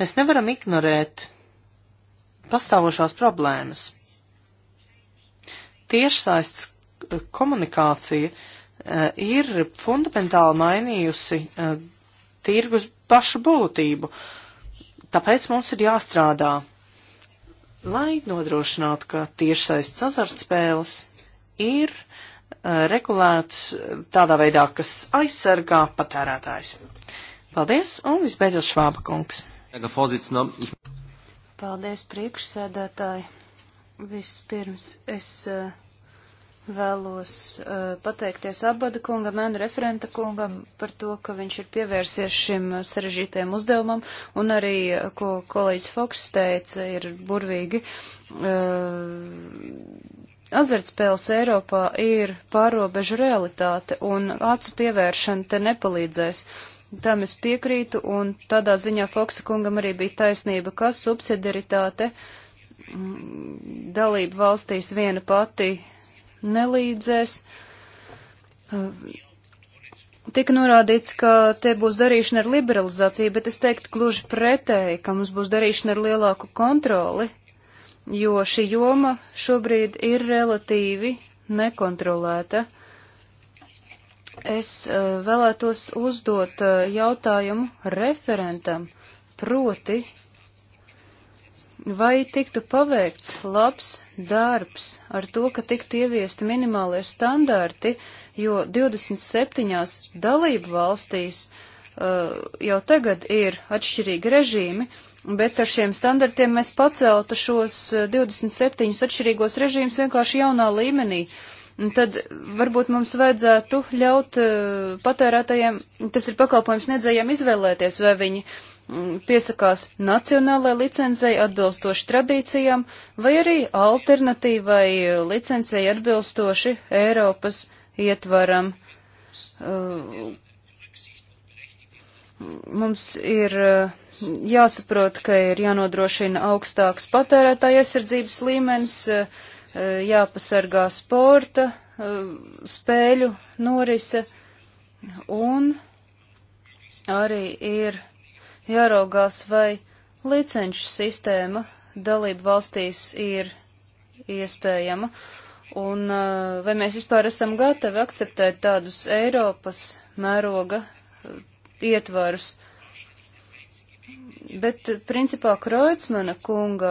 Mēs nevaram ignorēt pastāvošās problēmas. Tiešsaists eh, komunikācija eh, ir fundamentāli mainījusi eh, tirgus pašu būtību. Tāpēc mums ir jāstrādā, lai nodrošinātu, ka tiešsaists azartspēles ir regulēts tādā veidā, kas aizsargā patērētājs. Paldies, un visbeidzot Švāba kungs. Paldies, priekšsēdētāji. Vispirms es eh, vēlos eh, pateikties Abada kungam, Ēnu referenta kungam par to, ka viņš ir pievērsies šim eh, sarežģītajam uzdevumam, un arī, ko kolēģis Foks teica, ir burvīgi. Azartspēles Eiropā ir pārobežu realitāte, un acu pievēršana te nepalīdzēs. Uh, Tam es piekrītu, un tādā ziņā Foksa kungam arī bija taisnība, ka subsidiaritāte mm, dalība valstīs viena pati nelīdzēs. Uh, tika norādīts, ka te būs darīšana ar liberalizāciju, bet es teiktu gluži pretēji, ka mums būs darīšana ar lielāku kontroli, jo šī joma šobrīd ir relatīvi nekontrolēta. Es eh, vēlētos uzdot eh, jautājumu referentam, proti, vai tiktu paveikts labs darbs ar to, ka tiktu ieviesti minimālie standarti, jo 27 dalību valstīs uh, jau tagad ir atšķirīgi režīmi, bet ar šiem standartiem mēs paceltu šos 27 atšķirīgos režīmus vienkārši jaunā līmenī. Uh, tad varbūt mums vajadzētu ļaut eh, patērētājiem, tas ir pakalpojums nedzējiem izvēlēties, vai viņi mm, piesakās nacionālai licencei atbilstoši tradīcijām, vai arī alternatīvai eh, licencei atbilstoši Eiropas ietvaram. Eh, mums ir jāsaprot, ka ir jānodrošina augstāks patērētāja aizsardzības līmenis, uh, Eh, jāpasargā sporta, eh, spēļu norise un arī ir jāraugās, vai licenšu sistēma dalību valstīs ir iespējama un eh, vai mēs vispār esam gatavi akceptēt tādus Eiropas mēroga ietvarus. Bet, principā, Kreutzmana kunga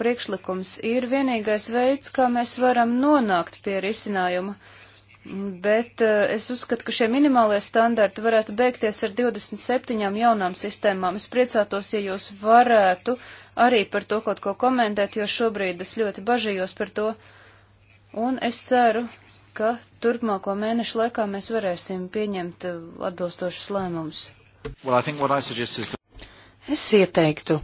priekšlikums ir vienīgais veids, kā mēs varam nonākt pie risinājuma. Bet eh, es uzskatu, ka šie minimālie standarti varētu beigties ar 27 jaunām sistēmām. Es priecātos, ja jūs varētu arī par to kaut ko komentēt, jo šobrīd es ļoti bažījos par to. Un es ceru, ka turpmāko mēnešu laikā mēs varēsim pieņemt eh, atbilstošus lēmumus. Well, Es ieteiktu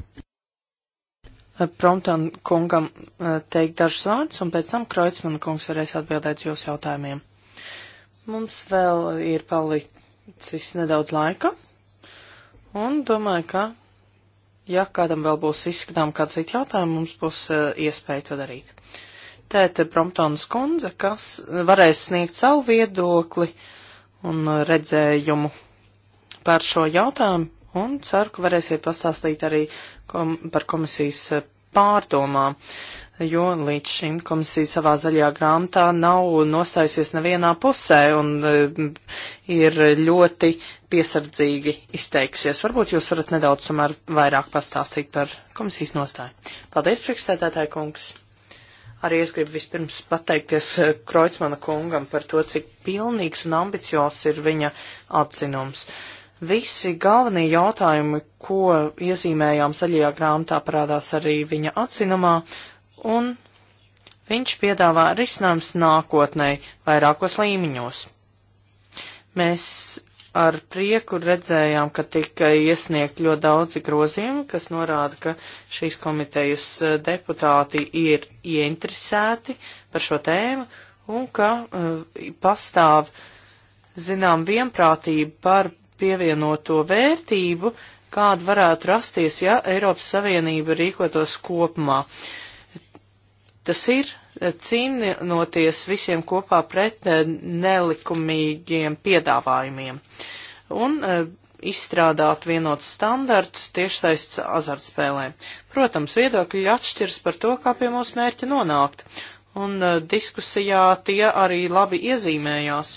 eh, Prompton kungam eh, teikt dažus vārdus, un pēc tam Kreutzmann kungs varēs atbildēt jūsu jautājumiem. Mums vēl ir palicis nedaudz laika, un domāju, ka, ja kādam vēl būs izskatām kāds cits jautājums, mums būs uh, iespēja to darīt. Tēta Promptons kundze, kas varēs sniegt savu viedokli un redzējumu par šo jautājumu, un ceru, ka varēsiet pastāstīt arī kom par komisijas eh, pārdomām, jo līdz šim komisija savā zaļajā grāmatā nav nostājusies nevienā pusē un eh, ir ļoti piesardzīgi izteikusies. Varbūt jūs varat nedaudz tomēr vairāk pastāstīt par komisijas nostāju. Paldies, priekšsēdētāji kungs! Arī es gribu vispirms pateikties eh, Kreutzmana kungam par to, cik pilnīgs un ambiciozs ir viņa atzinums. Uh, Visi galvenie jautājumi, ko iezīmējām zaļajā grāmatā, parādās arī viņa atzinumā, un viņš piedāvā risinājums nākotnē vairākos līmeņos. Mēs ar prieku redzējām, ka tika iesniegt ļoti daudzi grozījumi, kas norāda, ka šīs komitejas eh, deputāti ir ieinteresēti par šo tēmu un ka uh, pastāv zinām vienprātība par pievienoto vērtību, kāda varētu rasties, ja Eiropas Savienība rīkotos kopumā. Tas ir cīnoties visiem kopā pret eh, nelikumīgiem piedāvājumiem un eh, izstrādāt vienotus standartus tiešsaistes azartspēlēm. Protams, viedokļi atšķiras par to, kā pie mūsu mērķa nonākt, un eh, diskusijā tie arī labi iezīmējās.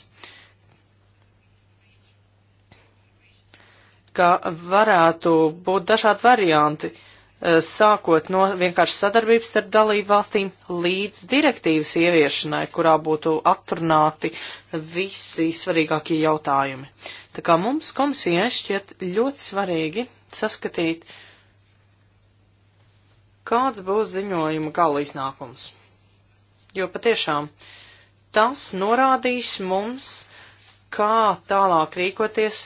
ka varētu būt dažādi varianti, eh, sākot no vienkārši sadarbības starp dalību valstīm līdz direktīvas ieviešanai, kurā būtu atrunāti visi svarīgākie jautājumi. Tā kā mums komisijai šķiet ļoti svarīgi saskatīt, kāds būs ziņojuma gala iznākums. Jo patiešām tas norādīs mums, kā tālāk rīkoties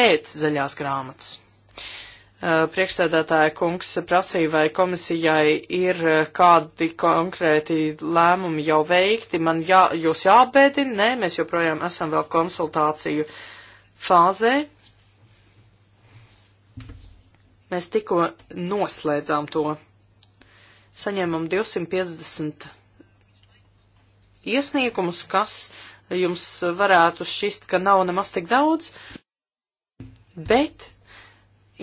pēc zaļās grāmatas. Uh, priekšsēdētāja kungs prasīja, vai komisijai ir uh, kādi konkrēti lēmumi jau veikti. Man jā, jūs jāapbēdina, nē, mēs joprojām esam vēl konsultāciju fāzē. Mēs tikko noslēdzām to. Saņēmām 250 iesniegumus, kas jums varētu šķist, ka nav nemaz tik daudz. Uh, bet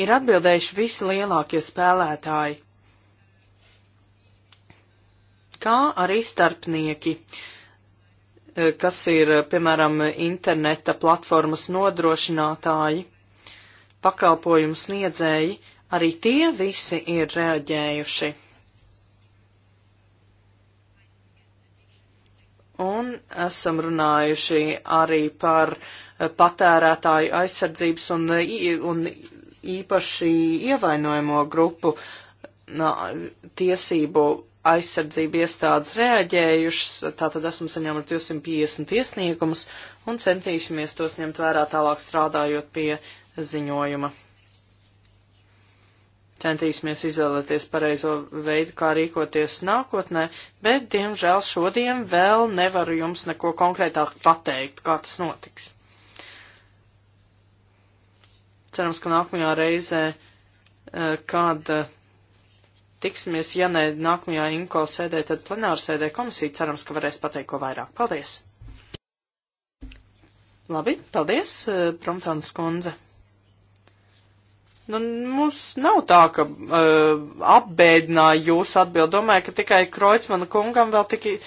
ir atbildējuši visi lielākie spēlētāji, kā arī starpnieki, e, kas ir, e, piemēram, interneta platformas nodrošinātāji, pakalpojumu sniedzēji, arī tie visi ir reaģējuši. Un esam runājuši arī par eh, patērētāju aizsardzības un, eh, un īpaši ievainojamo grupu nā, tiesību aizsardzību iestādes reaģējušas, tātad esmu saņēmuši 250 iesniegumus un centīsimies tos ņemt vērā tālāk strādājot pie ziņojuma centīsimies izvēlēties pareizo veidu, kā rīkoties nākotnē, bet, diemžēl, šodien vēl nevaru jums neko konkrētāk pateikt, kā tas notiks. Cerams, ka nākamajā reizē, eh, kad eh, tiksimies, ja ne nākamajā inko sēdē, tad plenāra sēdē komisija, cerams, ka varēs pateikt ko vairāk. Paldies! Labi, paldies, Promtāns eh, kundze! Nu, mums nav tā, ka uh, apbēdināja jūsu atbildi. Domāju, ka tikai Kreutzmana kungam vēl tika uh,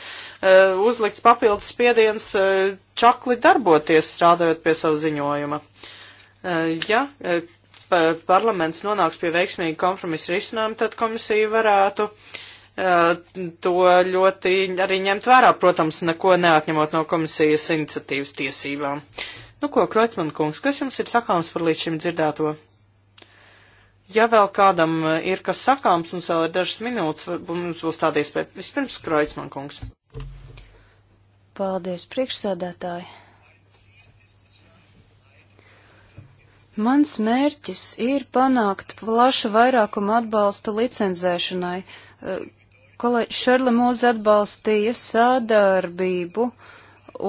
eh, uzlikts papildus spiediens uh, čakli darboties, strādājot pie savu ziņojuma. Uh, ja uh, parlaments nonāks pie veiksmīga kompromisa risinājuma, tad komisija varētu uh, to ļoti arī ņemt vērā, protams, neko neatņemot no komisijas iniciatīvas tiesībām. Nu ko, Kreutzmana kungs, kas jums ir sakāms par līdz šim dzirdēto? Ja vēl kādam ir kas sakāms, mums vēl ir dažas minūtes, mums būs tāda iespēja. Vispirms, Kroicman kungs. Paldies, priekšsēdētāji. Mans mērķis ir panākt plašu vairākumu atbalstu licenzēšanai. Kolēģis Šerle mūs atbalstīja sādarbību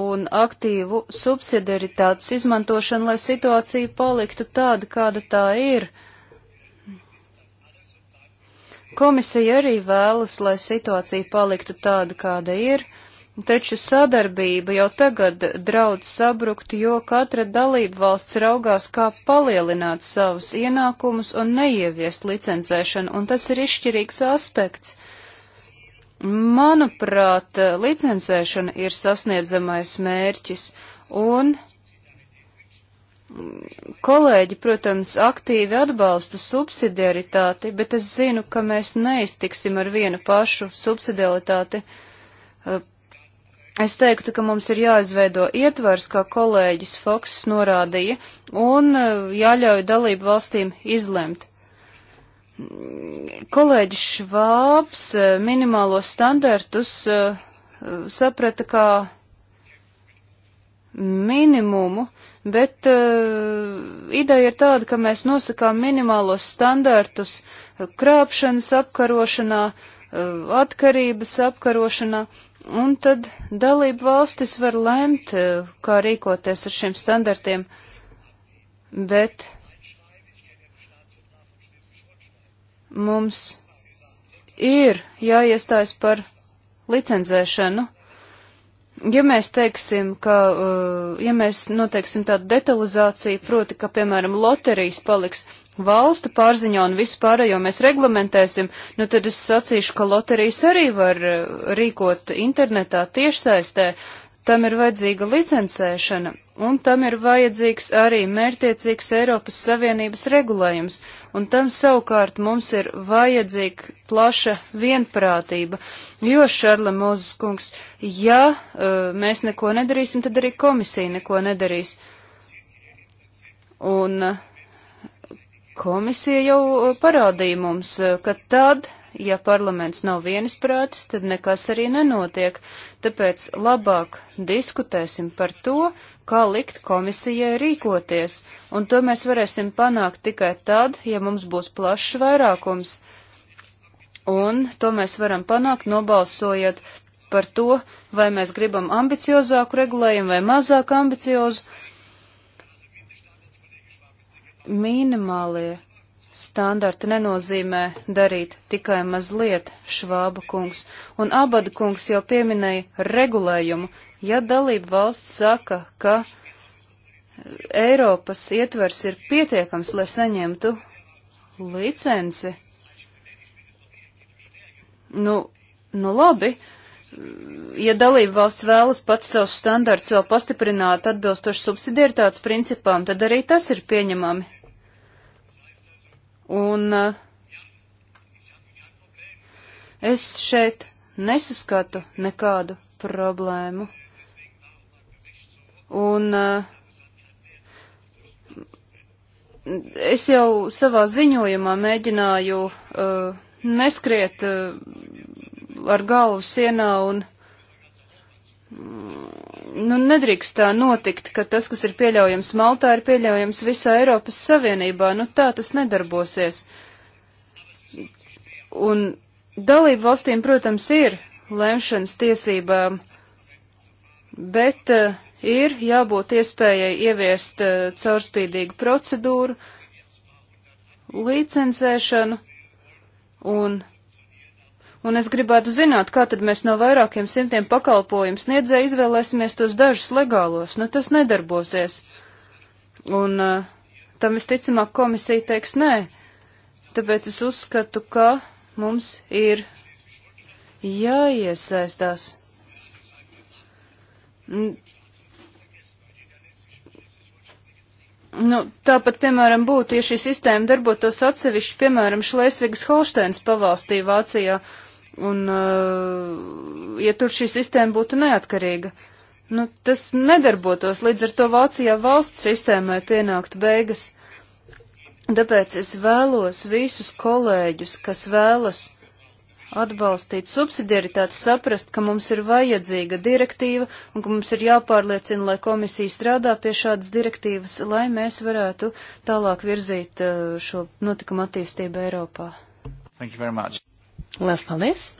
un aktīvu subsidiaritātes izmantošanu, lai situācija paliktu tāda, kāda tā ir. Uh, Komisija arī vēlas, lai situācija paliktu tāda, kāda ir, taču sadarbība jau tagad draudz sabrukt, jo katra dalība valsts raugās, kā palielināt savus ienākumus un neieviest licencēšanu, un tas ir izšķirīgs aspekts. Manuprāt, licencēšana ir sasniedzamais mērķis, un Kolēģi, protams, aktīvi atbalsta subsidiaritāti, bet es zinu, ka mēs neiztiksim ar vienu pašu subsidiaritāti. Eh, es teiktu, ka mums ir jāizveido ietvars, kā kolēģis Foks norādīja, un eh, jāļauj dalību valstīm izlemt. Kolēģis Švābs eh, minimālos standartus saprata kā minimumu, uh, bet uh, ideja ir tāda, ka mēs nosakām minimālos standartus uh, krāpšanas apkarošanā, uh, atkarības apkarošanā, un tad dalību valstis var lemt, uh, kā rīkoties ar šiem standartiem, bet mums ir jāiestājas par licenzēšanu ja mēs teiksim, ka, uh, ja mēs noteiksim tādu detalizāciju, proti, ka, piemēram, loterijas paliks valstu pārziņā un vispārējo mēs reglamentēsim, nu tad es sacīšu, ka loterijas arī var uh, rīkot internetā tiešsaistē, tam ir vajadzīga licencēšana un tam ir vajadzīgs arī mērtiecīgs Eiropas Savienības regulējums, un tam savukārt mums ir vajadzīga plaša vienprātība, jo, Šarla Mozes kungs, ja uh, mēs neko nedarīsim, tad arī komisija neko nedarīs. Un uh, komisija jau uh, parādīja mums, uh, ka tad, ja parlaments nav vienisprātis, tad nekas arī nenotiek, tāpēc labāk diskutēsim par to, kā likt komisijai rīkoties, un to mēs varēsim panākt tikai tad, ja mums būs plašs vairākums. Un to mēs varam panākt nobalsojot par to, vai mēs gribam ambiciozāku regulējumu vai mazāk ambiciozu. Minimālie Standarti nenozīmē darīt tikai mazliet, Švāba kungs, un Abada kungs jau pieminēja regulējumu. Ja dalība valsts saka, ka Eiropas ietvers ir pietiekams, lai saņemtu licenci, nu, nu labi, ja dalība valsts vēlas pats savus standarts vēl pastiprināt atbilstoši subsidiaritātes principām, tad arī tas ir pieņemami Un eh, es šeit nesaskatu nekādu problēmu. Un eh, es jau savā ziņojumā mēģināju uh, neskriet uh, ar galvu sienā un Mm, nu, nedrīkst tā notikt, ka tas, kas ir pieļaujams Maltā, ir pieļaujams visā Eiropas Savienībā. Nu, tā tas nedarbosies. Un dalību valstīm, protams, ir lemšanas tiesībām, bet uh, ir jābūt iespējai ieviest uh, caurspīdīgu procedūru, licencēšanu un Un es gribētu zināt, kā tad mēs no vairākiem simtiem pakalpojumu sniedzēju izvēlēsimies tos dažus legālos. Nu, tas nedarbosies. Un uh, tam visticamāk komisija teiks nē. Tāpēc es uzskatu, ka mums ir jāiesaistās. Nu, tāpat, piemēram, būtu, ja šī sistēma darbotos atsevišķi, piemēram, Šlēsvigas Holsteins pavalstī Vācijā, Un, uh, ja tur šī sistēma būtu neatkarīga, nu, tas nedarbotos, līdz ar to Vācijā valsts sistēmai pienāktu beigas. Tāpēc es vēlos visus kolēģus, kas vēlas atbalstīt subsidiaritāti, saprast, ka mums ir vajadzīga direktīva un ka mums ir jāpārliecina, lai komisija strādā pie šādas direktīvas, lai mēs varētu tālāk virzīt eh, šo notikumu attīstību Eiropā. Thank you very much. Lielas paldies!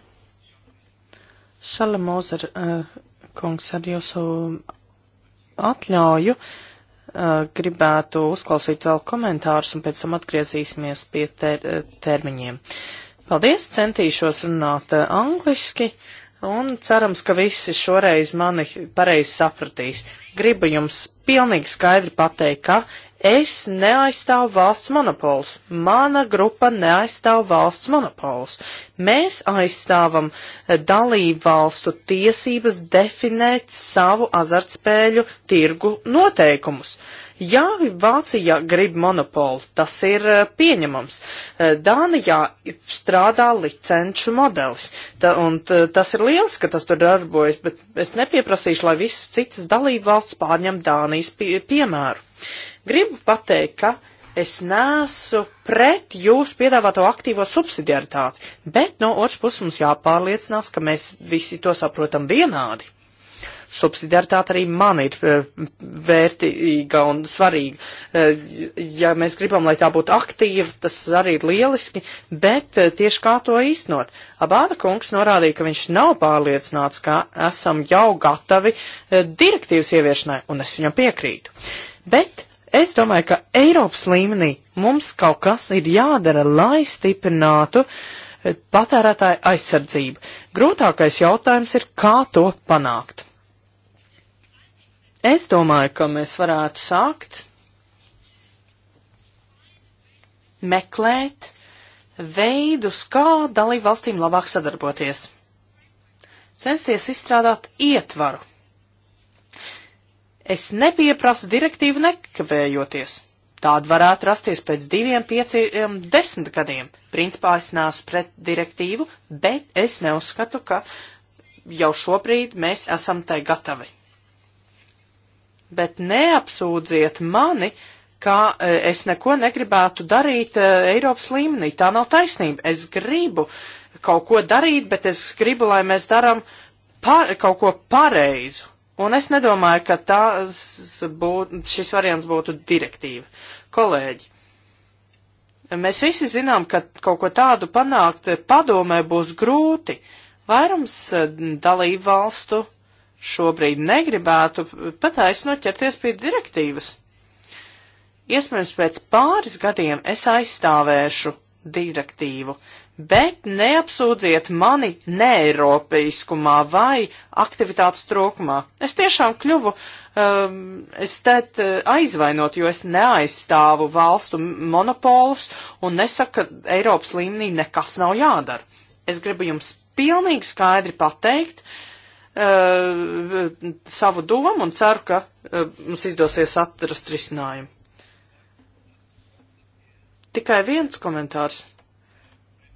Šala Mozer uh, eh, kungs ar jūsu atļauju uh, gribētu uzklausīt vēl komentārus un pēc tam atgriezīsimies pie ter termiņiem. Paldies, centīšos runāt uh, angliski un cerams, ka visi šoreiz mani pareizi sapratīs. Gribu jums pilnīgi skaidri pateikt, ka Es neaizstāvu valsts monopols. Mana grupa neaizstāv valsts monopols. Mēs aizstāvam eh, dalību valstu tiesības definēt savu azartspēļu tirgu noteikumus. Jā, Vācija grib monopolu, tas ir eh, pieņemams. Eh, Dānijā strādā licenču modelis, ta, un ta, tas ir liels, ka tas tur darbojas, bet es nepieprasīšu, lai visas citas dalību valsts pārņem Dānijas pie, piemēru. Gribu pateikt, ka es nesu pret jūsu piedāvāto aktīvo subsidiaritāti, bet no otras puses mums jāpārliecinās, ka mēs visi to saprotam vienādi. Subsidiaritāte arī man ir eh, vērtīga un svarīga. Eh, ja mēs gribam, lai tā būtu aktīva, tas arī ir lieliski, bet eh, tieši kā to īstenot. Abāda kungs norādīja, ka viņš nav pārliecināts, ka esam jau gatavi direktīvas ieviešanai, un es viņam piekrītu. Bet Es domāju, ka Eiropas līmenī mums kaut kas ir jādara, lai stiprinātu eh, patērētāju aizsardzību. Grūtākais jautājums ir, kā to panākt. Es domāju, ka mēs varētu sākt meklēt veidus, kā dalību valstīm labāk sadarboties. Censties izstrādāt ietvaru Es nepieprasu direktīvu nekavējoties. Tāda varētu rasties pēc diviem, pieciem, desmit gadiem. Principā es nāsu pret direktīvu, bet es neuzskatu, ka jau šobrīd mēs esam tai gatavi. Bet neapsūdziet mani, ka e, es neko negribētu darīt e, Eiropas līmenī. Tā nav taisnība. Es gribu kaut ko darīt, bet es gribu, lai mēs daram par, kaut ko pareizu. Un es nedomāju, ka tas būtu, šis variants būtu direktīva. Kolēģi, mēs visi zinām, ka kaut ko tādu panākt padomē būs grūti. Vairums e, dalību valstu šobrīd negribētu pataisno ķerties pie direktīvas. Iespējams, pēc pāris gadiem es aizstāvēšu direktīvu, bet neapsūdziet mani neiropeiskumā vai aktivitātes trūkumā. Es tiešām kļuvu, um, es tēt uh, aizvainot, jo es neaizstāvu valstu monopolus un nesaku, ka Eiropas līmenī nekas nav jādara. Es gribu jums pilnīgi skaidri pateikt uh, savu domu un ceru, ka uh, mums izdosies atrast risinājumu. Tikai viens komentārs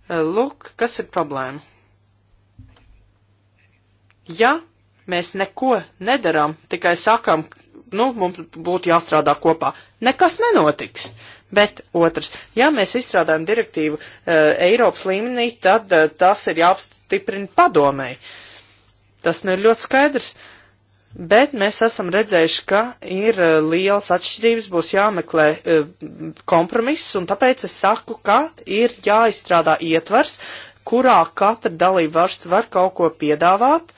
Eh, lūk, kas ir problēma. Ja mēs neko nedaram, tikai sakam, nu, mums būtu jāstrādā kopā. Nekas nenotiks. Bet otrs, ja mēs izstrādājam direktīvu uh, Eiropas līmenī, tad uh, tas ir jāapstiprina padomēji. Tas nu ir ļoti skaidrs. Uh, Bet mēs esam redzējuši, ka ir eh, liels atšķirības, būs jāmeklē eh, kompromiss, un tāpēc es saku, ka ir jāizstrādā ietvers, kurā katra dalība valsts var kaut ko piedāvāt,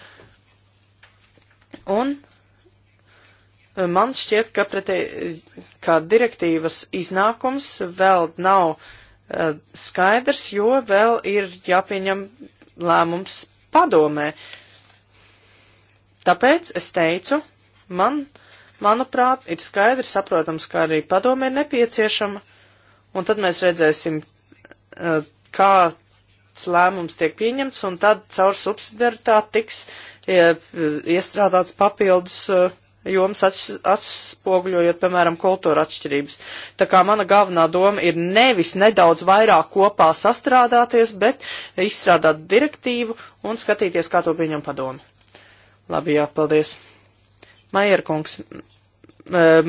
un eh, man šķiet, ka, pretē, ka direktīvas iznākums vēl nav uh, skaidrs, jo vēl ir jāpieņem lēmums padomē. Uh, Tāpēc es teicu, man, manuprāt, ir skaidrs, saprotams, ka arī padome ir nepieciešama, un tad mēs redzēsim, eh, kāds lēmums tiek pieņemts, un tad caur subsidiaritāti tiks eh, iestrādāts papildus eh, joms atspoguļojot, piemēram, kultūra atšķirības. Tā kā mana galvenā doma ir nevis nedaudz vairāk kopā sastrādāties, bet izstrādāt direktīvu un skatīties, kā to pieņem padomu. Labi, jā, paldies. Maierkungs,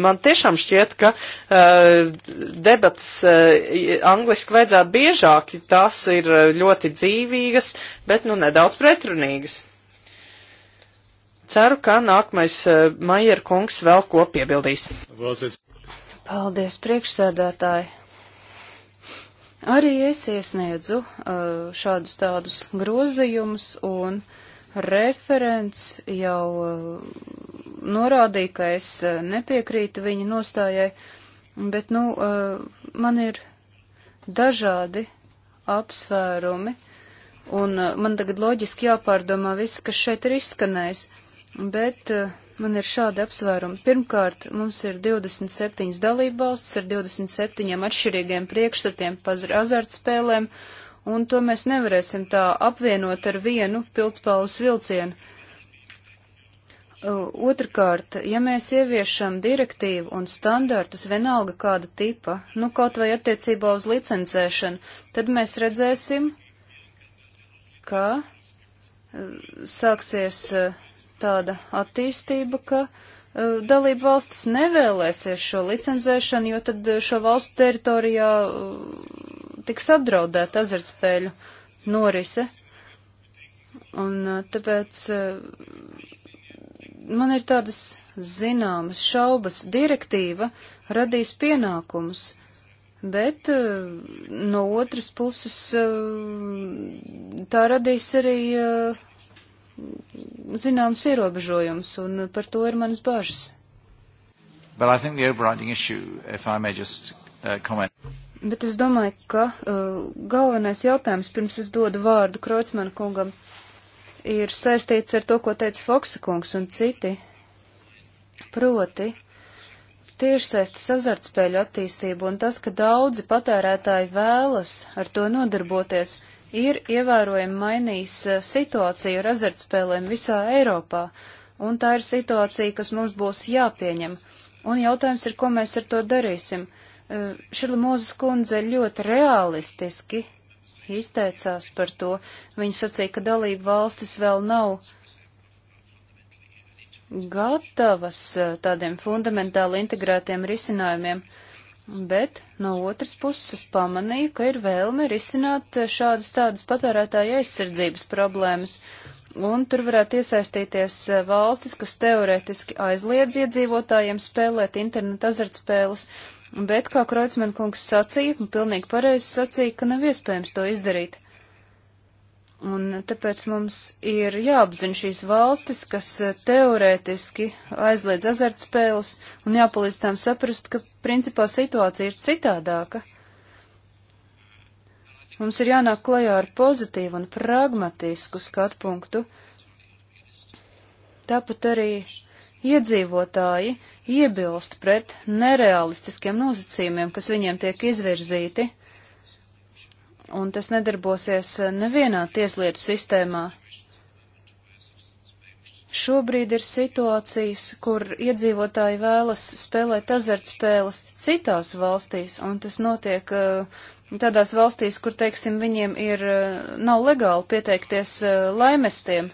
man tiešām šķiet, ka uh, debatas uh, angliski vajadzētu biežāk, tās ir ļoti dzīvīgas, bet nu nedaudz pretrunīgas. Ceru, ka nākamais uh, Maier kungs vēl ko piebildīs. Paldies, priekšsēdētāji. Arī es iesniedzu šādus tādus grozījumus un uh, Referents jau uh, norādīja, ka es uh, nepiekrītu viņa nostājai, bet, nu, uh, man ir dažādi apsvērumi, un man tagad loģiski jāpārdomā viss, kas šeit ir izskanējis, bet man ir šādi apsvērumi. Pirmkārt, mums ir 27 dalībvalsts ar 27 atšķirīgiem priekšstatiem par azartspēlēm. spēlēm un to mēs nevarēsim tā apvienot ar vienu pildspalvas vilcienu. Uh, Otrakārt, ja mēs ieviešam direktīvu un standartus vienalga kāda tipa, nu kaut vai attiecībā uz licencēšanu, tad mēs redzēsim, ka uh, sāksies uh, tāda attīstība, ka dalību valstis nevēlēsies šo licencēšanu, jo tad šo valstu teritorijā tiks apdraudēta azartspēļu norise. Un tāpēc man ir tādas zināmas šaubas. Direktīva radīs pienākumus, bet no otras puses tā radīs arī zināms ierobežojums, un par to ir manas bažas. Well, I think the overriding issue, if I may just uh, comment. Bet es domāju, ka uh, galvenais jautājums, pirms es dodu vārdu Kreutzmanu kungam, ir saistīts ar to, ko teica Foksa kungs un citi. Proti, tiešsaistes azartspēļu attīstību un tas, ka daudzi patērētāji vēlas ar to nodarboties, ir ievērojami mainījis uh, situāciju ar azartspēlēm visā Eiropā, un tā ir situācija, kas mums būs jāpieņem. Un jautājums ir, ko mēs ar to darīsim. Uh, Šila Mūzes kundze ļoti realistiski izteicās par to. Viņa sacīja, ka dalība valstis vēl nav gatavas e, tādiem fundamentāli integrētiem risinājumiem, bet no otras puses pamanīju, ka ir vēlme risināt e, šādas tādas patērētāja aizsardzības problēmas, un tur varētu iesaistīties e, valstis, kas teoretiski aizliedz iedzīvotājiem spēlēt internetu azartspēles, bet, kā Kreutzmann kungs sacīja, un pilnīgi pareizi sacīja, ka nav iespējams to izdarīt. Un tāpēc mums ir jāapzina šīs valstis, kas eh, teorētiski aizliedz azartspēles, un jāpalīdz tām saprast, ka principā situācija ir citādāka. Mums ir jānāk klajā ar pozitīvu un pragmatisku skatu punktu. Tāpat arī Iedzīvotāji iebilst pret nerealistiskiem nosacījumiem, kas viņiem tiek izvirzīti, un tas nedarbosies nevienā tieslietu sistēmā. Šobrīd ir situācijas, kur iedzīvotāji vēlas spēlēt azartspēles citās valstīs, un tas notiek uh, tādās valstīs, kur, teiksim, viņiem ir, uh, nav legāli pieteikties uh, laimestiem.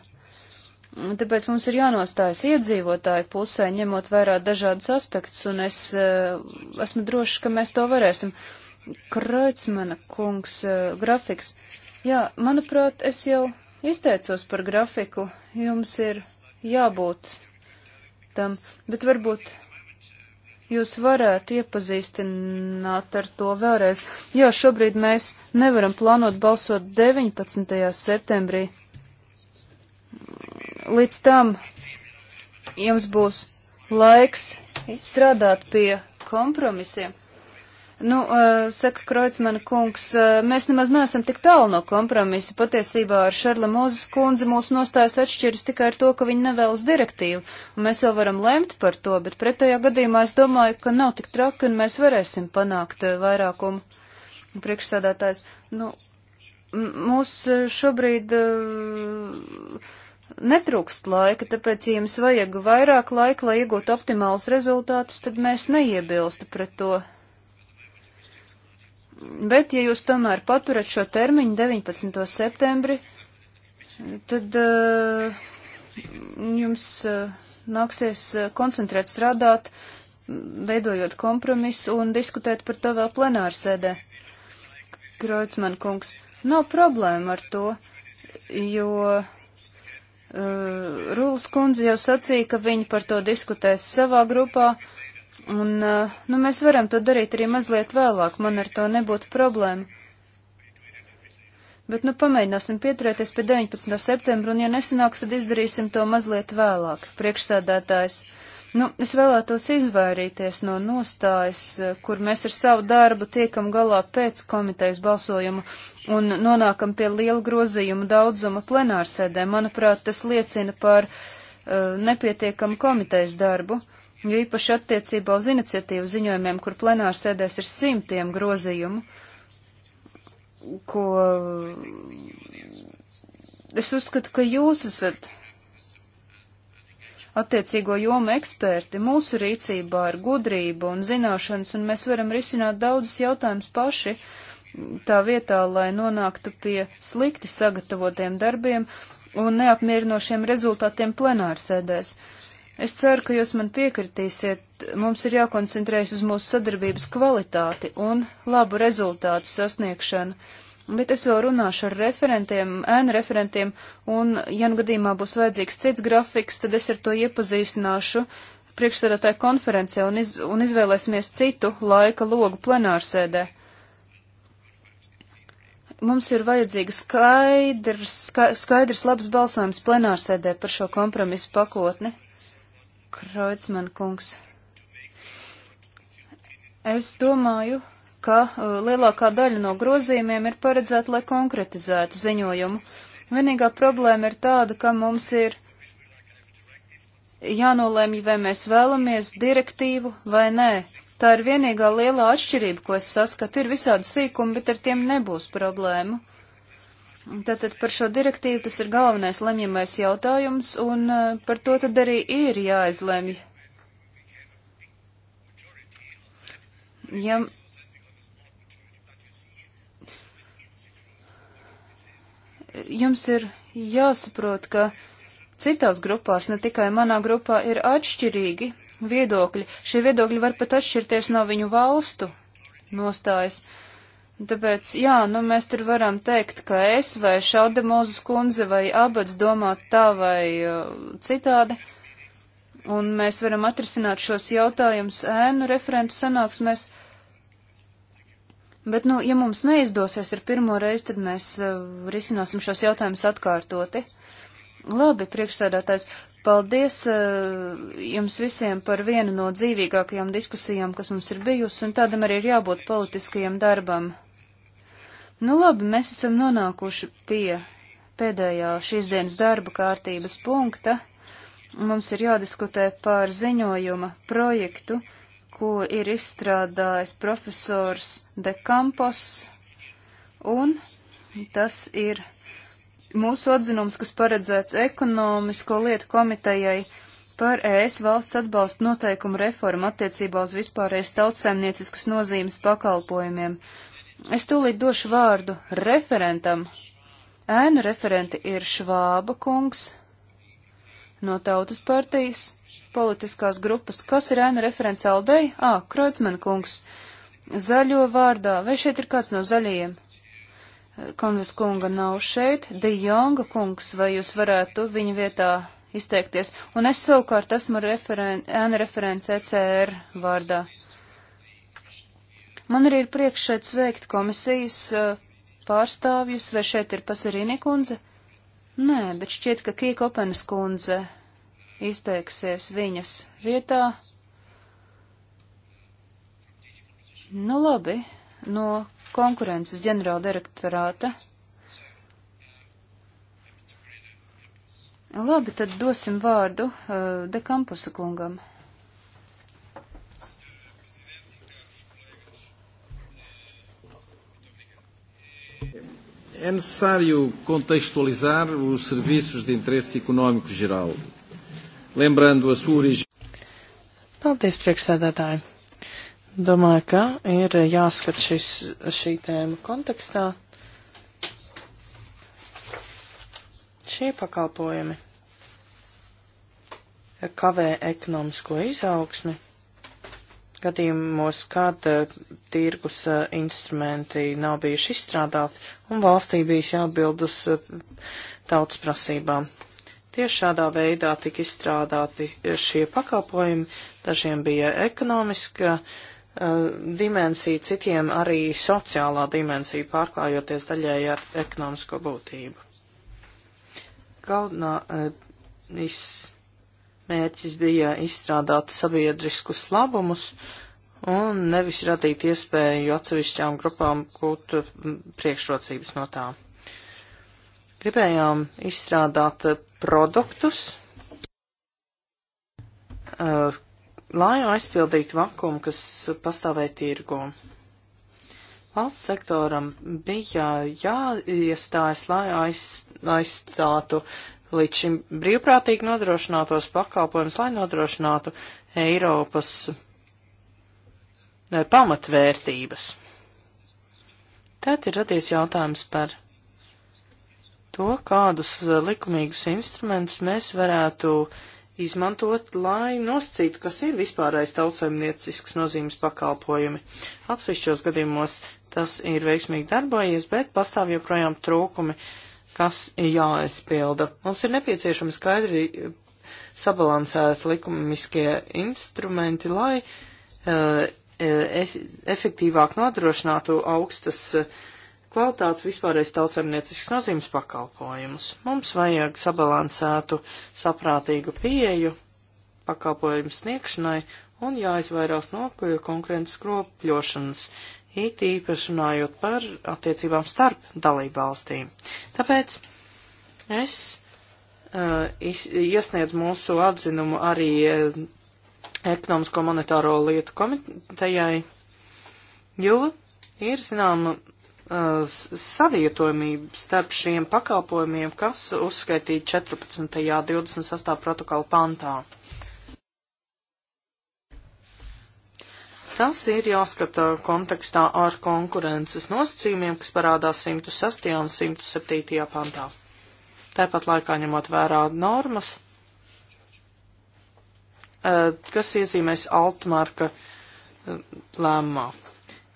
Tāpēc mums ir jānostājas iedzīvotāju pusē, ņemot vērā dažādus aspektus, un es eh, esmu drošs, ka mēs to varēsim. Kreutzmana kungs, eh, grafiks. Jā, manuprāt, es jau izteicos par grafiku. Jums ir jābūt tam, bet varbūt jūs varētu iepazīstināt ar to vēlreiz. Jā, šobrīd mēs nevaram plānot balsot 19. septembrī līdz tam jums būs laiks strādāt pie kompromisiem. Nu, uh, saka Kreutzmana kungs, uh, mēs nemaz neesam tik tālu no kompromisa. Patiesībā ar Šarla Mozes kundzi mūsu nostājas atšķiras tikai ar to, ka viņa nevēlas direktīvu, un mēs jau varam lemt par to, bet pretējā gadījumā es domāju, ka nav tik traki, un mēs varēsim panākt uh, vairākumu. Priekšsādātājs, nu, mūs šobrīd. Uh, netrūkst laika, tāpēc, ja jums vajag vairāk laika, lai iegūtu optimālus rezultātus, tad mēs neiebilstu pret to. Bet, ja jūs tomēr paturat šo termiņu 19. septembri, tad uh, jums uh, nāksies eh, koncentrēt strādāt, veidojot kompromisu un diskutēt par to vēl plenārsēdē. Kreutzmann kungs, nav problēma ar to, jo Eh, Rūlas kundze jau sacīja, ka viņi par to diskutēs savā grupā, un eh, nu, mēs varam to darīt arī mazliet vēlāk, man ar to nebūtu problēma. Bet nu pamēģināsim pieturēties pie 19. septembra, un ja nesanāks, tad izdarīsim to mazliet vēlāk, priekšsādātājs. Nu, es vēlētos izvairīties no nostājas, kur mēs ar savu darbu tiekam galā pēc komitejas balsojuma un nonākam pie liela grozījuma daudzuma plenārsēdē. Manuprāt, tas liecina par uh, nepietiekamu komitejas darbu, jo īpaši attiecībā uz iniciatīvu ziņojumiem, kur plenārsēdēs ir simtiem grozījumu, ko es uzskatu, ka jūs esat attiecīgo jomu eksperti. Mūsu rīcībā ir gudrība un zināšanas, un mēs varam risināt daudzus jautājumus paši, tā vietā, lai nonāktu pie slikti sagatavotiem darbiem un neapmierinošiem rezultātiem plenārsēdēs. Es ceru, ka jūs man piekritīsiet, mums ir jākoncentrējas uz mūsu sadarbības kvalitāti un labu rezultātu sasniegšanu. Bet es vēl runāšu ar referentiem, ēnu referentiem, un, ja nu gadījumā būs vajadzīgs cits grafiks, tad es ar to iepazīstināšu priekšsēdētāju konferencē un, iz, un izvēlēsimies citu laika logu plenārsēdē. Mums ir vajadzīga skaidrs, ska, skaidrs labs balsojums plenārsēdē par šo kompromisu pakotni. Kreutzmann kungs. Es domāju, ka uh, lielākā daļa no grozījumiem ir paredzēta, lai konkretizētu ziņojumu. Vienīgā problēma ir tāda, ka mums ir jānolēmj, vai mēs vēlamies direktīvu vai nē. Tā ir vienīgā lielā atšķirība, ko es saskatu. Ir visādi sīkumi, bet ar tiem nebūs problēmu. Tātad par šo direktīvu tas ir galvenais lemjamais jautājums, un uh, par to tad arī ir jāizlemj. Ja jums ir jāsaprot, ka citās grupās, ne tikai manā grupā, ir atšķirīgi viedokļi. Šie viedokļi var pat atšķirties no viņu valstu nostājas. Tāpēc, jā, nu mēs tur varam teikt, ka es vai Šaudemozes kundze vai abats domā tā vai uh, citādi, un mēs varam atrisināt šos jautājumus ēnu referentu sanāksmēs. Mēs Bet, nu, ja mums neizdosies ar pirmo reizi, tad mēs uh, risināsim šos jautājumus atkārtoti. Labi, priekšsēdētājs, paldies uh, jums visiem par vienu no dzīvīgākajām diskusijām, kas mums ir bijusi, un tādam arī ir jābūt politiskajam darbam. Nu, labi, mēs esam nonākuši pie pēdējā šīs dienas darba kārtības punkta. Mums ir jādiskutē par ziņojuma projektu ko ir izstrādājis profesors De Campos, un tas ir mūsu atzinums, kas paredzēts ekonomisko lietu komitejai par ES valsts atbalstu noteikumu reformu attiecībā uz vispārējais tautsēmnieciskas nozīmes pakalpojumiem. Es tūlīt došu vārdu referentam. Ēnu referenti ir Švāba kungs no Tautas partijas politiskās grupas. Kas ir ēna referents Aldei? Ā, Kreutzmann kungs. Zaļo vārdā. Vai šeit ir kāds no zaļajiem? Konvis kunga nav šeit. De Jonga kungs, vai jūs varētu viņa vietā izteikties? Un es savukārt esmu referen ēna referents ECR vārdā. Man arī ir prieks šeit sveikt komisijas pārstāvjus, vai šeit ir Pasarīni kundze? Nē, bet šķiet, ka Kīkopenas kundze izteiksies viņas vietā. Nu labi, no konkurences ģenerāla direktorāta. Labi, tad dosim vārdu uh, De Kampusa kungam. É necessário contextualizar os serviços de interesse económico geral lembrando a sua origem. Paldies, priekšsēdētāji. Domāju, ka ir jāskat šis, šī tēma kontekstā. Šie pakalpojumi kavē ekonomisko izaugsmi gadījumos, kad eh, tirgus eh, instrumenti nav bijuši izstrādāti un valstī bijis jāatbild uz eh, tautas prasībām. Tieši šādā veidā tika izstrādāti šie pakalpojumi. Dažiem bija ekonomiska uh, dimensija, citiem arī sociālā dimensija, pārklājoties daļēji ar ekonomisko būtību. Galvenā uh, mērķis bija izstrādāt sabiedriskus labumus un nevis radīt iespēju atsevišķām grupām gūt mm, priekšrocības no tām. Gribējām izstrādāt eh, produktus, eh, lai aizpildītu vakumu, kas pastāvēja tirgu. Valsts sektoram bija jāiestājas, lai aiz, aizstātu līdz šim brīvprātīgi nodrošinātos pakalpojumus, lai nodrošinātu Eiropas eh, pamatvērtības. Tad ir radies jautājums par to, kādus eh, likumīgus instrumentus mēs varētu izmantot, lai noscītu, kas ir vispārējais tautsaimniecisks nozīmes pakalpojumi. Atsevišķos gadījumos tas ir veiksmīgi darbojies, bet pastāv joprojām trūkumi, kas jāaizpilda. Mums ir nepieciešami skaidri eh, sabalansēti likumiskie instrumenti, lai uh, efektīvāk nodrošinātu augstas uh, kvalitātes vispārreiz tautsemniecisks nozīmes pakalpojumus. Mums vajag sabalansētu, saprātīgu pieeju pakalpojumu sniegšanai un jāizvairās no konkurences kropļošanas, it īpaši runājot par attiecībām starp dalību valstīm. Tāpēc es uh, iesniedzu mūsu atzinumu arī uh, ekonomisko monetāro lietu komitejai, jo ir zināma Uh, savietojamību starp šiem pakalpojumiem, kas uzskaitīti 14. 28. protokola pantā. Tas ir jāskata kontekstā ar konkurences nosacījumiem, kas parādās 106. un 107. pantā. Tāpat laikā ņemot vērā normas, uh, kas iezīmēs Altmarka uh, lēmumā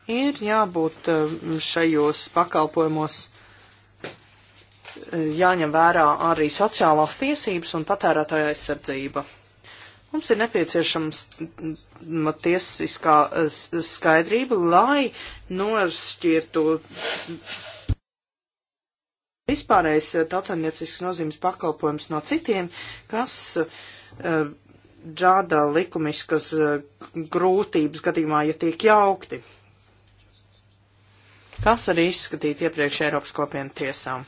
ir jābūt eh, šajos pakalpojumos eh, jāņem vērā arī sociālās tiesības un patērētāja aizsardzība. Mums ir nepieciešams mm, mm, tiesiskā eh, skaidrība, lai noršķirtu vispārējais tautsaimniecisks nozīmes pakalpojums no citiem, kas rada likumiskas grūtības gadījumā, ja tiek jaukti kas arī izskatīti iepriekš Eiropas kopienu tiesām.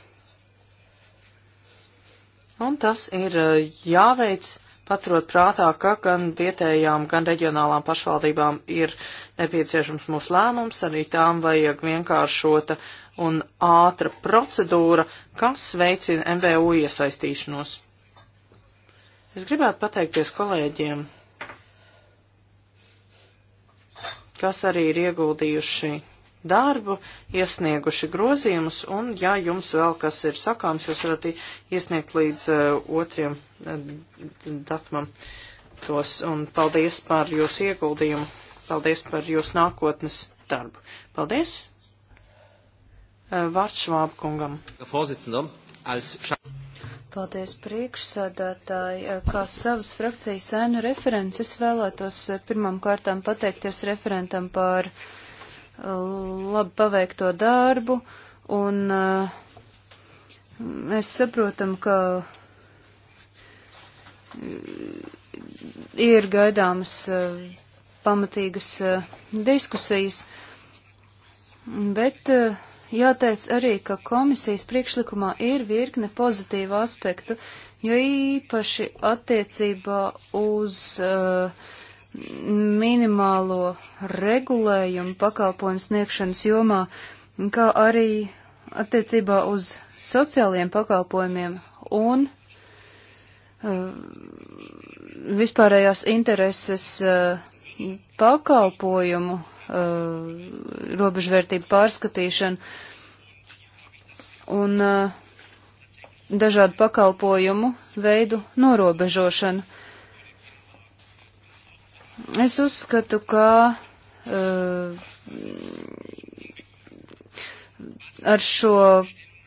Un tas ir eh, jāveic paturot prātā, ka gan vietējām, gan reģionālām pašvaldībām ir nepieciešams mūsu lēmums, arī tām vajag vienkāršota un ātra procedūra, kas veicina MVU iesaistīšanos. Es gribētu pateikties kolēģiem, kas arī ir ieguldījuši darbu, iesnieguši grozījumus, un ja jums vēl kas ir sakāms, jūs varat iesniegt līdz uh, otriem uh, datumam tos, un paldies par jūsu ieguldījumu, paldies par jūsu nākotnes darbu. Paldies! Uh, Vārds Švāb kungam. Paldies priekšsādātāji. Uh, kā savas frakcijas ēnu references vēlētos uh, pirmām kārtām pateikties referentam par uh, labi paveikto darbu, un eh, mēs saprotam, ka eh, ir gaidāmas eh, pamatīgas diskusijas, bet jāteic arī, ka komisijas priekšlikumā ir virkne pozitīvu aspektu, jo īpaši attiecībā uz uh, minimālo regulējumu pakalpojumu sniegšanas jomā, kā arī attiecībā uz sociālajiem pakalpojumiem un uh, vispārējās intereses uh, pakalpojumu uh, robežvērtību pārskatīšanu un uh, dažādu pakalpojumu veidu norobežošanu. Es uzskatu, ka uh, ar šo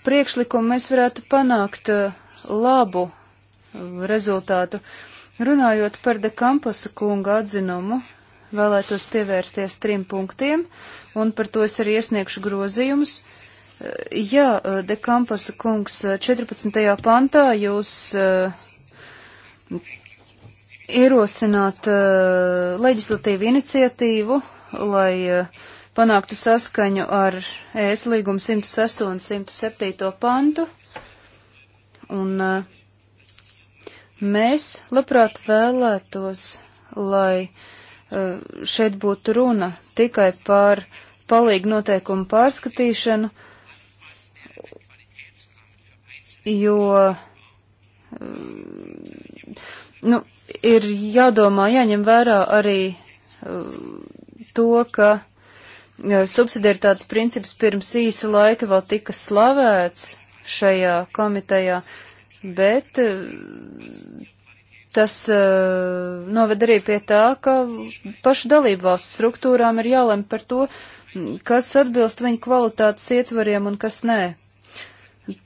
priekšlikumu mēs varētu panākt uh, labu uh, rezultātu. Runājot par De Kampusa kunga atzinumu, vēlētos pievērsties trim punktiem, un par to es arī iesniegšu grozījumus. Jā, De Kampusa kungs, 14. pantā jūs ierosināt uh, leģislatīvu iniciatīvu, lai uh, panāktu saskaņu ar ES līgumu 106 un 107 pantu. Un uh, mēs labprāt vēlētos, lai šeit būtu runa tikai par palīgu noteikumu pārskatīšanu, jo nu, ir jādomā, jāņem vērā arī uh, to, ka uh, subsidiaritātes princips pirms īsa laika vēl tika slavēts šajā komitejā, bet uh, tas uh, noved arī pie tā, ka pašu dalību valsts struktūrām ir jālem par to, kas atbilst viņu kvalitātes ietvariem un kas nē.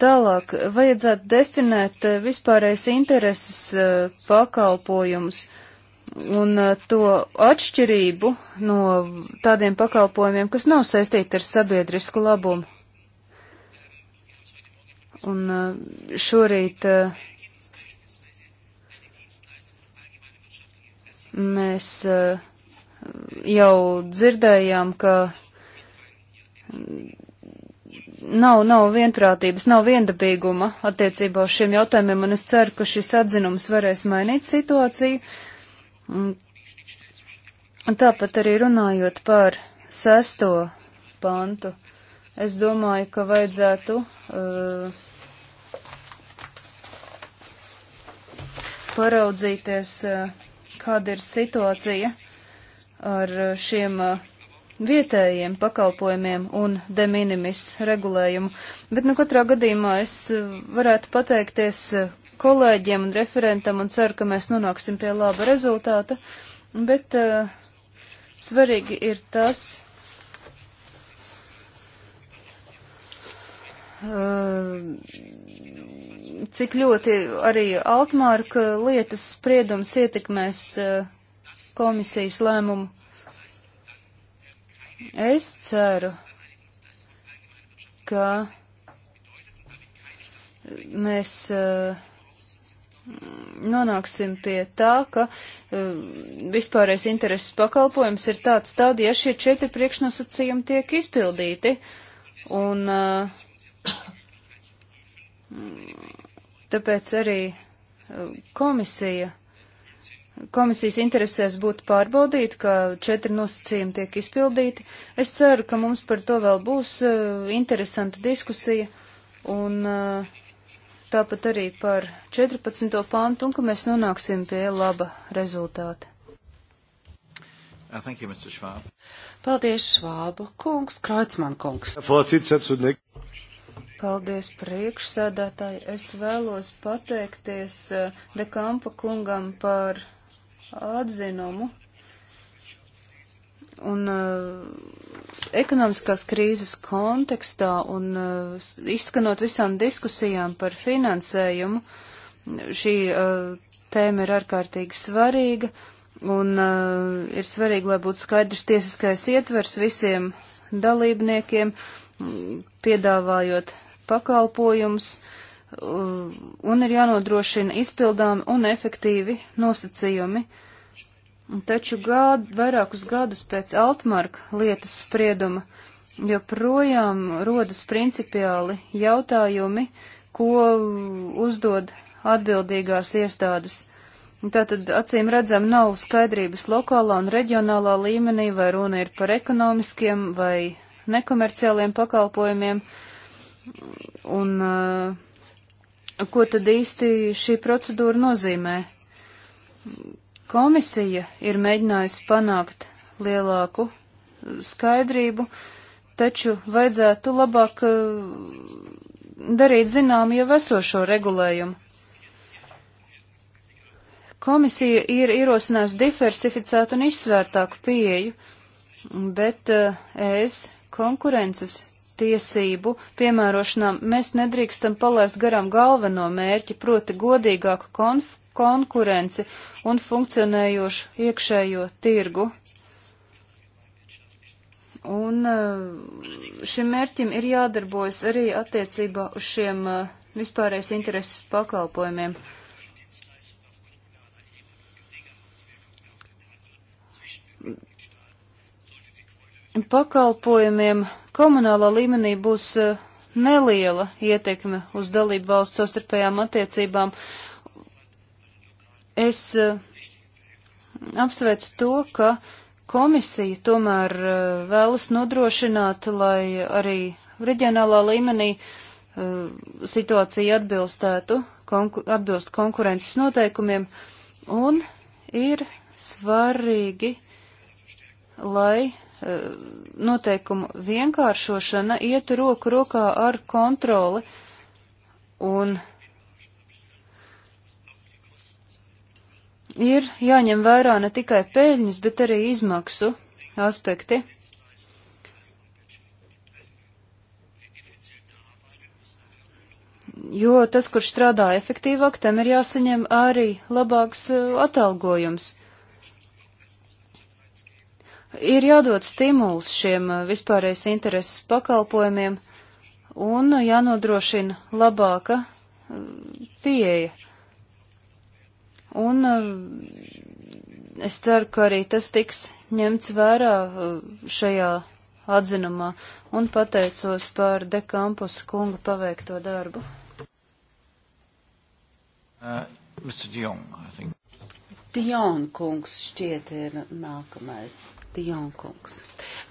Tālāk vajadzētu definēt eh, vispārējais intereses eh, pakalpojumus un eh, to atšķirību no tādiem pakalpojumiem, kas nav saistīti ar sabiedrisku labumu. Un šorīt mēs jau dzirdējām, ka nav, nav vienprātības, nav viendabīguma attiecībā uz šiem jautājumiem, un es ceru, ka šis atzinums varēs mainīt situāciju. Un tāpat arī runājot par sesto pantu, es domāju, ka vajadzētu. Uh, paraudzīties, uh, kāda ir situācija ar uh, šiem uh, vietējiem pakalpojumiem un de minimis regulējumu. Bet, nu, katrā gadījumā es eh, varētu pateikties eh, kolēģiem un referentam un ceru, ka mēs nonāksim pie laba rezultāta. Bet uh, svarīgi ir tas, cik ļoti arī Altmārka lietas spriedums ietekmēs komisijas lēmumu. Es ceru, ka mēs uh, nonāksim pie tā, ka uh, vispārējais intereses pakalpojums ir tāds tad, ja šie četri priekšnosacījumi tiek izpildīti. Un uh, tāpēc arī uh, komisija komisijas interesēs būtu pārbaudīt, ka četri nosacījumi tiek izpildīti. Es ceru, ka mums par to vēl būs uh, interesanta diskusija un uh, tāpat arī par 14. pantu un ka mēs nonāksim pie laba rezultāta. Uh, thank you, Mr. Schwab. Paldies, Švāba kungs, Kreutzmann kungs. Paldies priekšsēdētāji. Es vēlos pateikties eh, Dekampa kungam par atzinumu. Un uh, ekonomiskās krīzes kontekstā un uh, izskanot visām diskusijām par finansējumu, šī uh, tēma ir ārkārtīgi svarīga un uh, ir svarīgi, lai būtu skaidrs tiesiskais ietvers visiem dalībniekiem, piedāvājot pakalpojumus. Uh, un ir jānodrošina izpildāmi un efektīvi nosacījumi. Taču gadu, vairākus gadus pēc Altmarka lietas sprieduma joprojām rodas principiāli jautājumi, ko uzdod atbildīgās iestādes. Tātad, acīm redzam, nav skaidrības lokālā un reģionālā līmenī, vai runa ir par ekonomiskiem vai nekomerciāliem pakalpojumiem. Un, uh, ko tad īsti šī procedūra nozīmē? Komisija ir mēģinājusi panākt lielāku skaidrību, taču vajadzētu labāk eh, darīt zinām jau esošo regulējumu. Komisija ir ierosinājusi diversificētu un izsvērtāku pieeju, bet eh, es konkurences tiesību piemērošanām mēs nedrīkstam palaist garām galveno mērķi, proti godīgāku konf konkurenci un funkcionējošu iekšējo tirgu. Un eh, šim mērķim ir jādarbojas arī attiecībā uz šiem eh, vispārējais intereses pakalpojumiem. Pakalpojumiem Komunālā līmenī būs eh, neliela ietekme uz dalību valsts sastarpējām attiecībām. Es eh, apsveicu to, ka komisija tomēr eh, vēlas nodrošināt, lai arī reģionālā līmenī situācija atbilstētu, konku, atbilst konkurences noteikumiem, un ir svarīgi, lai Eh, noteikumu vienkāršošana iet roku rokā ar kontroli un ir jāņem vērā ne tikai peļņas, bet arī izmaksu aspekti. Jo tas, kurš strādā efektīvāk, tam ir jāsaņem arī labāks uh, atalgojums. Ir jādod stimuls šiem eh, vispārējais intereses pakalpojumiem un jānodrošina labāka eh, pieeja. Un eh, es ceru, ka arī tas tiks ņemts vērā šajā atzinumā un pateicos par dekampusa kunga paveikto darbu. Uh, Dion, Dion kungs šķiet ir nākamais. Dionkungs.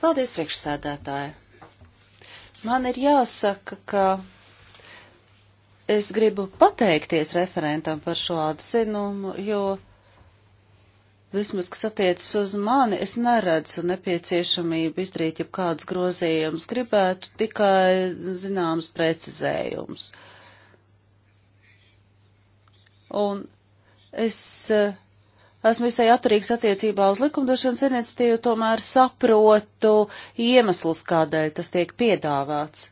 Paldies, priekšsēdētāji. Man ir jāsaka, ka es gribu pateikties referentam par šo atzinumu, jo vismaz, kas attiecas uz mani, es neredzu nepieciešamību izdarīt jau kādus grozījumus, gribētu tikai zināmas precizējumus. Un es uh, esmu visai atturīgs attiecībā uz likumdošanas iniciatīvu, tomēr saprotu iemeslus, kādēļ tas tiek piedāvāts.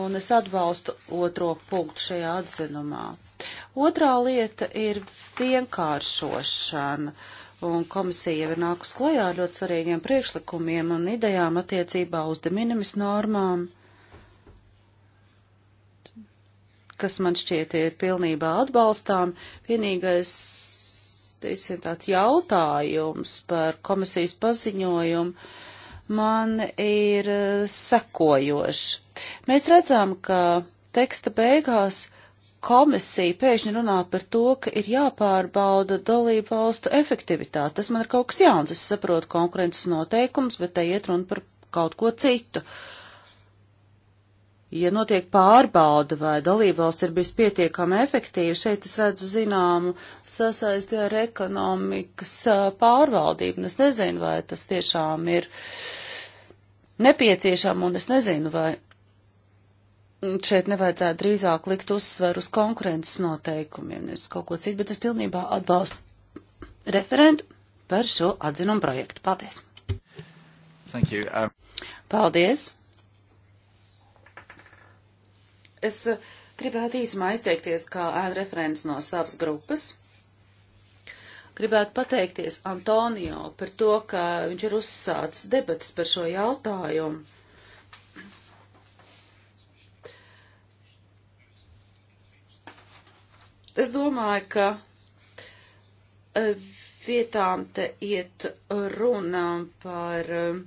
Un es atbalstu otro punktu šajā atzinumā. Otrā lieta ir vienkāršošana. Un komisija jau ir nākus klajā ar ļoti svarīgiem priekšlikumiem un idejām attiecībā uz deminimis normām. kas man šķiet ir pilnībā atbalstām. Vienīgais, teiksim, tāds jautājums par komisijas paziņojumu man ir eh, sekojošs. Mēs redzam, ka teksta beigās komisija pēkšņi runā par to, ka ir jāpārbauda dalību valstu efektivitāte. Tas man ir kaut kas jauns. Es saprotu konkurences noteikums, bet te iet runa par kaut ko citu. Uh, ja notiek pārbauda vai dalībvalsts ir bijis pietiekami efektīvi, šeit es redzu zināmu sasaisti ar ekonomikas pārvaldību. Un es nezinu, vai tas tiešām ir nepieciešama, un es nezinu, vai šeit nevajadzētu drīzāk likt uzsveru uz konkurences noteikumiem, nevis kaut ko citu, bet es pilnībā atbalstu referentu par šo atzinumu projektu. Paldies! Thank you. Um... Paldies! Es eh, gribētu īsumā izteikties kā ēnu referents no savas grupas. Gribētu pateikties Antonio par to, ka viņš ir uzsācis debatas par šo jautājumu. Es domāju, ka eh, vietām te iet runa par eh,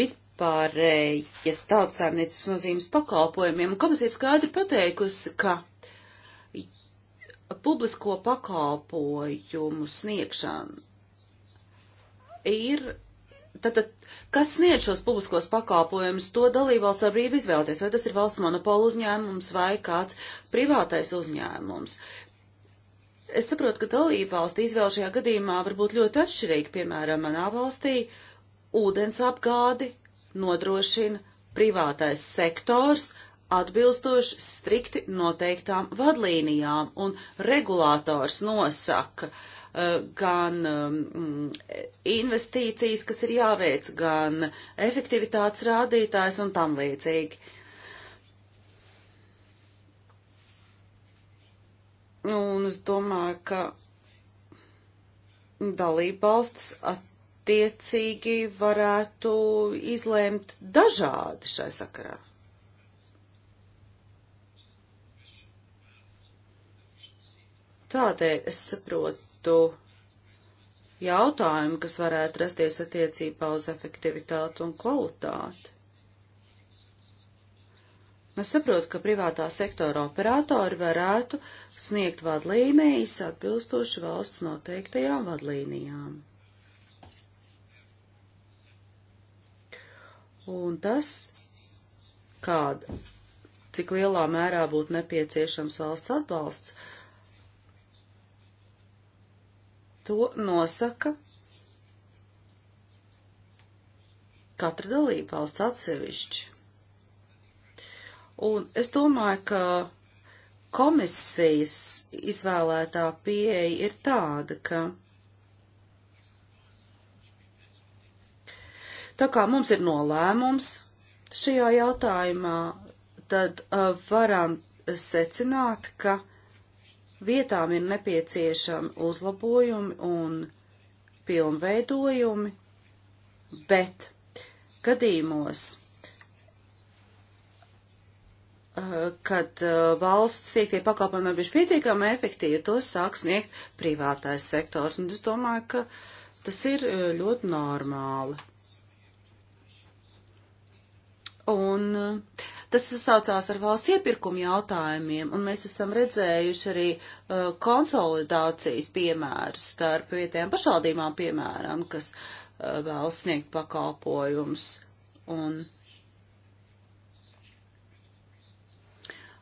vis, pārējas tautsēmniecības nozīmes pakalpojumiem, un komisija ir skaidri pateikusi, ka publisko pakalpojumu sniegšana ir, tātad, kas sniedz šos publiskos pakalpojumus, to dalībvalsts var brīvi izvēlēties, vai tas ir valsts monopola uzņēmums vai kāds privātais uzņēmums. Es saprotu, ka dalībvalsti izvēle šajā gadījumā var būt ļoti atšķirīga, piemēram, manā valstī ūdens apgādi nodrošina privātais sektors atbilstoši strikti noteiktām vadlīnijām, un regulators nosaka uh, gan um, investīcijas, kas ir jāveic, gan efektivitātes rādītājs un tam līdzīgi. Un es domāju, ka dalība valstis at attiecīgi varētu izlēmt dažādi šai sakarā. Tādēļ es saprotu jautājumu, kas varētu rasties attiecībā uz efektivitāti un kvalitāti. Es saprotu, ka privātā sektora operatori varētu sniegt vadlīnijas atbilstoši valsts noteiktajām vadlīnijām. un tas, kāda, cik lielā mērā būtu nepieciešams valsts atbalsts, to nosaka katra dalība valsts atsevišķi. Un es domāju, ka komisijas izvēlētā pieeja ir tāda, ka Tā kā mums ir nolēmums šajā jautājumā, tad uh, varam secināt, ka vietām ir nepieciešami uzlabojumi un pilnveidojumi, bet gadījumos, uh, kad uh, valsts sniegtie pakalpojumi nav bijuši pietiekami efektīvi, tos sāk sniegt privātais sektors. Un es domāju, ka tas ir uh, ļoti normāli. Un eh, tas sasaucās ar valsts iepirkumu jautājumiem, un mēs esam redzējuši arī uh, konsolidācijas piemērus starp vietējām pašvaldībām, piemēram, kas uh, vēl sniegt pakalpojums. Un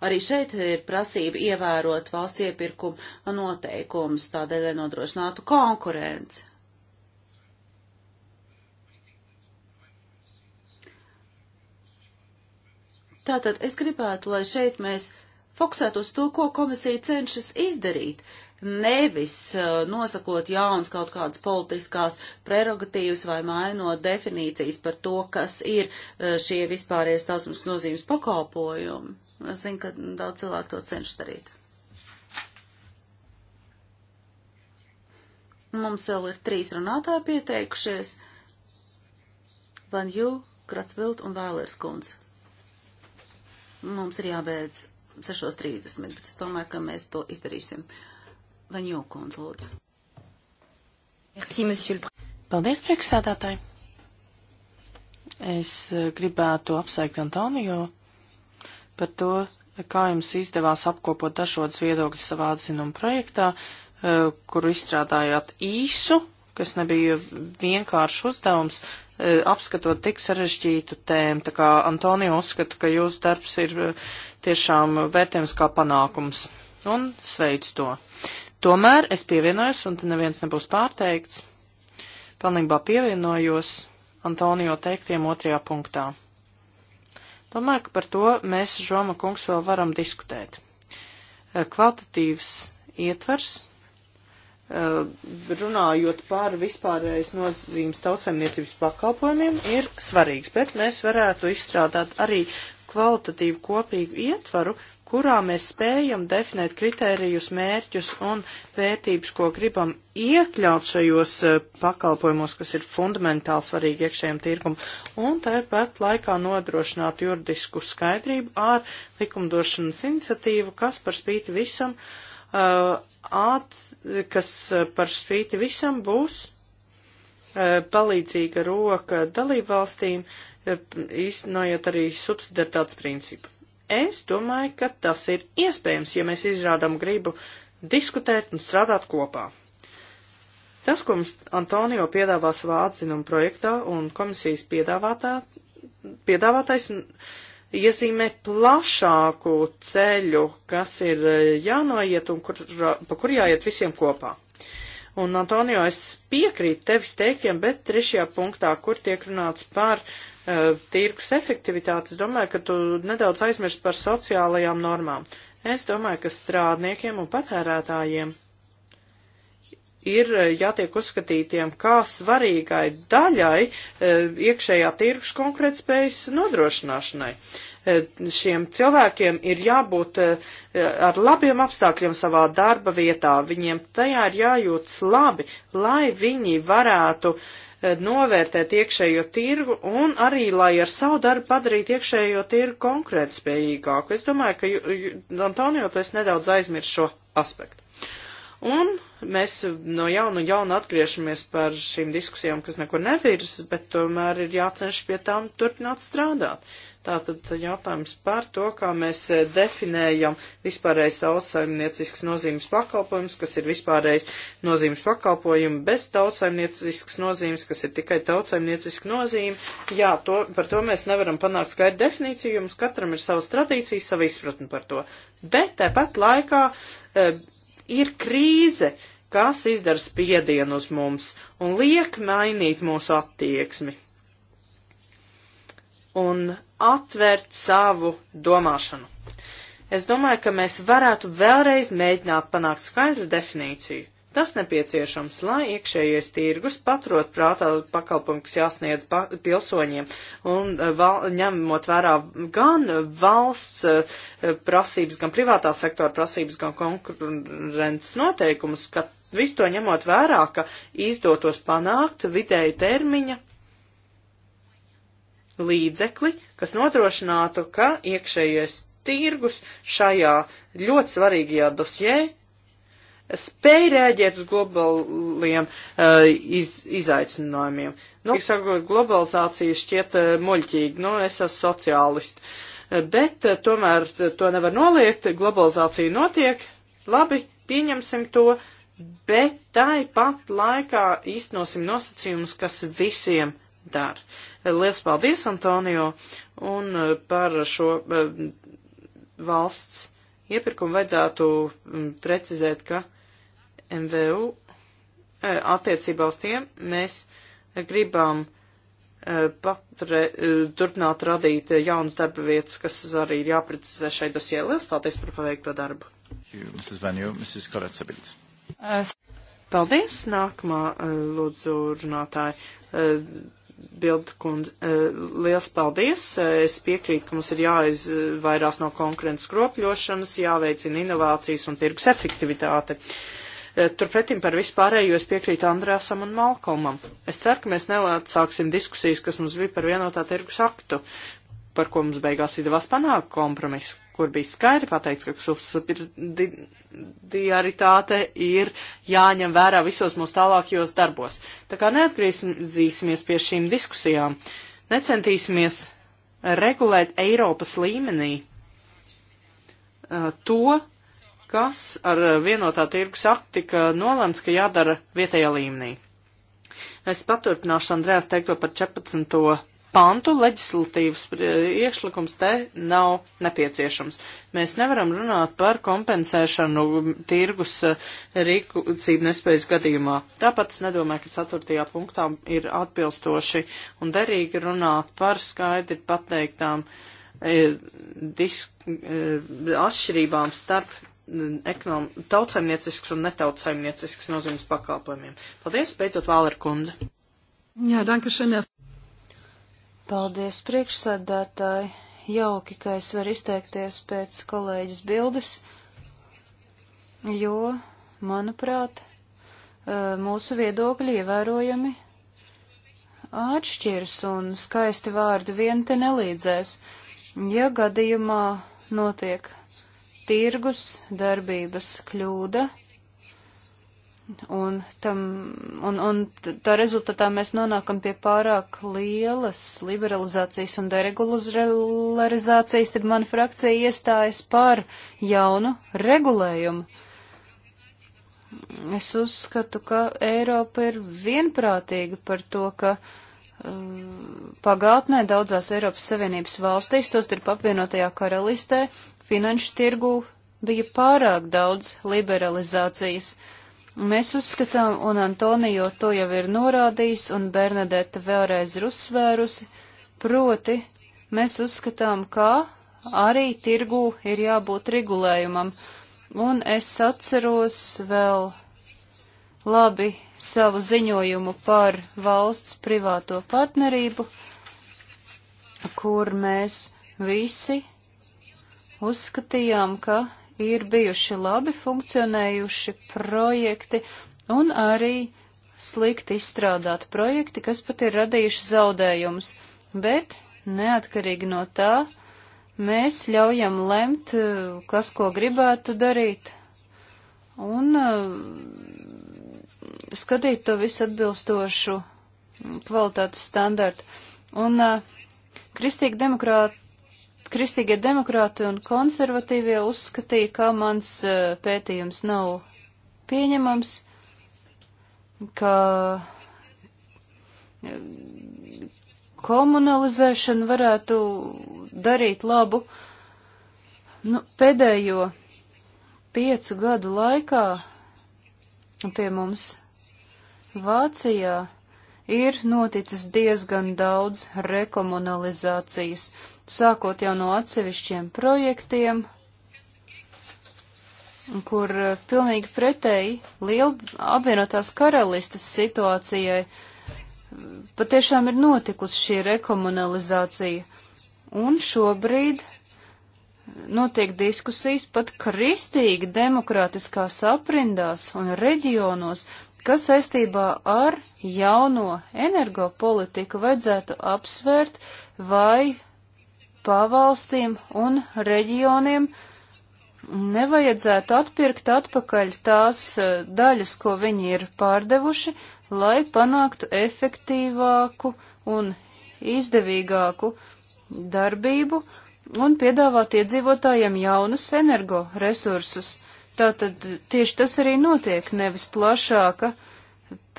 arī šeit ir prasība ievērot valsts iepirkumu noteikumus, tādēļ, lai nodrošinātu konkurenci. Tātad es gribētu, lai šeit mēs fokusētu uz to, ko komisija cenšas izdarīt, nevis uh, nosakot jauns kaut kādas politiskās prerogatīvas vai mainot definīcijas par to, kas ir uh, šie vispārējais tausmas nozīmes pakalpojumi. Es zinu, ka daudz cilvēku to cenšas darīt. Mums vēl ir trīs runātāji pieteikušies. Van Jū, Kratsvilt un Vēlers kundze. Mums ir jābeidz 6.30, bet es domāju, ka mēs to izdarīsim. Vaņokons, lūdzu. Merci, monsieur. Paldies, priekšsēdātāji. Es eh, gribētu apsveikt Antoniju par to, kā jums izdevās apkopot dažādas viedokļas savā atzinuma projektā, eh, kuru izstrādājāt īsu kas nebija vienkāršs uzdevums, e, apskatot tik sarežģītu tēmu. Tā kā Antonija uzskata, ka jūsu darbs ir e, tiešām vērtējums kā panākums. Un sveicu to. Tomēr es pievienojos, un te neviens nebūs pārteikts. Pilnībā pievienojos Antonijo teiktiem otrajā punktā. Domāju, ka par to mēs, Žoma kungs, vēl varam diskutēt. E, kvalitatīvs ietvers Eh, runājot par vispārējais nozīmes tautsaimniecības pakalpojumiem, ir svarīgs, bet mēs varētu izstrādāt arī kvalitatīvu kopīgu ietvaru, kurā mēs spējam definēt kritērijus, mērķus un vērtības, ko gribam iekļaut šajos eh, pakalpojumos, kas ir fundamentāli svarīgi iekšējiem tirgum, un tāpat laikā nodrošināt juridisku skaidrību ar likumdošanas iniciatīvu, kas par spīti visam uh, at, kas eh, par spīti visam būs eh, palīdzīga roka dalībvalstīm, īstenojot eh, arī subsidiaritātes principu. Es domāju, ka tas ir iespējams, ja mēs izrādām gribu diskutēt un strādāt kopā. Tas, ko mums Antonio piedāvā savā atzinuma projektā un komisijas piedāvātā, piedāvātais, piedāvātais iezīmē plašāku ceļu, kas ir eh, jānoiet un kur, pa kur jāiet visiem kopā. Un, Antonio, es piekrītu tevis teikiem, bet trešajā punktā, kur tiek runāts par uh, tirkus efektivitāti, es domāju, ka tu nedaudz aizmirst par sociālajām normām. Es domāju, ka strādniekiem un patērētājiem ir eh, jātiek uzskatītiem kā svarīgai daļai eh, iekšējā tirgus konkrētspējas nodrošināšanai. Eh, šiem cilvēkiem ir jābūt ar labiem apstākļiem savā darba vietā, viņiem tajā ir jājūtas labi, lai viņi varētu novērtēt iekšējo tirgu un arī, lai ar savu darbu padarītu iekšējo tirgu konkrētspējīgāku. Es domāju, ka, Antonio, tu es nedaudz aizmirst šo aspektu. Un mēs no jauna un jauna atgriežamies par šīm diskusijām, kas nekur nevirs, bet tomēr ir jācenšas pie tām turpināt strādāt. Tātad jautājums par to, kā mēs definējam vispārējais tautsaimniecisks nozīmes pakalpojums, kas ir vispārējais nozīmes pakalpojumi bez tautsaimniecisks nozīmes, kas ir tikai tautsaimnieciska nozīme. Jā, to, par to mēs nevaram panākt skaidru definīciju, jums katram ir savas tradīcijas, sava izpratne par to. Bet tāpat laikā eh, Ir krīze, kas izdara spiedienu uz mums un liek mainīt mūsu attieksmi un atvērt savu domāšanu. Es domāju, ka mēs varētu vēlreiz mēģināt panākt skaidru definīciju Tas nepieciešams, lai iekšējais tirgus paturot prātā pakalpojumu, kas jāsniedz pa pilsoņiem, un e, val, ņemot vērā gan valsts e, prasības, gan privātā sektora prasības, gan konkurences noteikumus, ka visu to ņemot vērā, ka izdotos panākt vidēji termiņa līdzekli, kas nodrošinātu, ka iekšējais tirgus šajā ļoti svarīgajā dosjē spēj rēģēt uz globāliem uh, iz, izaicinājumiem. Nu, sakot, globalizācija šķiet uh, muļķīga, nu, es esmu sociālists, uh, bet uh, tomēr to nevar noliegt, globalizācija notiek, labi, pieņemsim to, bet tāpat laikā īstenosim nosacījumus, kas visiem dar. Uh, Lielas paldies, Antonio, un uh, par šo uh, valsts iepirkumu vajadzētu um, precizēt, ka MVU eh, attiecībā uz tiem mēs gribam eh, patre, eh, turpināt radīt jaunas darba vietas, kas arī ir jāprecizē šai dosijai. Lielas paldies par paveikto darbu. Paldies. Nākamā lūdzu runātāja Bilda kundze. Lielas paldies. Es piekrītu, ka mums ir jāizvairās no konkurences kropļošanas, jāveicina inovācijas un tirgus efektivitāte. Uh, Eh, turpretim par vispārējo es piekrītu Andrēsam un Malkolmam. Es ceru, ka mēs nelācāksim diskusijas, kas mums bija par vienotā tirgus aktu, par ko mums beigās izdevās panākt kompromisu, kur bija skaidri pateikts, ka subsidiaritāte ir jāņem vērā visos mūsu tālākajos darbos. Tā kā neatgriezīsimies pie šīm diskusijām, necentīsimies regulēt Eiropas līmenī eh, to, kas ar vienotā tirgus akti tika nolemts, ka jādara vietējā līmenī. Es paturpināšu Andrēs teikto par 14. pantu. Leģislatīvas eh, iekšlikums te nav nepieciešams. Mēs nevaram runāt par kompensēšanu tirgus eh, rīcību nespējas gadījumā. Tāpat es nedomāju, ka 4. punktā ir atbilstoši un derīgi runāt par skaidri pateiktām e, disk, e, atšķirībām starp ekonom, tautsaimniecisks un netautsaimniecisks nozīmes pakalpojumiem. Paldies, beidzot, Vāler kundze. Jā, dankašana. Paldies, priekšsādātāji. Jauki, ka es varu izteikties pēc kolēģis bildes, jo, manuprāt, mūsu viedokļi ievērojami atšķirs un skaisti vārdi vien te nelīdzēs, ja gadījumā notiek tirgus darbības kļūda, un, tam, un, un tā rezultatā mēs nonākam pie pārāk lielas liberalizācijas un deregularizācijas, tad mana frakcija iestājas par jaunu regulējumu. Es uzskatu, ka Eiropa ir vienprātīga par to, ka uh, pagātnē daudzās Eiropas Savienotas valstīs, tos ir apvienotajā karalistē, finanšu tirgu bija pārāk daudz liberalizācijas. Mēs uzskatām, un Antonijo to jau ir norādījis, un Bernadeta vēlreiz ir uzsvērusi, proti, mēs uzskatām, ka arī tirgū ir jābūt regulējumam, un es atceros vēl labi savu ziņojumu par valsts privāto partnerību, kur mēs visi uzskatījām, ka ir bijuši labi funkcionējuši projekti un arī slikti izstrādāti projekti, kas pat ir radījuši zaudējumus. Bet neatkarīgi no tā, mēs ļaujam lemt, eh, kas ko gribētu darīt un eh, skatīt to visu atbilstošu kvalitātes standartu. Un eh, kristīgi demokrāti kristīgie demokrāti un konservatīvie uzskatīja, ka mans eh, pētījums nav pieņemams, ka eh, komunalizēšana varētu darīt labu. Nu, pēdējo piecu gadu laikā pie mums Vācijā ir noticis diezgan daudz rekomunalizācijas sākot jau no atsevišķiem projektiem, kur eh, pilnīgi pretēji liela apvienotās karalistas situācijai patiešām ir notikusi šī rekomunalizācija. Un šobrīd notiek diskusijas pat kristīgi demokrātiskās aprindās un reģionos, kas saistībā ar jauno energopolitiku vajadzētu apsvērt vai pavalstīm un reģioniem nevajadzētu atpirkt atpakaļ tās eh, daļas, ko viņi ir pārdevuši, lai panāktu efektīvāku un izdevīgāku darbību un piedāvāt iedzīvotājiem jaunus energoresursus. Tātad tieši tas arī notiek, nevis plašāka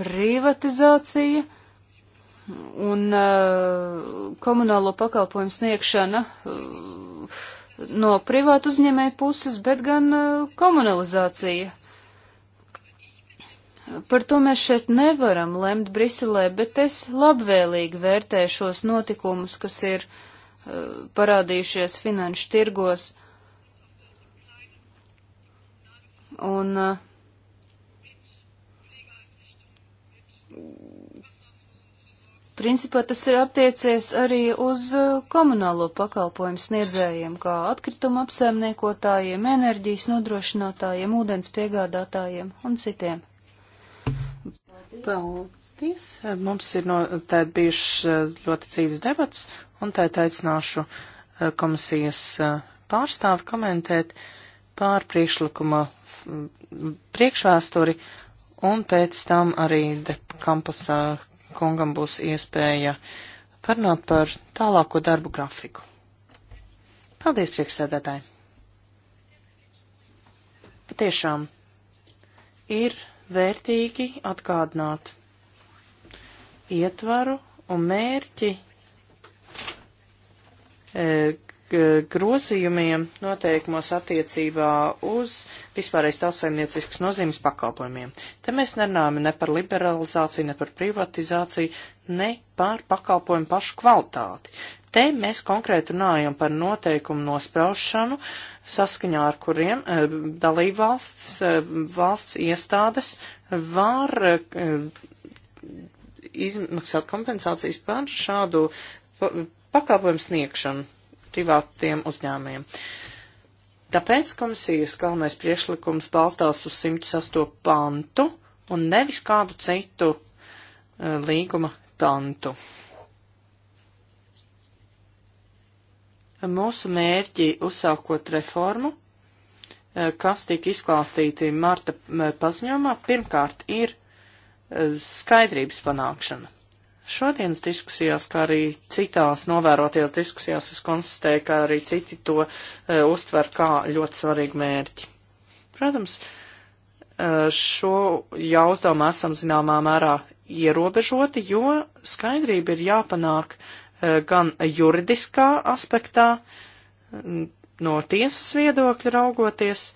privatizācija un uh, komunālo pakalpojumu sniegšana uh, no privātu uzņēmēju puses, bet gan uh, komunalizācija. Par to mēs šeit nevaram lemt Briselē, bet es labvēlīgi vērtēju šos notikumus, kas ir uh, parādījušies finanšu tirgos. Un uh, Principā tas ir attiecies arī uz uh, komunālo pakalpojumu sniedzējiem, kā atkrituma apsaimniekotājiem, enerģijas nodrošinātājiem, ūdens piegādātājiem un citiem. Paldies! Mums ir no, tāda bijušas uh, ļoti cīvas debats, un tātad aicināšu uh, komisijas pārstāvi komentēt pār priekšlikuma mm, priekšvēsturi un pēc tam arī kampusa kungam būs iespēja parunāt par tālāko darbu grafiku. Paldies, priekšsēdētāji! Patiešām ir vērtīgi atgādināt ietvaru un mērķi, e, grozījumiem noteikumos attiecībā uz vispārreiz tautsaimnieciskas nozīmes pakalpojumiem. Te mēs nerunājam ne par liberalizāciju, ne par privatizāciju, ne par pakalpojumu pašu kvalitāti. Te mēs konkrēti runājam par noteikumu nospraušanu, saskaņā ar kuriem e, dalībvalsts, e, valsts iestādes var e, izmaksāt kompensācijas par šādu pakalpojumu sniegšanu privātiem uzņēmējiem. Tāpēc komisijas galvenais priešlikums balstās uz 108 pantu un nevis kādu citu uh, līguma pantu. Mūsu mērķi uzsākot reformu, uh, kas tika izklāstīti Marta e, paziņojumā, pirmkārt ir uh, skaidrības panākšana. Šodienas diskusijās, kā arī citās novērotajās diskusijās, es konstatēju, ka arī citi to e, uztver kā ļoti svarīgu mērķi. Protams, e, šo jauzdomu esam zināmā mērā ierobežoti, jo skaidrība ir jāpanāk e, gan juridiskā aspektā, no tiesas viedokļa raugoties,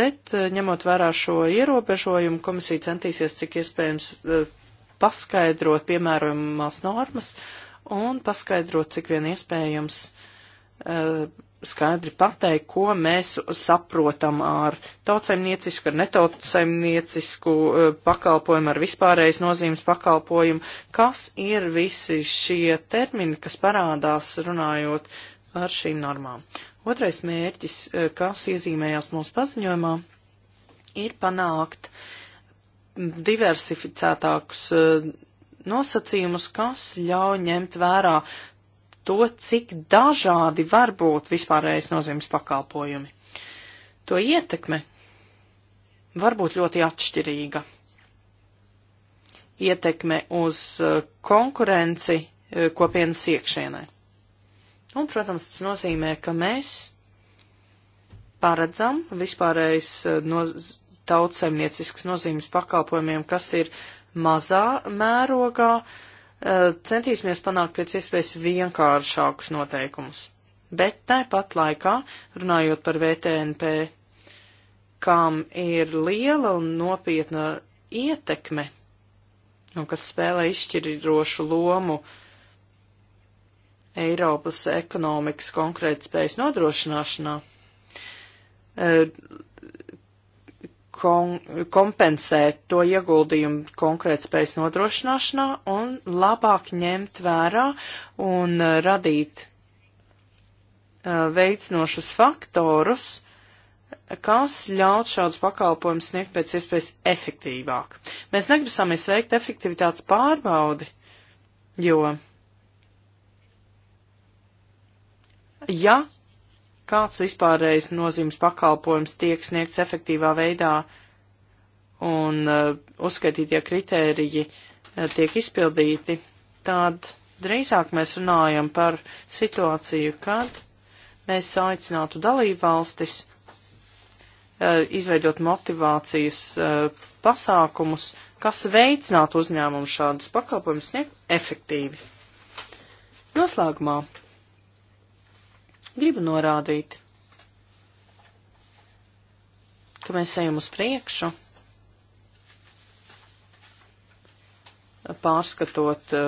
bet e, ņemot vērā šo ierobežojumu, komisija centīsies cik iespējams e, paskaidrot piemērojumās normas un paskaidrot, cik vien iespējams eh, skaidri pateikt, ko mēs saprotam ar tautsaimniecisku, ar netautsaimniecisku eh, pakalpojumu, ar vispārējais nozīmes pakalpojumu, kas ir visi šie termini, kas parādās runājot ar šīm normām. Otrais mērķis, eh, kas iezīmējās mūsu paziņojumā, ir panākt uh, diversificētākus eh, nosacījumus, kas ļauj ņemt vērā to, cik dažādi var būt vispārējais nozīmes pakalpojumi. To ietekme var būt ļoti atšķirīga. Ietekme uz eh, konkurenci eh, kopienas iekšienē. Un, protams, tas nozīmē, ka mēs paredzam vispārējais nozīmes tautsaimniecisks nozīmes pakalpojumiem, kas ir mazā mērogā, e, centīsimies panākt pēc iespējas vienkāršākus noteikumus. Bet tāpat laikā, runājot par VTNP, kam ir liela un nopietna ietekme, un kas spēlē izšķirīrošu lomu Eiropas ekonomikas konkrētspējas nodrošināšanā, e, kon kompensēt to ieguldījumu konkrētspējas nodrošināšanā un labāk ņemt vērā un uh, radīt uh, veicinošus faktorus, kas ļaut šādus pakalpojumus sniegt pēc iespējas efektīvāk. Mēs negrasamies veikt efektivitātes pārbaudi, jo ja kāds vispārējais nozīmes pakalpojums tiek sniegts efektīvā veidā un uh, uzskaitītie kritēriji uh, tiek izpildīti, tad drīzāk mēs runājam par situāciju, kad mēs aicinātu dalību valstis uh, izveidot motivācijas uh, pasākumus, kas veicinātu uzņēmumu šādus pakalpojumus sniegt efektīvi. Noslēgumā Gribu norādīt, ka mēs ejam uz priekšu, pārskatot eh,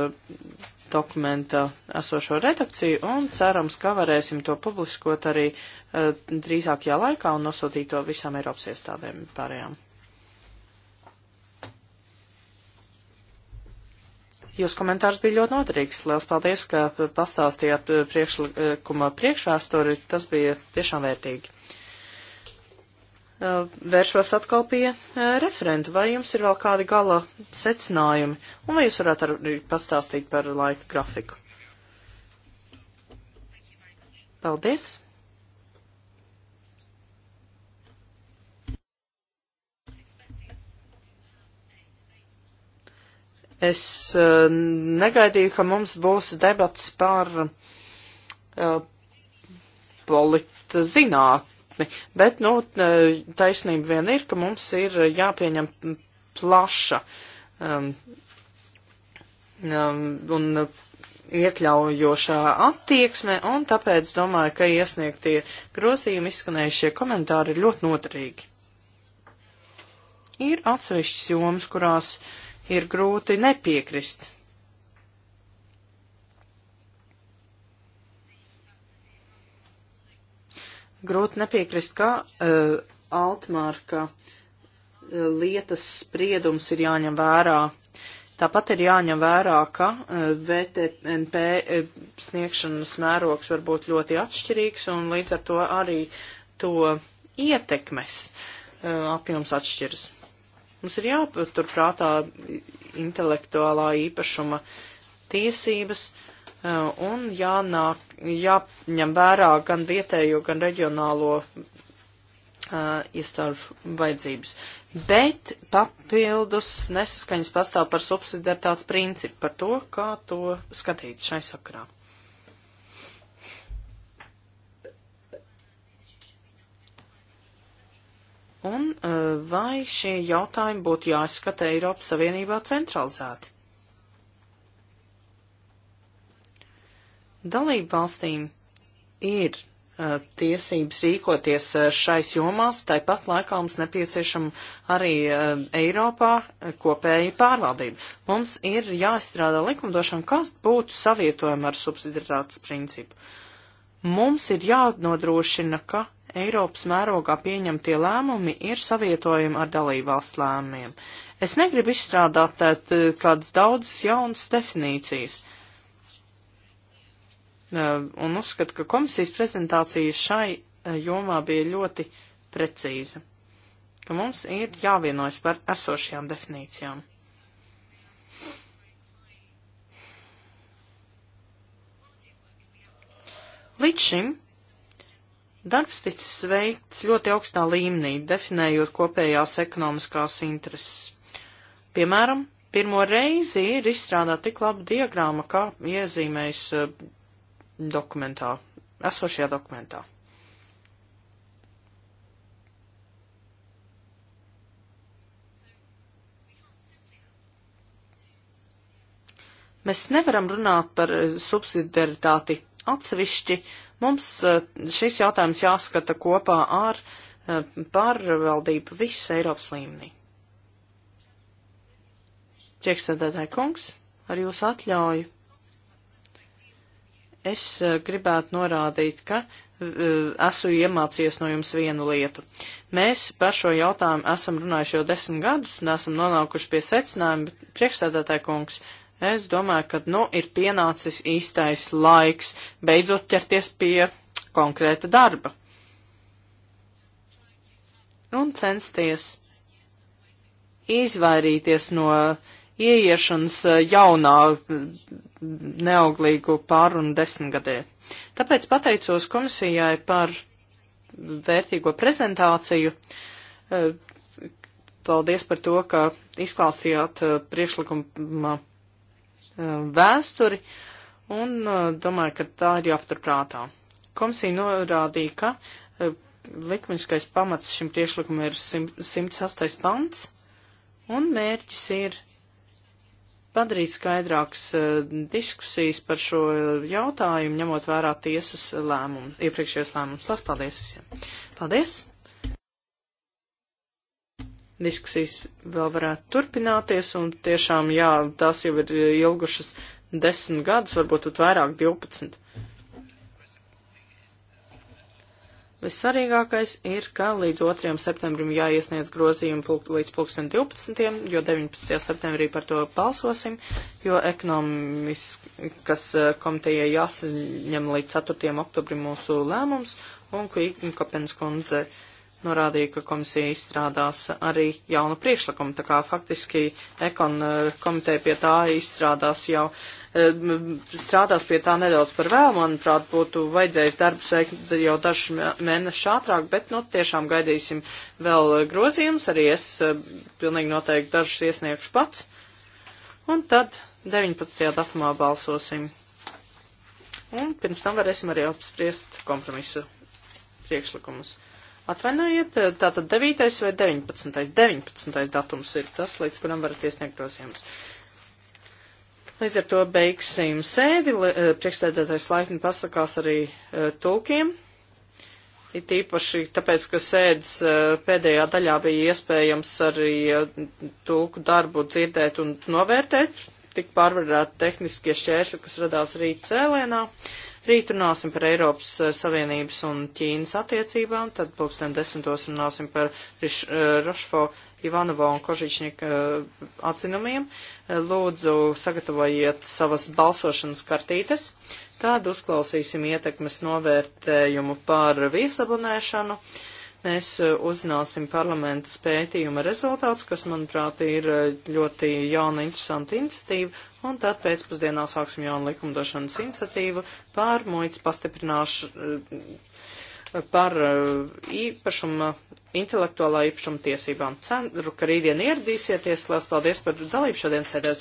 dokumenta esošo redakciju un cerams, ka varēsim to publiskot arī eh, drīzākajā laikā un nosūtīt to visām Eiropas iestādēm pārējām. Jūs komentārs bija ļoti noderīgs. Liels paldies, ka pastāstījāt priekšlikuma priekšvēsturi. Tas bija tiešām vērtīgi. Uh, vēršos atkal pie uh, referentu. Vai jums ir vēl kādi gala secinājumi? Un vai jūs varētu arī pastāstīt par laika grafiku? Paldies! Es eh, negaidīju, ka mums būs debats par uh, politzinātni, bet, nu, eh, taisnība vien ir, ka mums ir jāpieņem plaša um, um, un iekļaujošā attieksme, un tāpēc domāju, ka iesniegtie grozījumi izskanējušie komentāri ir ļoti noderīgi. Ir atsevišķas jomas, kurās uh, ir grūti nepiekrist. Grūti nepiekrist, ka uh, eh, Altmārka uh, eh, lietas spriedums ir jāņem vērā. Tāpat ir jāņem vērā, ka uh, eh, VTNP uh, sniegšanas mērogs var būt ļoti atšķirīgs un līdz ar to arī to ietekmes uh, apjoms atšķiras. Mums ir jāpaturprātā intelektuālā īpašuma tiesības e, un jānāk, jāņem vērā gan vietējo, gan reģionālo Uh, iestāžu vajadzības. Bet papildus nesaskaņas pastāv par subsidiaritātes principu, par to, kā to skatīt šai sakarā. Un e, vai šie jautājumi būtu jāizskata Eiropas Savienībā centralizēti? Dalību valstīm ir e, tiesības rīkoties e, šais jomās, tāpat laikā mums nepieciešama arī Eiropā kopēja pārvaldība. Mums ir jāizstrādā likumdošana, kas būtu savietojama ar subsidiaritātes principu. Mums ir jānodrošina, ka Eiropas mērogā pieņemtie lēmumi ir savietojami ar dalībvalsts lēmumiem. Es negribu izstrādāt tāt, eh, kādas daudzas jaunas definīcijas. Eh, un uzskatu, ka komisijas prezentācija šai eh, jomā bija ļoti precīza, ka mums ir jāvienojas par esošajām definīcijām. Līdz šim Darbs ticis veikts ļoti augstā līmenī, definējot kopējās ekonomiskās intereses. Piemēram, pirmo reizi ir izstrādāta tik laba diagrāma, kā iezīmējas eh, dokumentā, esošajā dokumentā. Mēs nevaram runāt par eh, subsidiaritāti atsevišķi, uh, Mums eh, šis jautājums jāskata kopā ar eh, pārvaldību visas Eiropas līmenī. Priekšsēdētāji kungs, ar jūsu atļauju. Es eh, gribētu norādīt, ka esmu iemācījies no jums vienu lietu. Mēs par šo jautājumu esam runājuši jau desmit gadus un esam nonākuši pie secinājuma, bet priekšsēdētāji kungs, Es domāju, ka nu ir pienācis īstais laiks beidzot ķerties pie konkrēta darba un censties izvairīties no ieiešanas jaunā neauglīgu pārunu desmitgadē. Tāpēc pateicos komisijai par vērtīgo prezentāciju. Paldies par to, ka izklāstījāt eh, priekšlikuma Eh, vēsturi, un eh, domāju, ka tā ir jāaptur prātā. Komisija norādīja, ka eh, likumiskais pamats šim priešlikumam ir 108. pants, un mērķis ir padarīt skaidrākas uh, diskusijas par šo jautājumu, ņemot vērā tiesas lēmumu, iepriekšējos lēmumus. Lās paldies visiem! Paldies! diskusijas vēl varētu turpināties, un tiešām, jā, tās jau ir ilgušas desmit gadus, varbūt pat vairāk, divpadsmit. Vissvarīgākais ir, ka līdz 2. septembrim jāiesniedz grozījumi pulk, līdz 2012. jo 19. septembrī par to balsosim, jo ekonomiskas eh, komitejai jāsaņem līdz 4. oktobrim mūsu lēmums, un Kopenas kundze uh, norādīja, ka komisija izstrādās arī jaunu priekšlikumu, tā kā faktiski ekon eh, komiteja pie tā izstrādās jau, eh, strādās pie tā nedaudz par vēl, manuprāt, būtu vajadzējis darbs veikt jau dažus mēnešus ātrāk, bet, nu, tiešām gaidīsim vēl grozījumus, arī es eh, pilnīgi noteikti dažus iesniegšu pats, un tad 19. datumā balsosim. Un pirms tam varēsim arī apspriest kompromisu priekšlikumus. Atvainojiet, tātad 9. vai 19. 19. datums ir tas, līdz kuram varat iesniegt grozījumus. Līdz ar to beigsim sēdi. Eh, Priekšstādātais laipni pasakās arī uh, tulkiem. It īpaši tāpēc, ka sēdes uh, pēdējā daļā bija iespējams arī uh, tulku darbu dzirdēt un novērtēt. Tik pārvarēt tehniskie šķēršļi, kas radās rīt cēlēnā. Uh, Rīt runāsim par Eiropas eh, Savienības un Ķīnas attiecībām, tad pulksten desmitos runāsim par Riš, eh, Rošfo, Ivanovo un Kožičņika eh, atzinumiem. Lūdzu, sagatavojiet savas balsošanas kartītes. Tad uzklausīsim ietekmes novērtējumu par viesabunēšanu. Uh, Mēs e, uzzināsim parlamenta spētījuma rezultātus, kas, manuprāt, ir e, ļoti jauna, interesanta iniciatīva, un tad pēcpusdienā sāksim jaunu likumdošanas iniciatīvu pār muitas pastiprināšanu, e, par īpašuma, intelektuālā īpašuma tiesībām. Ceru, ka rītdien ieradīsieties. Lās paldies par dalību šodien sēdē.